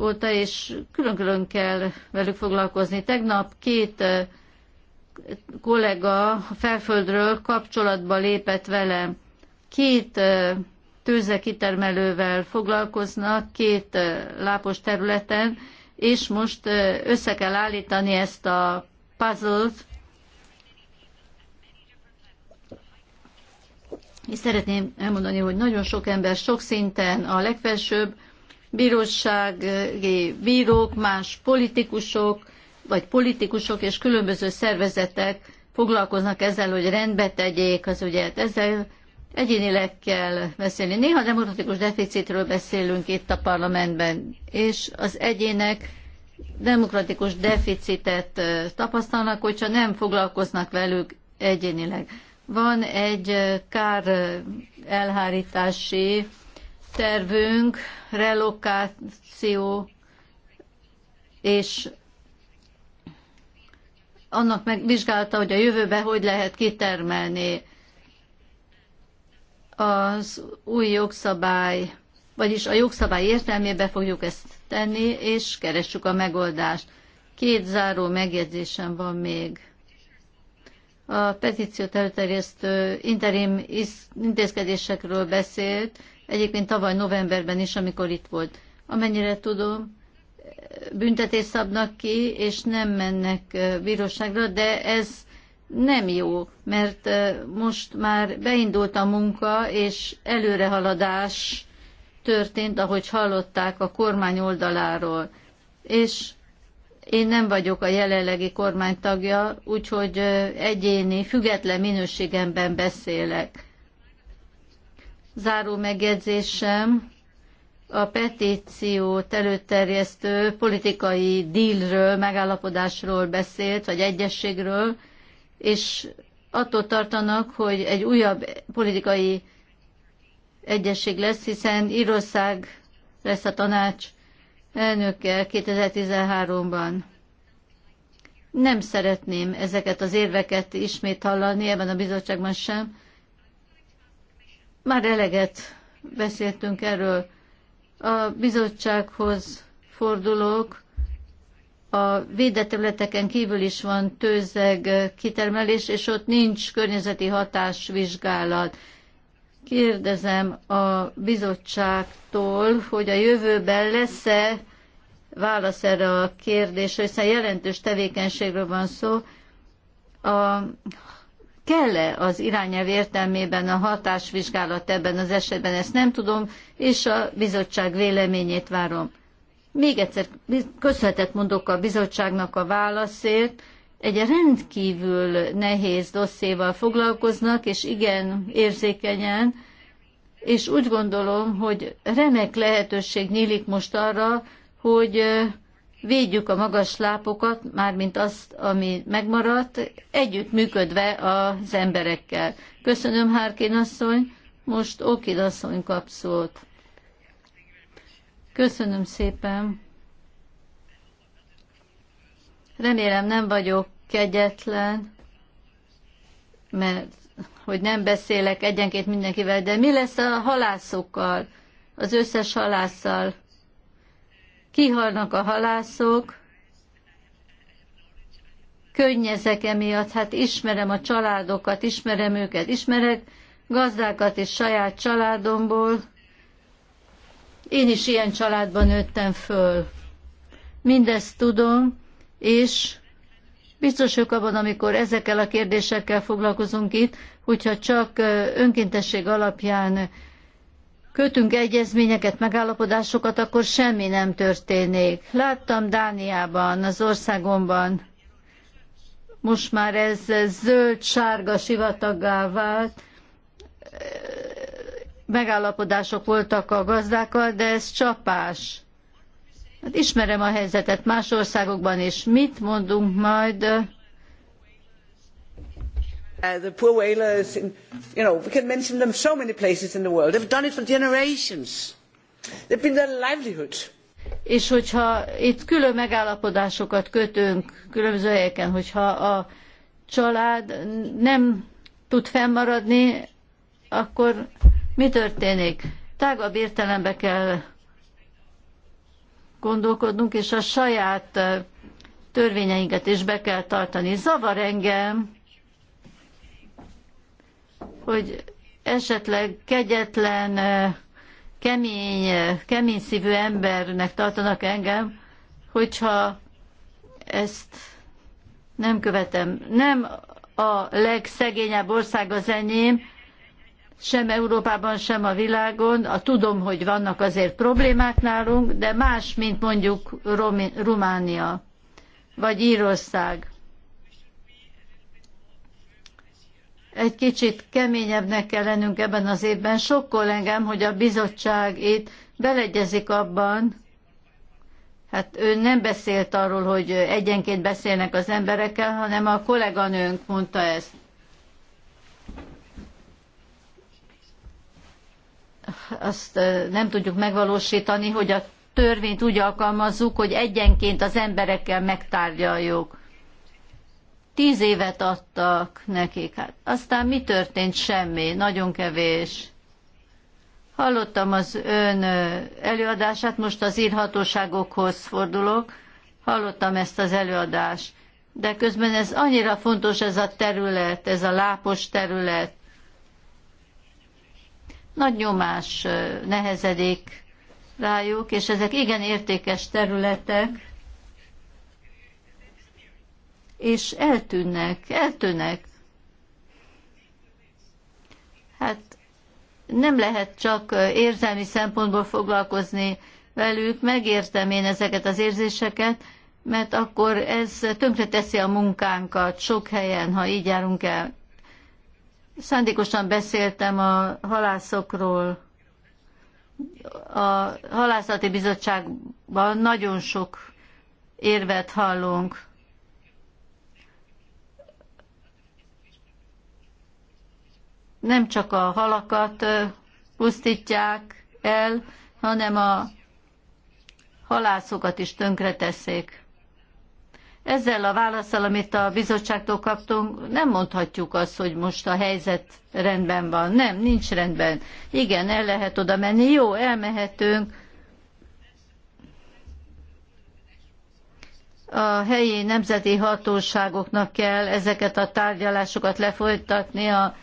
óta, és külön-külön kell velük foglalkozni. Tegnap két kollega felföldről kapcsolatba lépett velem. Két tőzekitermelővel foglalkoznak, két lápos területen, és most össze kell állítani ezt a puzzle-t, és szeretném elmondani, hogy nagyon sok ember sok szinten a legfelsőbb bírósági bírók, más politikusok, vagy politikusok és különböző szervezetek foglalkoznak ezzel, hogy rendbe tegyék az ügyet. Ezzel egyénileg kell beszélni. Néha demokratikus deficitről beszélünk itt a parlamentben, és az egyének demokratikus deficitet tapasztalnak, hogyha nem foglalkoznak velük egyénileg. Van egy kár elhárítási tervünk, relokáció és annak megvizsgálta, hogy a jövőbe hogy lehet kitermelni az új jogszabály, vagyis a jogszabály értelmébe fogjuk ezt tenni, és keressük a megoldást. Két záró megjegyzésem van még. A petíciót előterjesztő interim intézkedésekről beszélt, egyébként tavaly novemberben is, amikor itt volt. Amennyire tudom, büntetés szabnak ki, és nem mennek bíróságra, de ez nem jó, mert most már beindult a munka, és előrehaladás történt, ahogy hallották a kormány oldaláról. És én nem vagyok a jelenlegi kormány tagja, úgyhogy egyéni, független minőségemben beszélek. Záró megjegyzésem, a petíciót előterjesztő politikai dílről, megállapodásról beszélt, vagy egyességről, és attól tartanak, hogy egy újabb politikai egyesség lesz, hiszen Írország lesz a tanács elnöke 2013-ban. Nem szeretném ezeket az érveket ismét hallani, ebben a bizottságban sem. Már eleget beszéltünk erről. A bizottsághoz fordulok, a védett kívül is van tőzeg kitermelés, és ott nincs környezeti hatásvizsgálat. Kérdezem a bizottságtól, hogy a jövőben lesz-e válasz erre a kérdésre, hiszen jelentős tevékenységről van szó. A, kell-e az irányelv értelmében a hatásvizsgálat ebben az esetben? Ezt nem tudom, és a bizottság véleményét várom. Még egyszer köszönetet mondok a bizottságnak a válaszért. Egy rendkívül nehéz dosszéval foglalkoznak, és igen érzékenyen, és úgy gondolom, hogy remek lehetőség nyílik most arra, hogy védjük a magas lápokat, mármint azt, ami megmaradt, együtt működve az emberekkel. Köszönöm, Hárkén asszony, most Okid asszony kap szót. Köszönöm szépen. Remélem nem vagyok kegyetlen, mert hogy nem beszélek egyenként mindenkivel, de mi lesz a halászokkal, az összes halásszal? Kihalnak a halászok, könnyezek emiatt, hát ismerem a családokat, ismerem őket, ismerek gazdákat és saját családomból, én is ilyen családban nőttem föl. Mindezt tudom, és biztos vagyok abban, amikor ezekkel a kérdésekkel foglalkozunk itt, hogyha csak önkéntesség alapján kötünk egyezményeket, megállapodásokat, akkor semmi nem történik. Láttam Dániában, az országomban, most már ez zöld-sárga sivataggá vált, megállapodások voltak a gazdákkal, de ez csapás. Hát ismerem a helyzetet más országokban is. Mit mondunk majd? Uh, the poor whalers, in, you know, we can mention them so many places in the world. They've done it for generations. They've been their livelihood. És hogyha itt külön megállapodásokat kötünk különböző helyeken, hogyha a család nem tud fennmaradni, akkor mi történik? Tágabb értelembe kell gondolkodnunk, és a saját törvényeinket is be kell tartani. Zavar engem, hogy esetleg kegyetlen, kemény, kemény szívű embernek tartanak engem, hogyha ezt nem követem. Nem a legszegényebb ország az enyém, sem Európában, sem a világon. A, tudom, hogy vannak azért problémák nálunk, de más, mint mondjuk Romi, Románia vagy Írország. Egy kicsit keményebbnek kell lennünk ebben az évben. Sokkol engem, hogy a bizottság itt beleegyezik abban, hát ő nem beszélt arról, hogy egyenként beszélnek az emberekkel, hanem a kolléganőnk mondta ezt azt nem tudjuk megvalósítani, hogy a törvényt úgy alkalmazzuk, hogy egyenként az emberekkel megtárgyaljuk. Tíz évet adtak nekik. Hát aztán mi történt? Semmi. Nagyon kevés. Hallottam az ön előadását, most az írhatóságokhoz fordulok. Hallottam ezt az előadást. De közben ez annyira fontos ez a terület, ez a lápos terület. Nagy nyomás nehezedik rájuk, és ezek igen értékes területek, és eltűnnek, eltűnnek. Hát nem lehet csak érzelmi szempontból foglalkozni velük, megértem én ezeket az érzéseket, mert akkor ez tönkreteszi a munkánkat sok helyen, ha így járunk el. Szándékosan beszéltem a halászokról. A halászati bizottságban nagyon sok érvet hallunk. Nem csak a halakat pusztítják el, hanem a halászokat is tönkreteszik. Ezzel a válaszsal, amit a bizottságtól kaptunk, nem mondhatjuk azt, hogy most a helyzet rendben van. Nem, nincs rendben. Igen, el lehet oda menni. Jó, elmehetünk. A helyi nemzeti hatóságoknak kell ezeket a tárgyalásokat lefolytatni a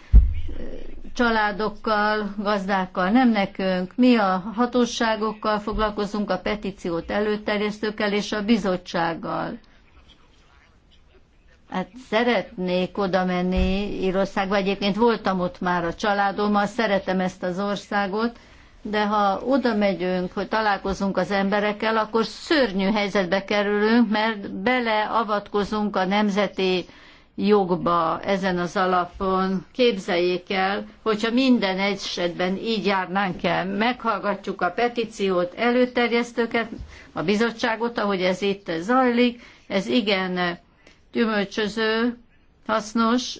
családokkal, gazdákkal, nem nekünk. Mi a hatóságokkal foglalkozunk, a petíciót előterjesztőkkel és a bizottsággal. Hát szeretnék oda menni Írországba, egyébként voltam ott már a családommal, szeretem ezt az országot, de ha oda megyünk, hogy találkozunk az emberekkel, akkor szörnyű helyzetbe kerülünk, mert beleavatkozunk a nemzeti jogba ezen az alapon. Képzeljék el, hogyha minden esetben így járnánk el, meghallgatjuk a petíciót, előterjesztőket, a bizottságot, ahogy ez itt zajlik, ez igen gyümölcsöző, hasznos,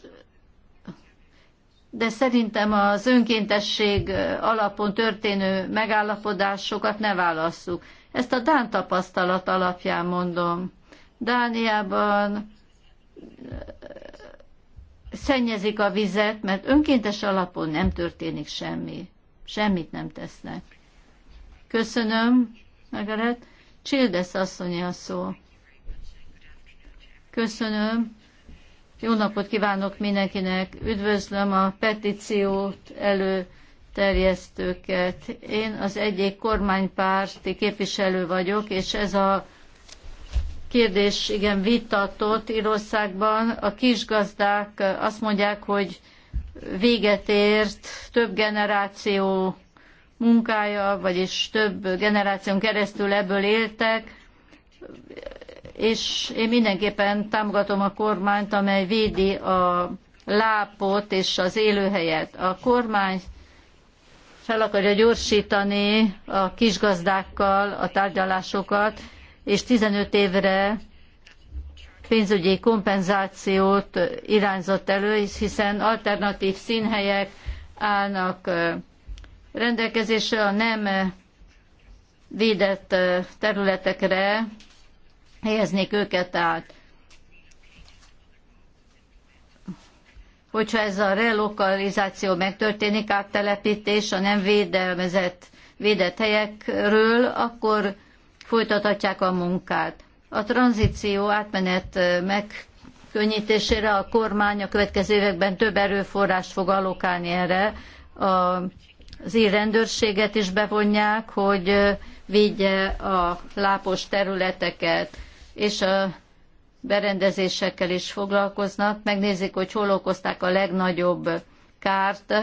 de szerintem az önkéntesség alapon történő megállapodásokat ne válasszuk. Ezt a Dán tapasztalat alapján mondom. Dániában eh, szennyezik a vizet, mert önkéntes alapon nem történik semmi. Semmit nem tesznek. Köszönöm, Margaret. Csildesz asszonyi a szó. Köszönöm. Jó napot kívánok mindenkinek. Üdvözlöm a petíciót előterjesztőket. Én az egyik kormánypárti képviselő vagyok, és ez a kérdés igen vitatott Írországban. A kisgazdák azt mondják, hogy véget ért több generáció munkája, vagyis több generáción keresztül ebből éltek, és én mindenképpen támogatom a kormányt, amely védi a lápot és az élőhelyet. A kormány fel akarja gyorsítani a kisgazdákkal a tárgyalásokat, és 15 évre pénzügyi kompenzációt irányzott elő, hiszen alternatív színhelyek állnak rendelkezésre a nem védett területekre helyeznék őket át. Hogyha ez a relokalizáció megtörténik, áttelepítés a nem védelmezett, védett helyekről, akkor folytathatják a munkát. A tranzíció átmenet megkönnyítésére a kormány a következő években több erőforrást fog allokálni erre. A az írrendőrséget is bevonják, hogy védje a lápos területeket és a berendezésekkel is foglalkoznak, megnézik, hogy hol okozták a legnagyobb kárt,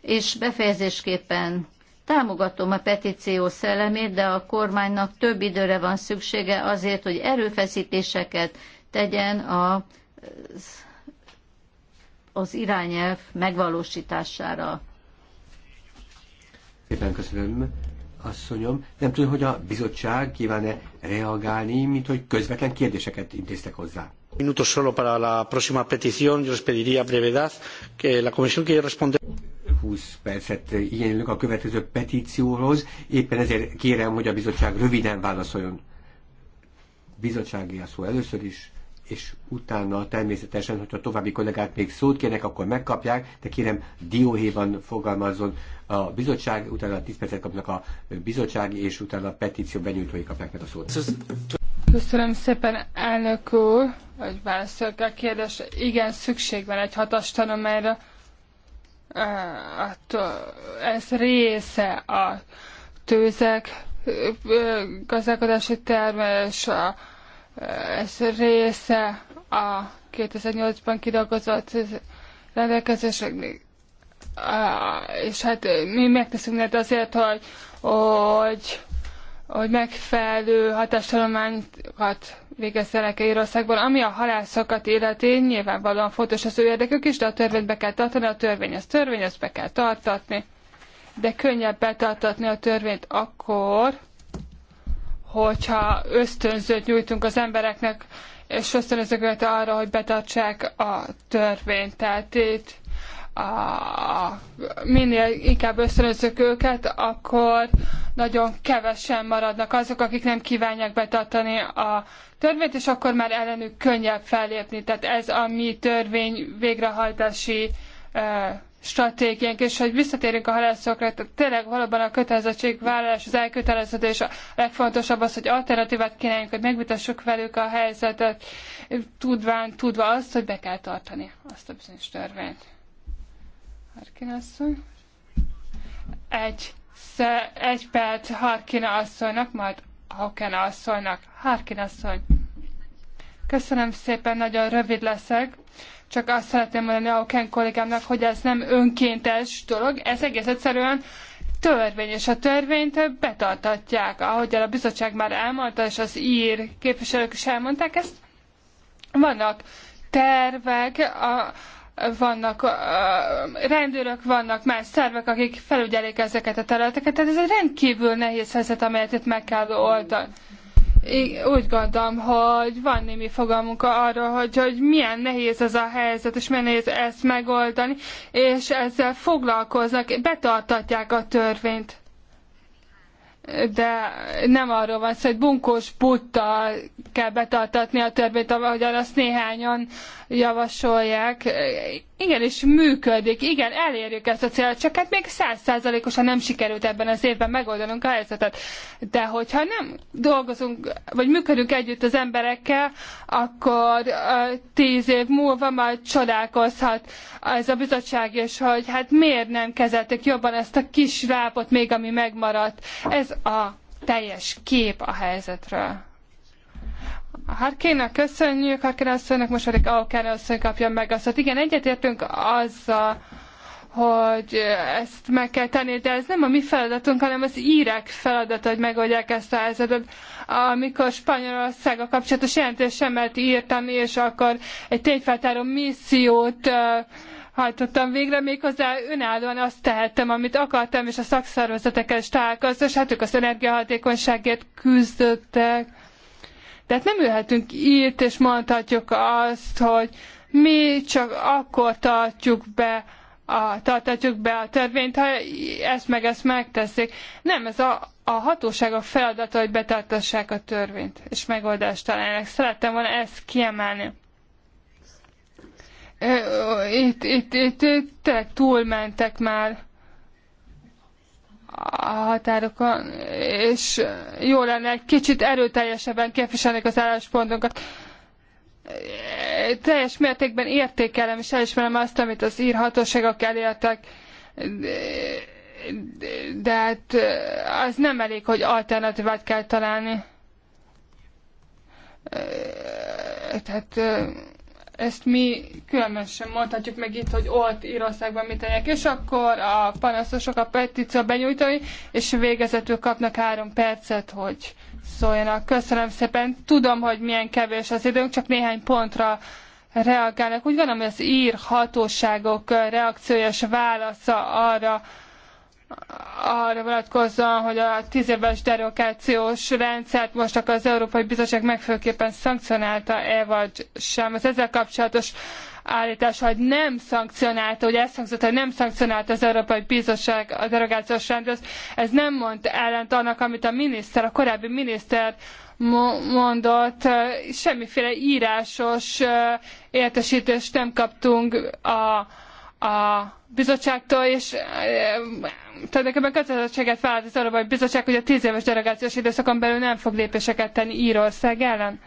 és befejezésképpen támogatom a petíció szellemét, de a kormánynak több időre van szüksége azért, hogy erőfeszítéseket tegyen a, az irányelv megvalósítására. Szépen köszönöm asszonyom, nem tudom, hogy a bizottság kíván-e reagálni, mint hogy közvetlen kérdéseket intéztek hozzá. Minutos solo para la próxima petición, yo les pediría brevedad, que la comisión quiere responder. 20 percet igénylünk a következő petícióhoz, éppen ezért kérem, hogy a bizottság röviden válaszoljon. Bizottsági a szó először is és utána természetesen, hogyha további kollégák még szót kérnek, akkor megkapják, de kérem, dióhéjban fogalmazzon a bizottság, utána 10 percet kapnak a bizottság, és utána a petíció benyújtói kapják meg a szót. Köszönöm szépen, elnök úr, hogy válaszolok a kérdés. Igen, szükség van egy hatas tanulmányra. Ez része a tőzek gazdálkodási termelés, a ez része a 2008-ban kidolgozott rendelkezéseknek. És hát mi megteszünk mindent azért, hogy, hogy, hogy megfelelő hatástalományokat végezzenek -e Írországban. Ami a halászokat illeti, nyilvánvalóan fontos az ő érdekük is, de a törvényt be kell tartani, a törvény az törvény, azt be kell tartatni. De könnyebb betartatni a törvényt akkor, hogyha ösztönzőt nyújtunk az embereknek, és ösztönözünk őket arra, hogy betartsák a törvényt. Tehát itt a, minél inkább ösztönözzük őket, akkor nagyon kevesen maradnak azok, akik nem kívánják betartani a törvényt, és akkor már ellenük könnyebb fellépni. Tehát ez a mi törvény végrehajtási stratégiánk, és hogy visszatérünk a halászokra, tényleg valóban a kötelezettségvállalás, az elköteleződés a legfontosabb az, hogy alternatívát kínáljunk, hogy megvitassuk velük a helyzetet, tudván, tudva azt, hogy be kell tartani azt a bizonyos törvényt. Harkin asszony. Egy, sze, egy perc Harkina asszonynak, majd Hauken asszonynak. Harkin asszony. Köszönöm szépen, nagyon rövid leszek. Csak azt szeretném mondani a Ken kollégámnak, hogy ez nem önkéntes dolog, ez egész egyszerűen törvény, és a törvényt betartatják. Ahogy a bizottság már elmondta, és az ír képviselők is elmondták ezt, vannak tervek, a, vannak a, rendőrök, vannak más szervek, akik felügyelik ezeket a területeket. Tehát ez egy rendkívül nehéz helyzet, amelyet itt meg kell oldani. Én úgy gondolom, hogy van némi fogalmunk arról, hogy, hogy milyen nehéz ez a helyzet, és milyen nehéz ezt megoldani, és ezzel foglalkoznak, betartatják a törvényt. De nem arról van szó, hogy bunkós butta kell betartatni a törvényt, ahogyan azt néhányan javasolják, igenis működik, igen, elérjük ezt a célt, csak hát még százszázalékosan nem sikerült ebben az évben megoldanunk a helyzetet. De hogyha nem dolgozunk, vagy működünk együtt az emberekkel, akkor tíz év múlva majd csodálkozhat ez a bizottság is, hogy hát miért nem kezelték jobban ezt a kis rápot még, ami megmaradt. Ez a teljes kép a helyzetről. Harkénak köszönjük, Harkén köszönjük most pedig Aukán köszönjük kapja meg azt. Hát igen, egyetértünk azzal, hogy ezt meg kell tenni, de ez nem a mi feladatunk, hanem az írek feladata, hogy megoldják ezt a helyzetet. Amikor Spanyolországgal kapcsolatos jelentésemet írtam, és akkor egy tényfeltáró missziót hajtottam végre, méghozzá önállóan azt tehettem, amit akartam, és a szakszervezetekkel is találkoztam, és hát ők az energiahatékonyságért küzdöttek tehát nem ülhetünk itt, és mondhatjuk azt, hogy mi csak akkor tartjuk be a, tartatjuk be a törvényt, ha ezt meg ezt megteszik. Nem, ez a, a hatóság a feladata, hogy betartassák a törvényt, és megoldást találják Szerettem volna ezt kiemelni. Itt, itt, itt, itt itt túlmentek már a határokon, és jó lenne egy kicsit erőteljesebben képviselni az álláspontunkat. Teljes mértékben értékelem és elismerem azt, amit az írhatóságok elértek, de hát az nem elég, hogy alternatívát kell találni. Tehát ezt mi különösen mondhatjuk meg itt, hogy ott Írországban mit tennek, és akkor a panaszosok a petíció benyújtói, és végezetül kapnak három percet, hogy szóljanak. Köszönöm szépen, tudom, hogy milyen kevés az időnk, csak néhány pontra reagálnak. Úgy van, hogy az ír hatóságok reakciója és válasza arra, arra vonatkozóan, hogy a tíz éves derogációs rendszert most akkor az Európai Bizottság megfőképpen szankcionálta-e, vagy sem. Az ezzel kapcsolatos állítás, hogy nem szankcionálta, ugye ezt hangzott, hogy nem szankcionálta az Európai Bizottság a derogációs rendszert, ez nem mond ellent annak, amit a miniszter, a korábbi miniszter mondott, semmiféle írásos értesítést nem kaptunk a, a bizottságtól, és eh, tehát nekem a kötelezettséget vállalt az Európai Bizottság, hogy a tíz éves delegációs időszakon belül nem fog lépéseket tenni Írország ellen.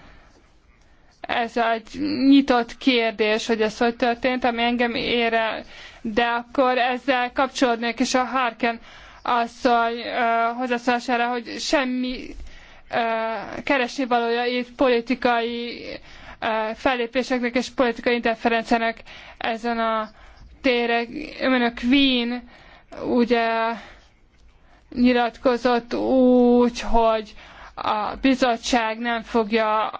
Ez egy nyitott kérdés, hogy ez hogy történt, ami engem ér el. De akkor ezzel kapcsolódnék is a Harken asszony uh, hozzászólására, hogy semmi uh, keresnivalója itt politikai uh, fellépéseknek és politikai interferenciának ezen a térek, a Queen ugye nyilatkozott úgy, hogy a bizottság nem fogja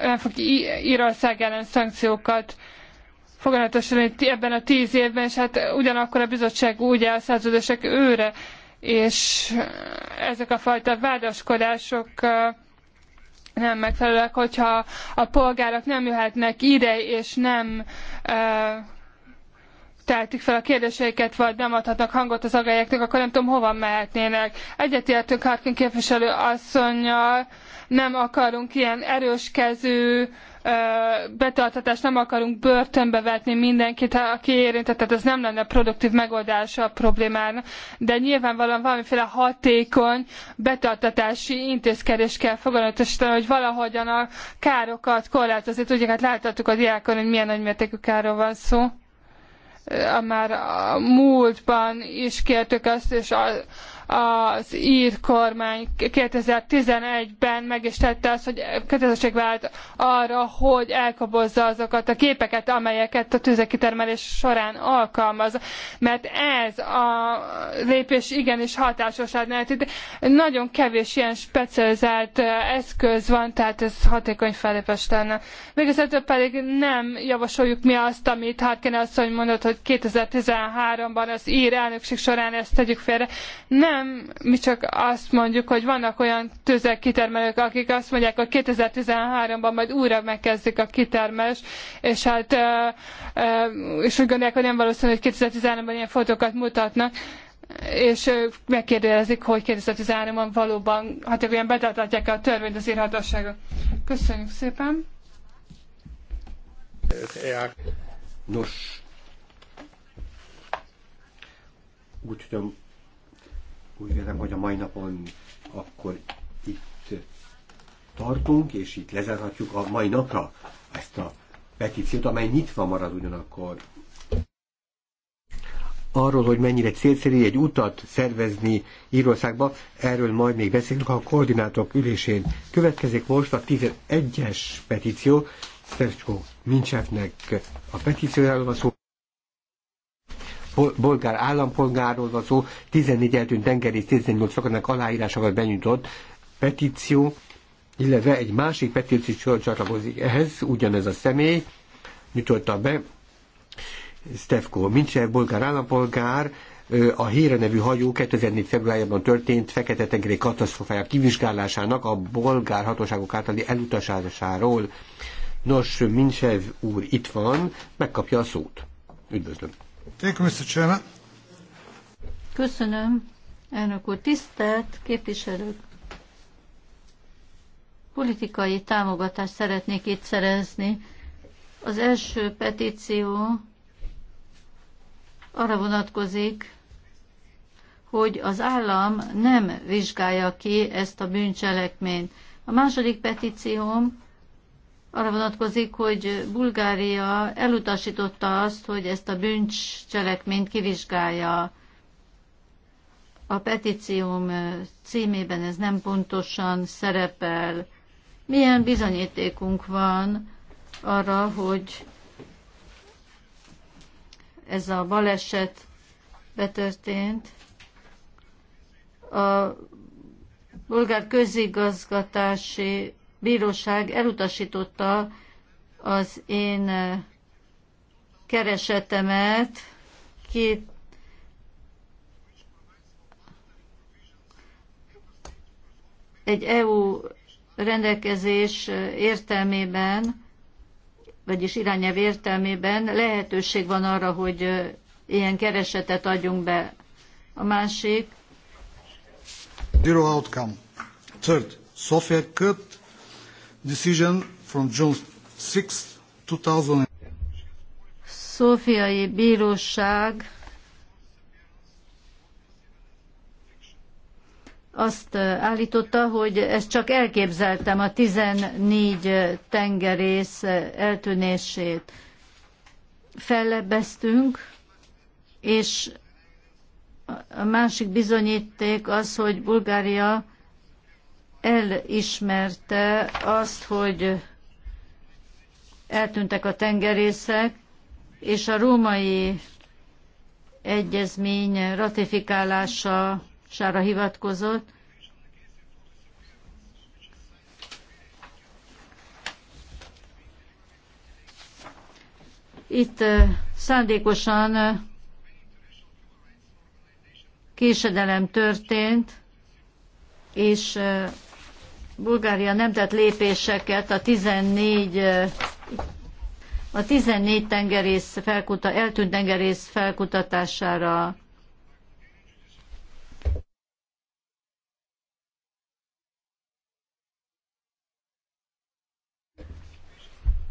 nem fog Írország ellen szankciókat foganatosan ebben a tíz évben, és hát ugyanakkor a bizottság úgy áll szerződések őre, és ezek a fajta vádaskodások nem megfelelőek, hogyha a polgárok nem jöhetnek ide, és nem tehetik fel a kérdéseiket, vagy nem adhatnak hangot az agályeknek, akkor nem tudom, hova mehetnének. Egyetértünk Harkin képviselő asszonynal, nem akarunk ilyen erős kezű betartatást, nem akarunk börtönbe vetni mindenkit, aki érintett, tehát ez nem lenne produktív megoldása a problémának, de nyilvánvalóan valamiféle hatékony betartatási intézkedés kell fogalmatosítani, hogy valahogyan a károkat korlátozni tudják, hát láthattuk a diákon, hogy milyen nagymértékű káról van szó már a múltban is kértük ezt és a, az ír kormány 2011-ben meg is tette azt, hogy kötelezettség vált arra, hogy elkobozza azokat a képeket, amelyeket a tőzekitermelés során alkalmaz. Mert ez a lépés igenis hatásos lenne. Hát itt nagyon kevés ilyen specializált eszköz van, tehát ez hatékony fellépés lenne. Végezetül pedig nem javasoljuk mi azt, amit Harkin asszony mondott, hogy 2013-ban az ír elnökség során ezt tegyük félre. Nem nem mi csak azt mondjuk, hogy vannak olyan tüzek kitermelők, akik azt mondják, hogy 2013-ban majd újra megkezdik a kitermelés, és hát és úgy gondolják, hogy nem valószínű, hogy 2013-ban ilyen fotókat mutatnak és megkérdezik, hogy 2013-ban valóban hatékonyan betartatják a törvényt az írhatóságot. Köszönjük szépen! Nos, úgyhogy úgy vélem, hogy a mai napon akkor itt tartunk, és itt lezárhatjuk a mai napra ezt a petíciót, amely nyitva marad ugyanakkor. Arról, hogy mennyire célszerű egy utat szervezni Írországba, erről majd még beszélünk a koordinátok ülésén. Következik most a 11-es petíció, Szercskó Mincsefnek a petíciójáról van szó bolgár állampolgárról van szó, 14 eltűnt tengerész, 18 szakadnak aláírásával benyújtott petíció, illetve egy másik petíció csatlakozik ehhez, ugyanez a személy nyújtotta be, Stefko Mincsev, bolgár állampolgár, a Héra nevű hajó 2004. februárjában történt Fekete-tengeri katasztrofája kivizsgálásának a bolgár hatóságok általi elutasásáról. Nos, Mincsev úr itt van, megkapja a szót. Üdvözlöm. Thank you, Mr. Chairman. Köszönöm, elnök úr. Tisztelt képviselők! Politikai támogatást szeretnék itt szerezni. Az első petíció arra vonatkozik, hogy az állam nem vizsgálja ki ezt a bűncselekményt. A második petícióm arra vonatkozik, hogy Bulgária elutasította azt, hogy ezt a bűncselekményt kivizsgálja. A petícióm címében ez nem pontosan szerepel. Milyen bizonyítékunk van arra, hogy ez a baleset betörtént? A bulgár közigazgatási bíróság elutasította az én keresetemet két egy EU rendelkezés értelmében, vagyis irányelv értelmében lehetőség van arra, hogy ilyen keresetet adjunk be. A másik. Zero outcome. Third, Sofia cut decision from June 6, Szófiai Bíróság azt állította, hogy ezt csak elképzeltem a 14 tengerész eltűnését. Fellebbeztünk, és a másik bizonyíték az, hogy Bulgária elismerte azt, hogy eltűntek a tengerészek, és a római egyezmény ratifikálására hivatkozott, itt szándékosan késedelem történt, és Bulgária nem tett lépéseket a 14 a 14 tengerész felkuta, eltűnt tengerész felkutatására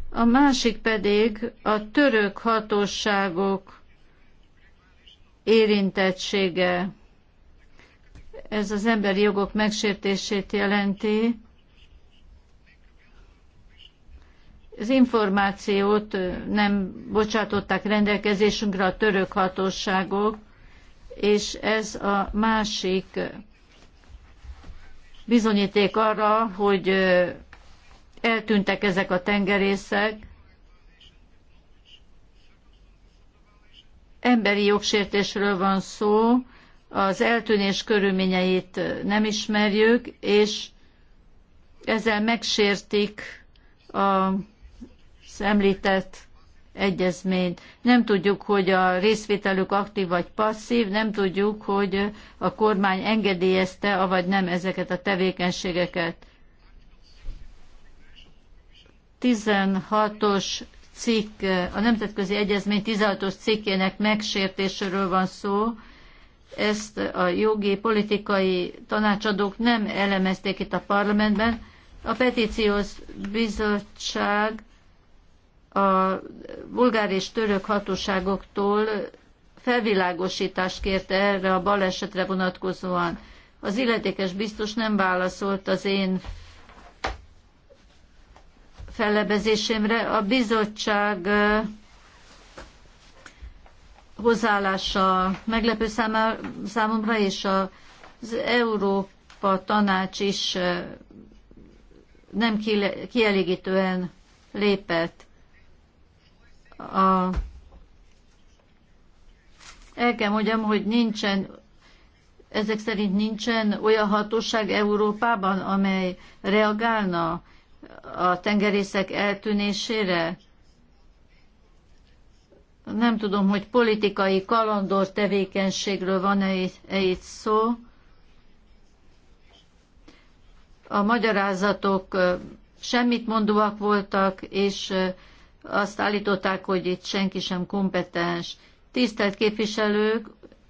A másik pedig a török hatóságok érintettsége ez az emberi jogok megsértését jelenti. Az információt nem bocsátották rendelkezésünkre a török hatóságok, és ez a másik bizonyíték arra, hogy eltűntek ezek a tengerészek, emberi jogsértésről van szó, az eltűnés körülményeit nem ismerjük, és ezzel megsértik az említett egyezményt. Nem tudjuk, hogy a részvételük aktív vagy passzív, nem tudjuk, hogy a kormány engedélyezte, avagy nem ezeket a tevékenységeket. 16-os cikk, a Nemzetközi Egyezmény 16-os cikkének megsértéséről van szó, ezt a jogi, politikai tanácsadók nem elemezték itt a parlamentben. A petíciós bizottság a bulgár és török hatóságoktól felvilágosítást kérte erre a balesetre vonatkozóan. Az illetékes biztos nem válaszolt az én fellebezésemre. A bizottság hozzáállása meglepő számomra, és az Európa Tanács is nem kielégítően lépett a el kell mondjam, hogy nincsen, ezek szerint nincsen olyan hatóság Európában, amely reagálna a tengerészek eltűnésére, nem tudom, hogy politikai kalandor tevékenységről van-e itt e szó. A magyarázatok semmit mondóak voltak, és azt állították, hogy itt senki sem kompetens. Tisztelt képviselők,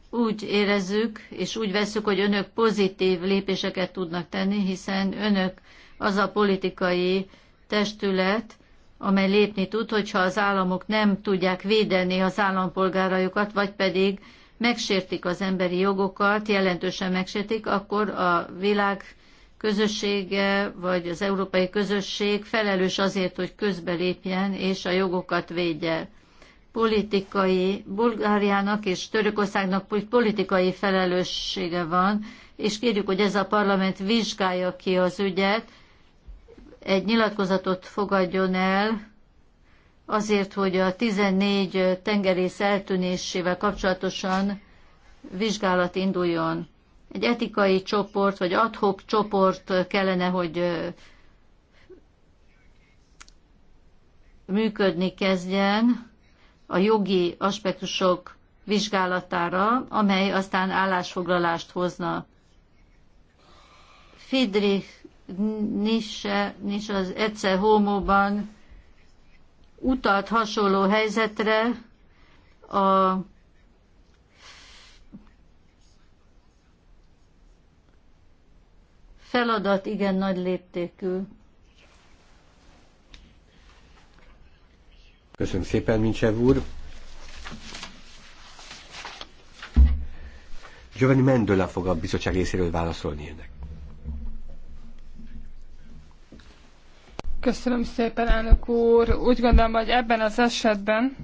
úgy érezzük, és úgy veszük, hogy önök pozitív lépéseket tudnak tenni, hiszen önök az a politikai testület, amely lépni tud, hogyha az államok nem tudják védeni az állampolgáraikat, vagy pedig megsértik az emberi jogokat, jelentősen megsértik, akkor a világ közössége, vagy az európai közösség felelős azért, hogy közbelépjen és a jogokat védje. Politikai, Bulgáriának és Törökországnak politikai felelőssége van, és kérjük, hogy ez a parlament vizsgálja ki az ügyet, egy nyilatkozatot fogadjon el azért, hogy a 14 tengerész eltűnésével kapcsolatosan vizsgálat induljon. Egy etikai csoport, vagy adhok csoport kellene, hogy működni kezdjen a jogi aspektusok vizsgálatára, amely aztán állásfoglalást hozna. Friedrich Nisse, Nisse az egyszer homóban utalt hasonló helyzetre a feladat igen nagy léptékű. Köszönöm szépen, Mincsev úr. Giovanni Mendola fog a bizottság részéről válaszolni ennek. Köszönöm szépen, elnök úr. Úgy gondolom, hogy ebben az esetben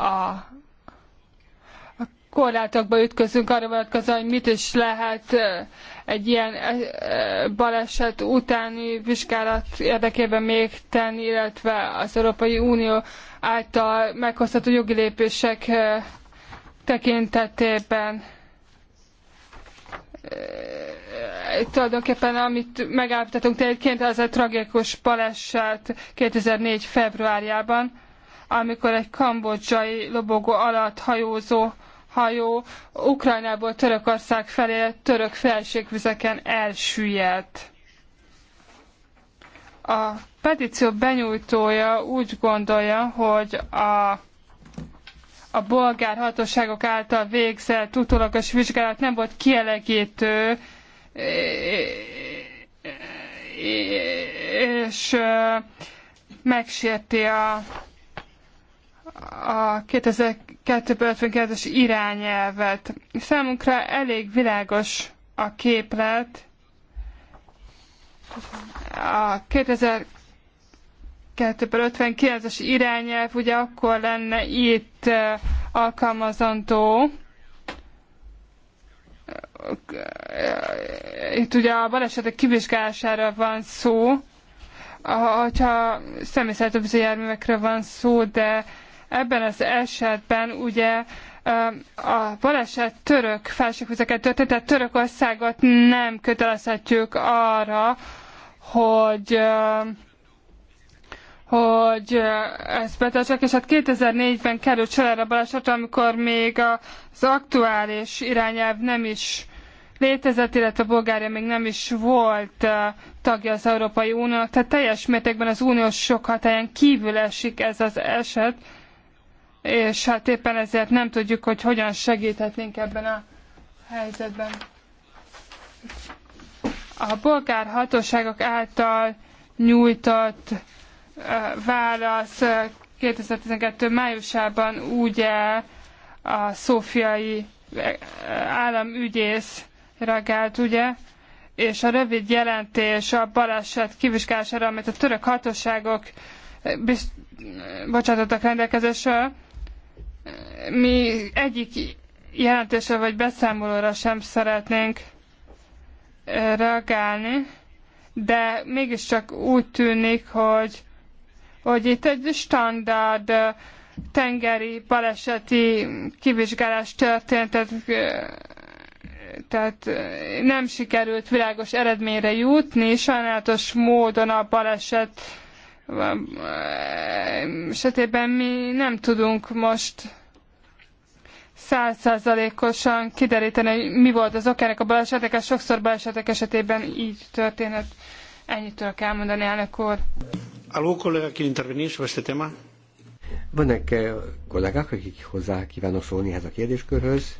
a korlátokba ütközünk arra vonatkozóan, hogy mit is lehet egy ilyen baleset utáni vizsgálat érdekében még tenni, illetve az Európai Unió által meghozható jogi lépések tekintetében tulajdonképpen amit megállapítottunk tényként, az a tragikus baleset 2004. februárjában, amikor egy kambodzsai lobogó alatt hajózó hajó Ukrajnából Törökország felé török felségvizeken elsüllyedt. A petíció benyújtója úgy gondolja, hogy a a bolgár hatóságok által végzett utólagos vizsgálat nem volt kielegítő, és megsérti a, a 2052-es irányelvet. Számunkra elég világos a képlet. A 2000 2059-es irányelv ugye akkor lenne itt eh, alkalmazandó. Itt ugye a balesetek kivizsgálására van szó, hogyha személyszállítóbizó járművekről van szó, de ebben az esetben ugye eh, a baleset török felséghúzeket történt, tehát Törökországot nem kötelezhetjük arra, hogy eh, hogy ezt betesek, és hát 2004-ben került csalára baleset, amikor még az aktuális irányelv nem is létezett, illetve a Bulgária még nem is volt tagja az Európai Uniónak, tehát teljes mértékben az uniós sok hatáján kívül esik ez az eset, és hát éppen ezért nem tudjuk, hogy hogyan segíthetnénk ebben a helyzetben. A bolgár hatóságok által nyújtott válasz 2012. májusában úgy a szófiai államügyész reagált, ugye, és a rövid jelentés a baleset kivizsgálására, amit a török hatóságok bizt, bocsátottak rendelkezésre, mi egyik jelentésre vagy beszámolóra sem szeretnénk reagálni, de mégiscsak úgy tűnik, hogy hogy itt egy standard tengeri baleseti kivizsgálás történt, tehát, tehát nem sikerült világos eredményre jutni, sajnálatos módon a baleset esetében mi nem tudunk most százszázalékosan kideríteni, hogy mi volt az okának a balesetek, ez sokszor balesetek esetében így történhet. Ennyit tudok elmondani, elnök úr. Aló, kollega, ki intervenni, este téma? Vannak eh, kollégák, akik hozzá kívánok szólni ehhez a kérdéskörhöz?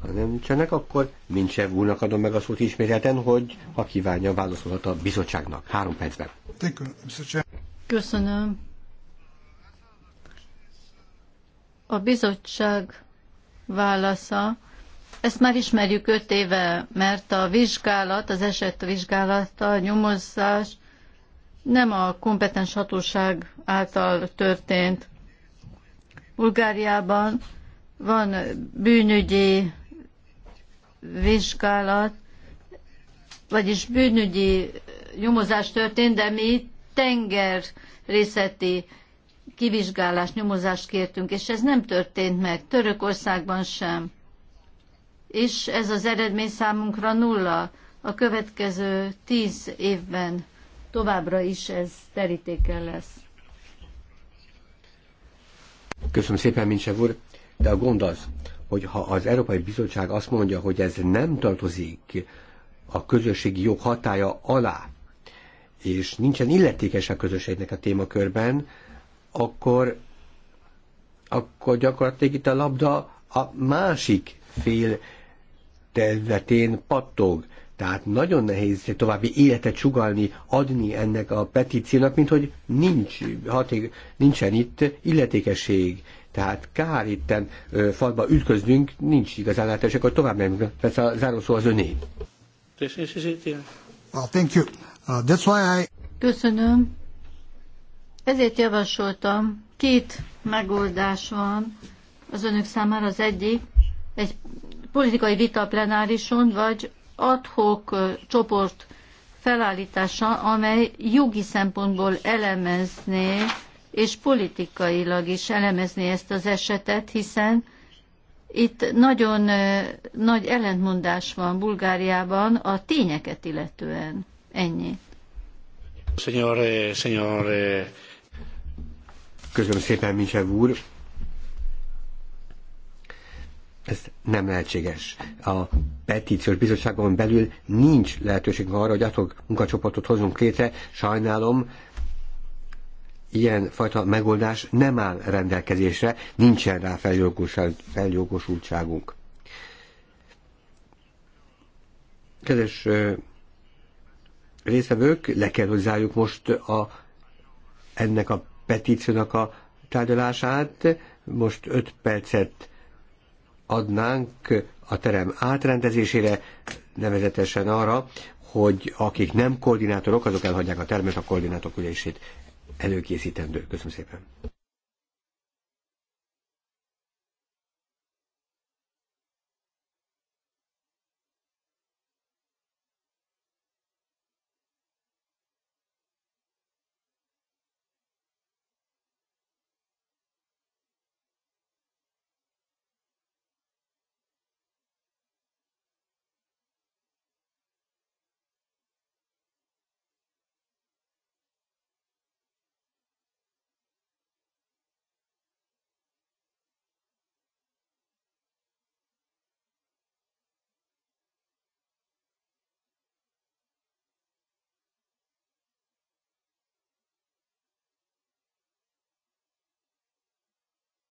Ha nem nincsenek, akkor Mincsev úrnak adom meg a szót ismételten, hogy ha kívánja, válaszolhat a bizottságnak. Három percben. Köszönöm. A bizottság válasza ezt már ismerjük öt éve, mert a vizsgálat, az eset vizsgálata, a nyomozás nem a kompetens hatóság által történt. Bulgáriában van bűnügyi vizsgálat, vagyis bűnügyi nyomozás történt, de mi tenger részeti kivizsgálás, nyomozást kértünk, és ez nem történt meg Törökországban sem és ez az eredmény számunkra nulla. A következő tíz évben továbbra is ez terítéken lesz. Köszönöm szépen, Mincsev úr, de a gond az, hogy ha az Európai Bizottság azt mondja, hogy ez nem tartozik a közösségi jog hatája alá, és nincsen illetékes a közösségnek a témakörben, akkor, akkor gyakorlatilag itt a labda a másik fél területén pattog. Tehát nagyon nehéz további életet sugalni, adni ennek a petíciónak, mint hogy nincs, haték, nincsen itt illetékesség. Tehát kár itten ö, falba ütköznünk, nincs igazán lehetőség, akkor tovább nem. Persze a zárószó az öné. Ah, ah, Köszönöm. Ezért javasoltam, két megoldás van az önök számára. Az egyik egy politikai vita plenárison, vagy adhok csoport felállítása, amely jogi szempontból elemezné, és politikailag is elemezné ezt az esetet, hiszen itt nagyon nagy ellentmondás van Bulgáriában a tényeket illetően. Ennyi. Köszönöm szépen, Misev úr ez nem lehetséges. A petíciós bizottságon belül nincs lehetőség arra, hogy atok munkacsoportot hozunk létre. Sajnálom, ilyen fajta megoldás nem áll rendelkezésre, nincsen rá feljogosultságunk. Kedves részvevők, le kell, hozzájuk most a, ennek a petíciónak a tárgyalását. Most öt percet adnánk a terem átrendezésére, nevezetesen arra, hogy akik nem koordinátorok, azok elhagyják a termet, a koordinátorok ülését előkészítendő. Köszönöm szépen.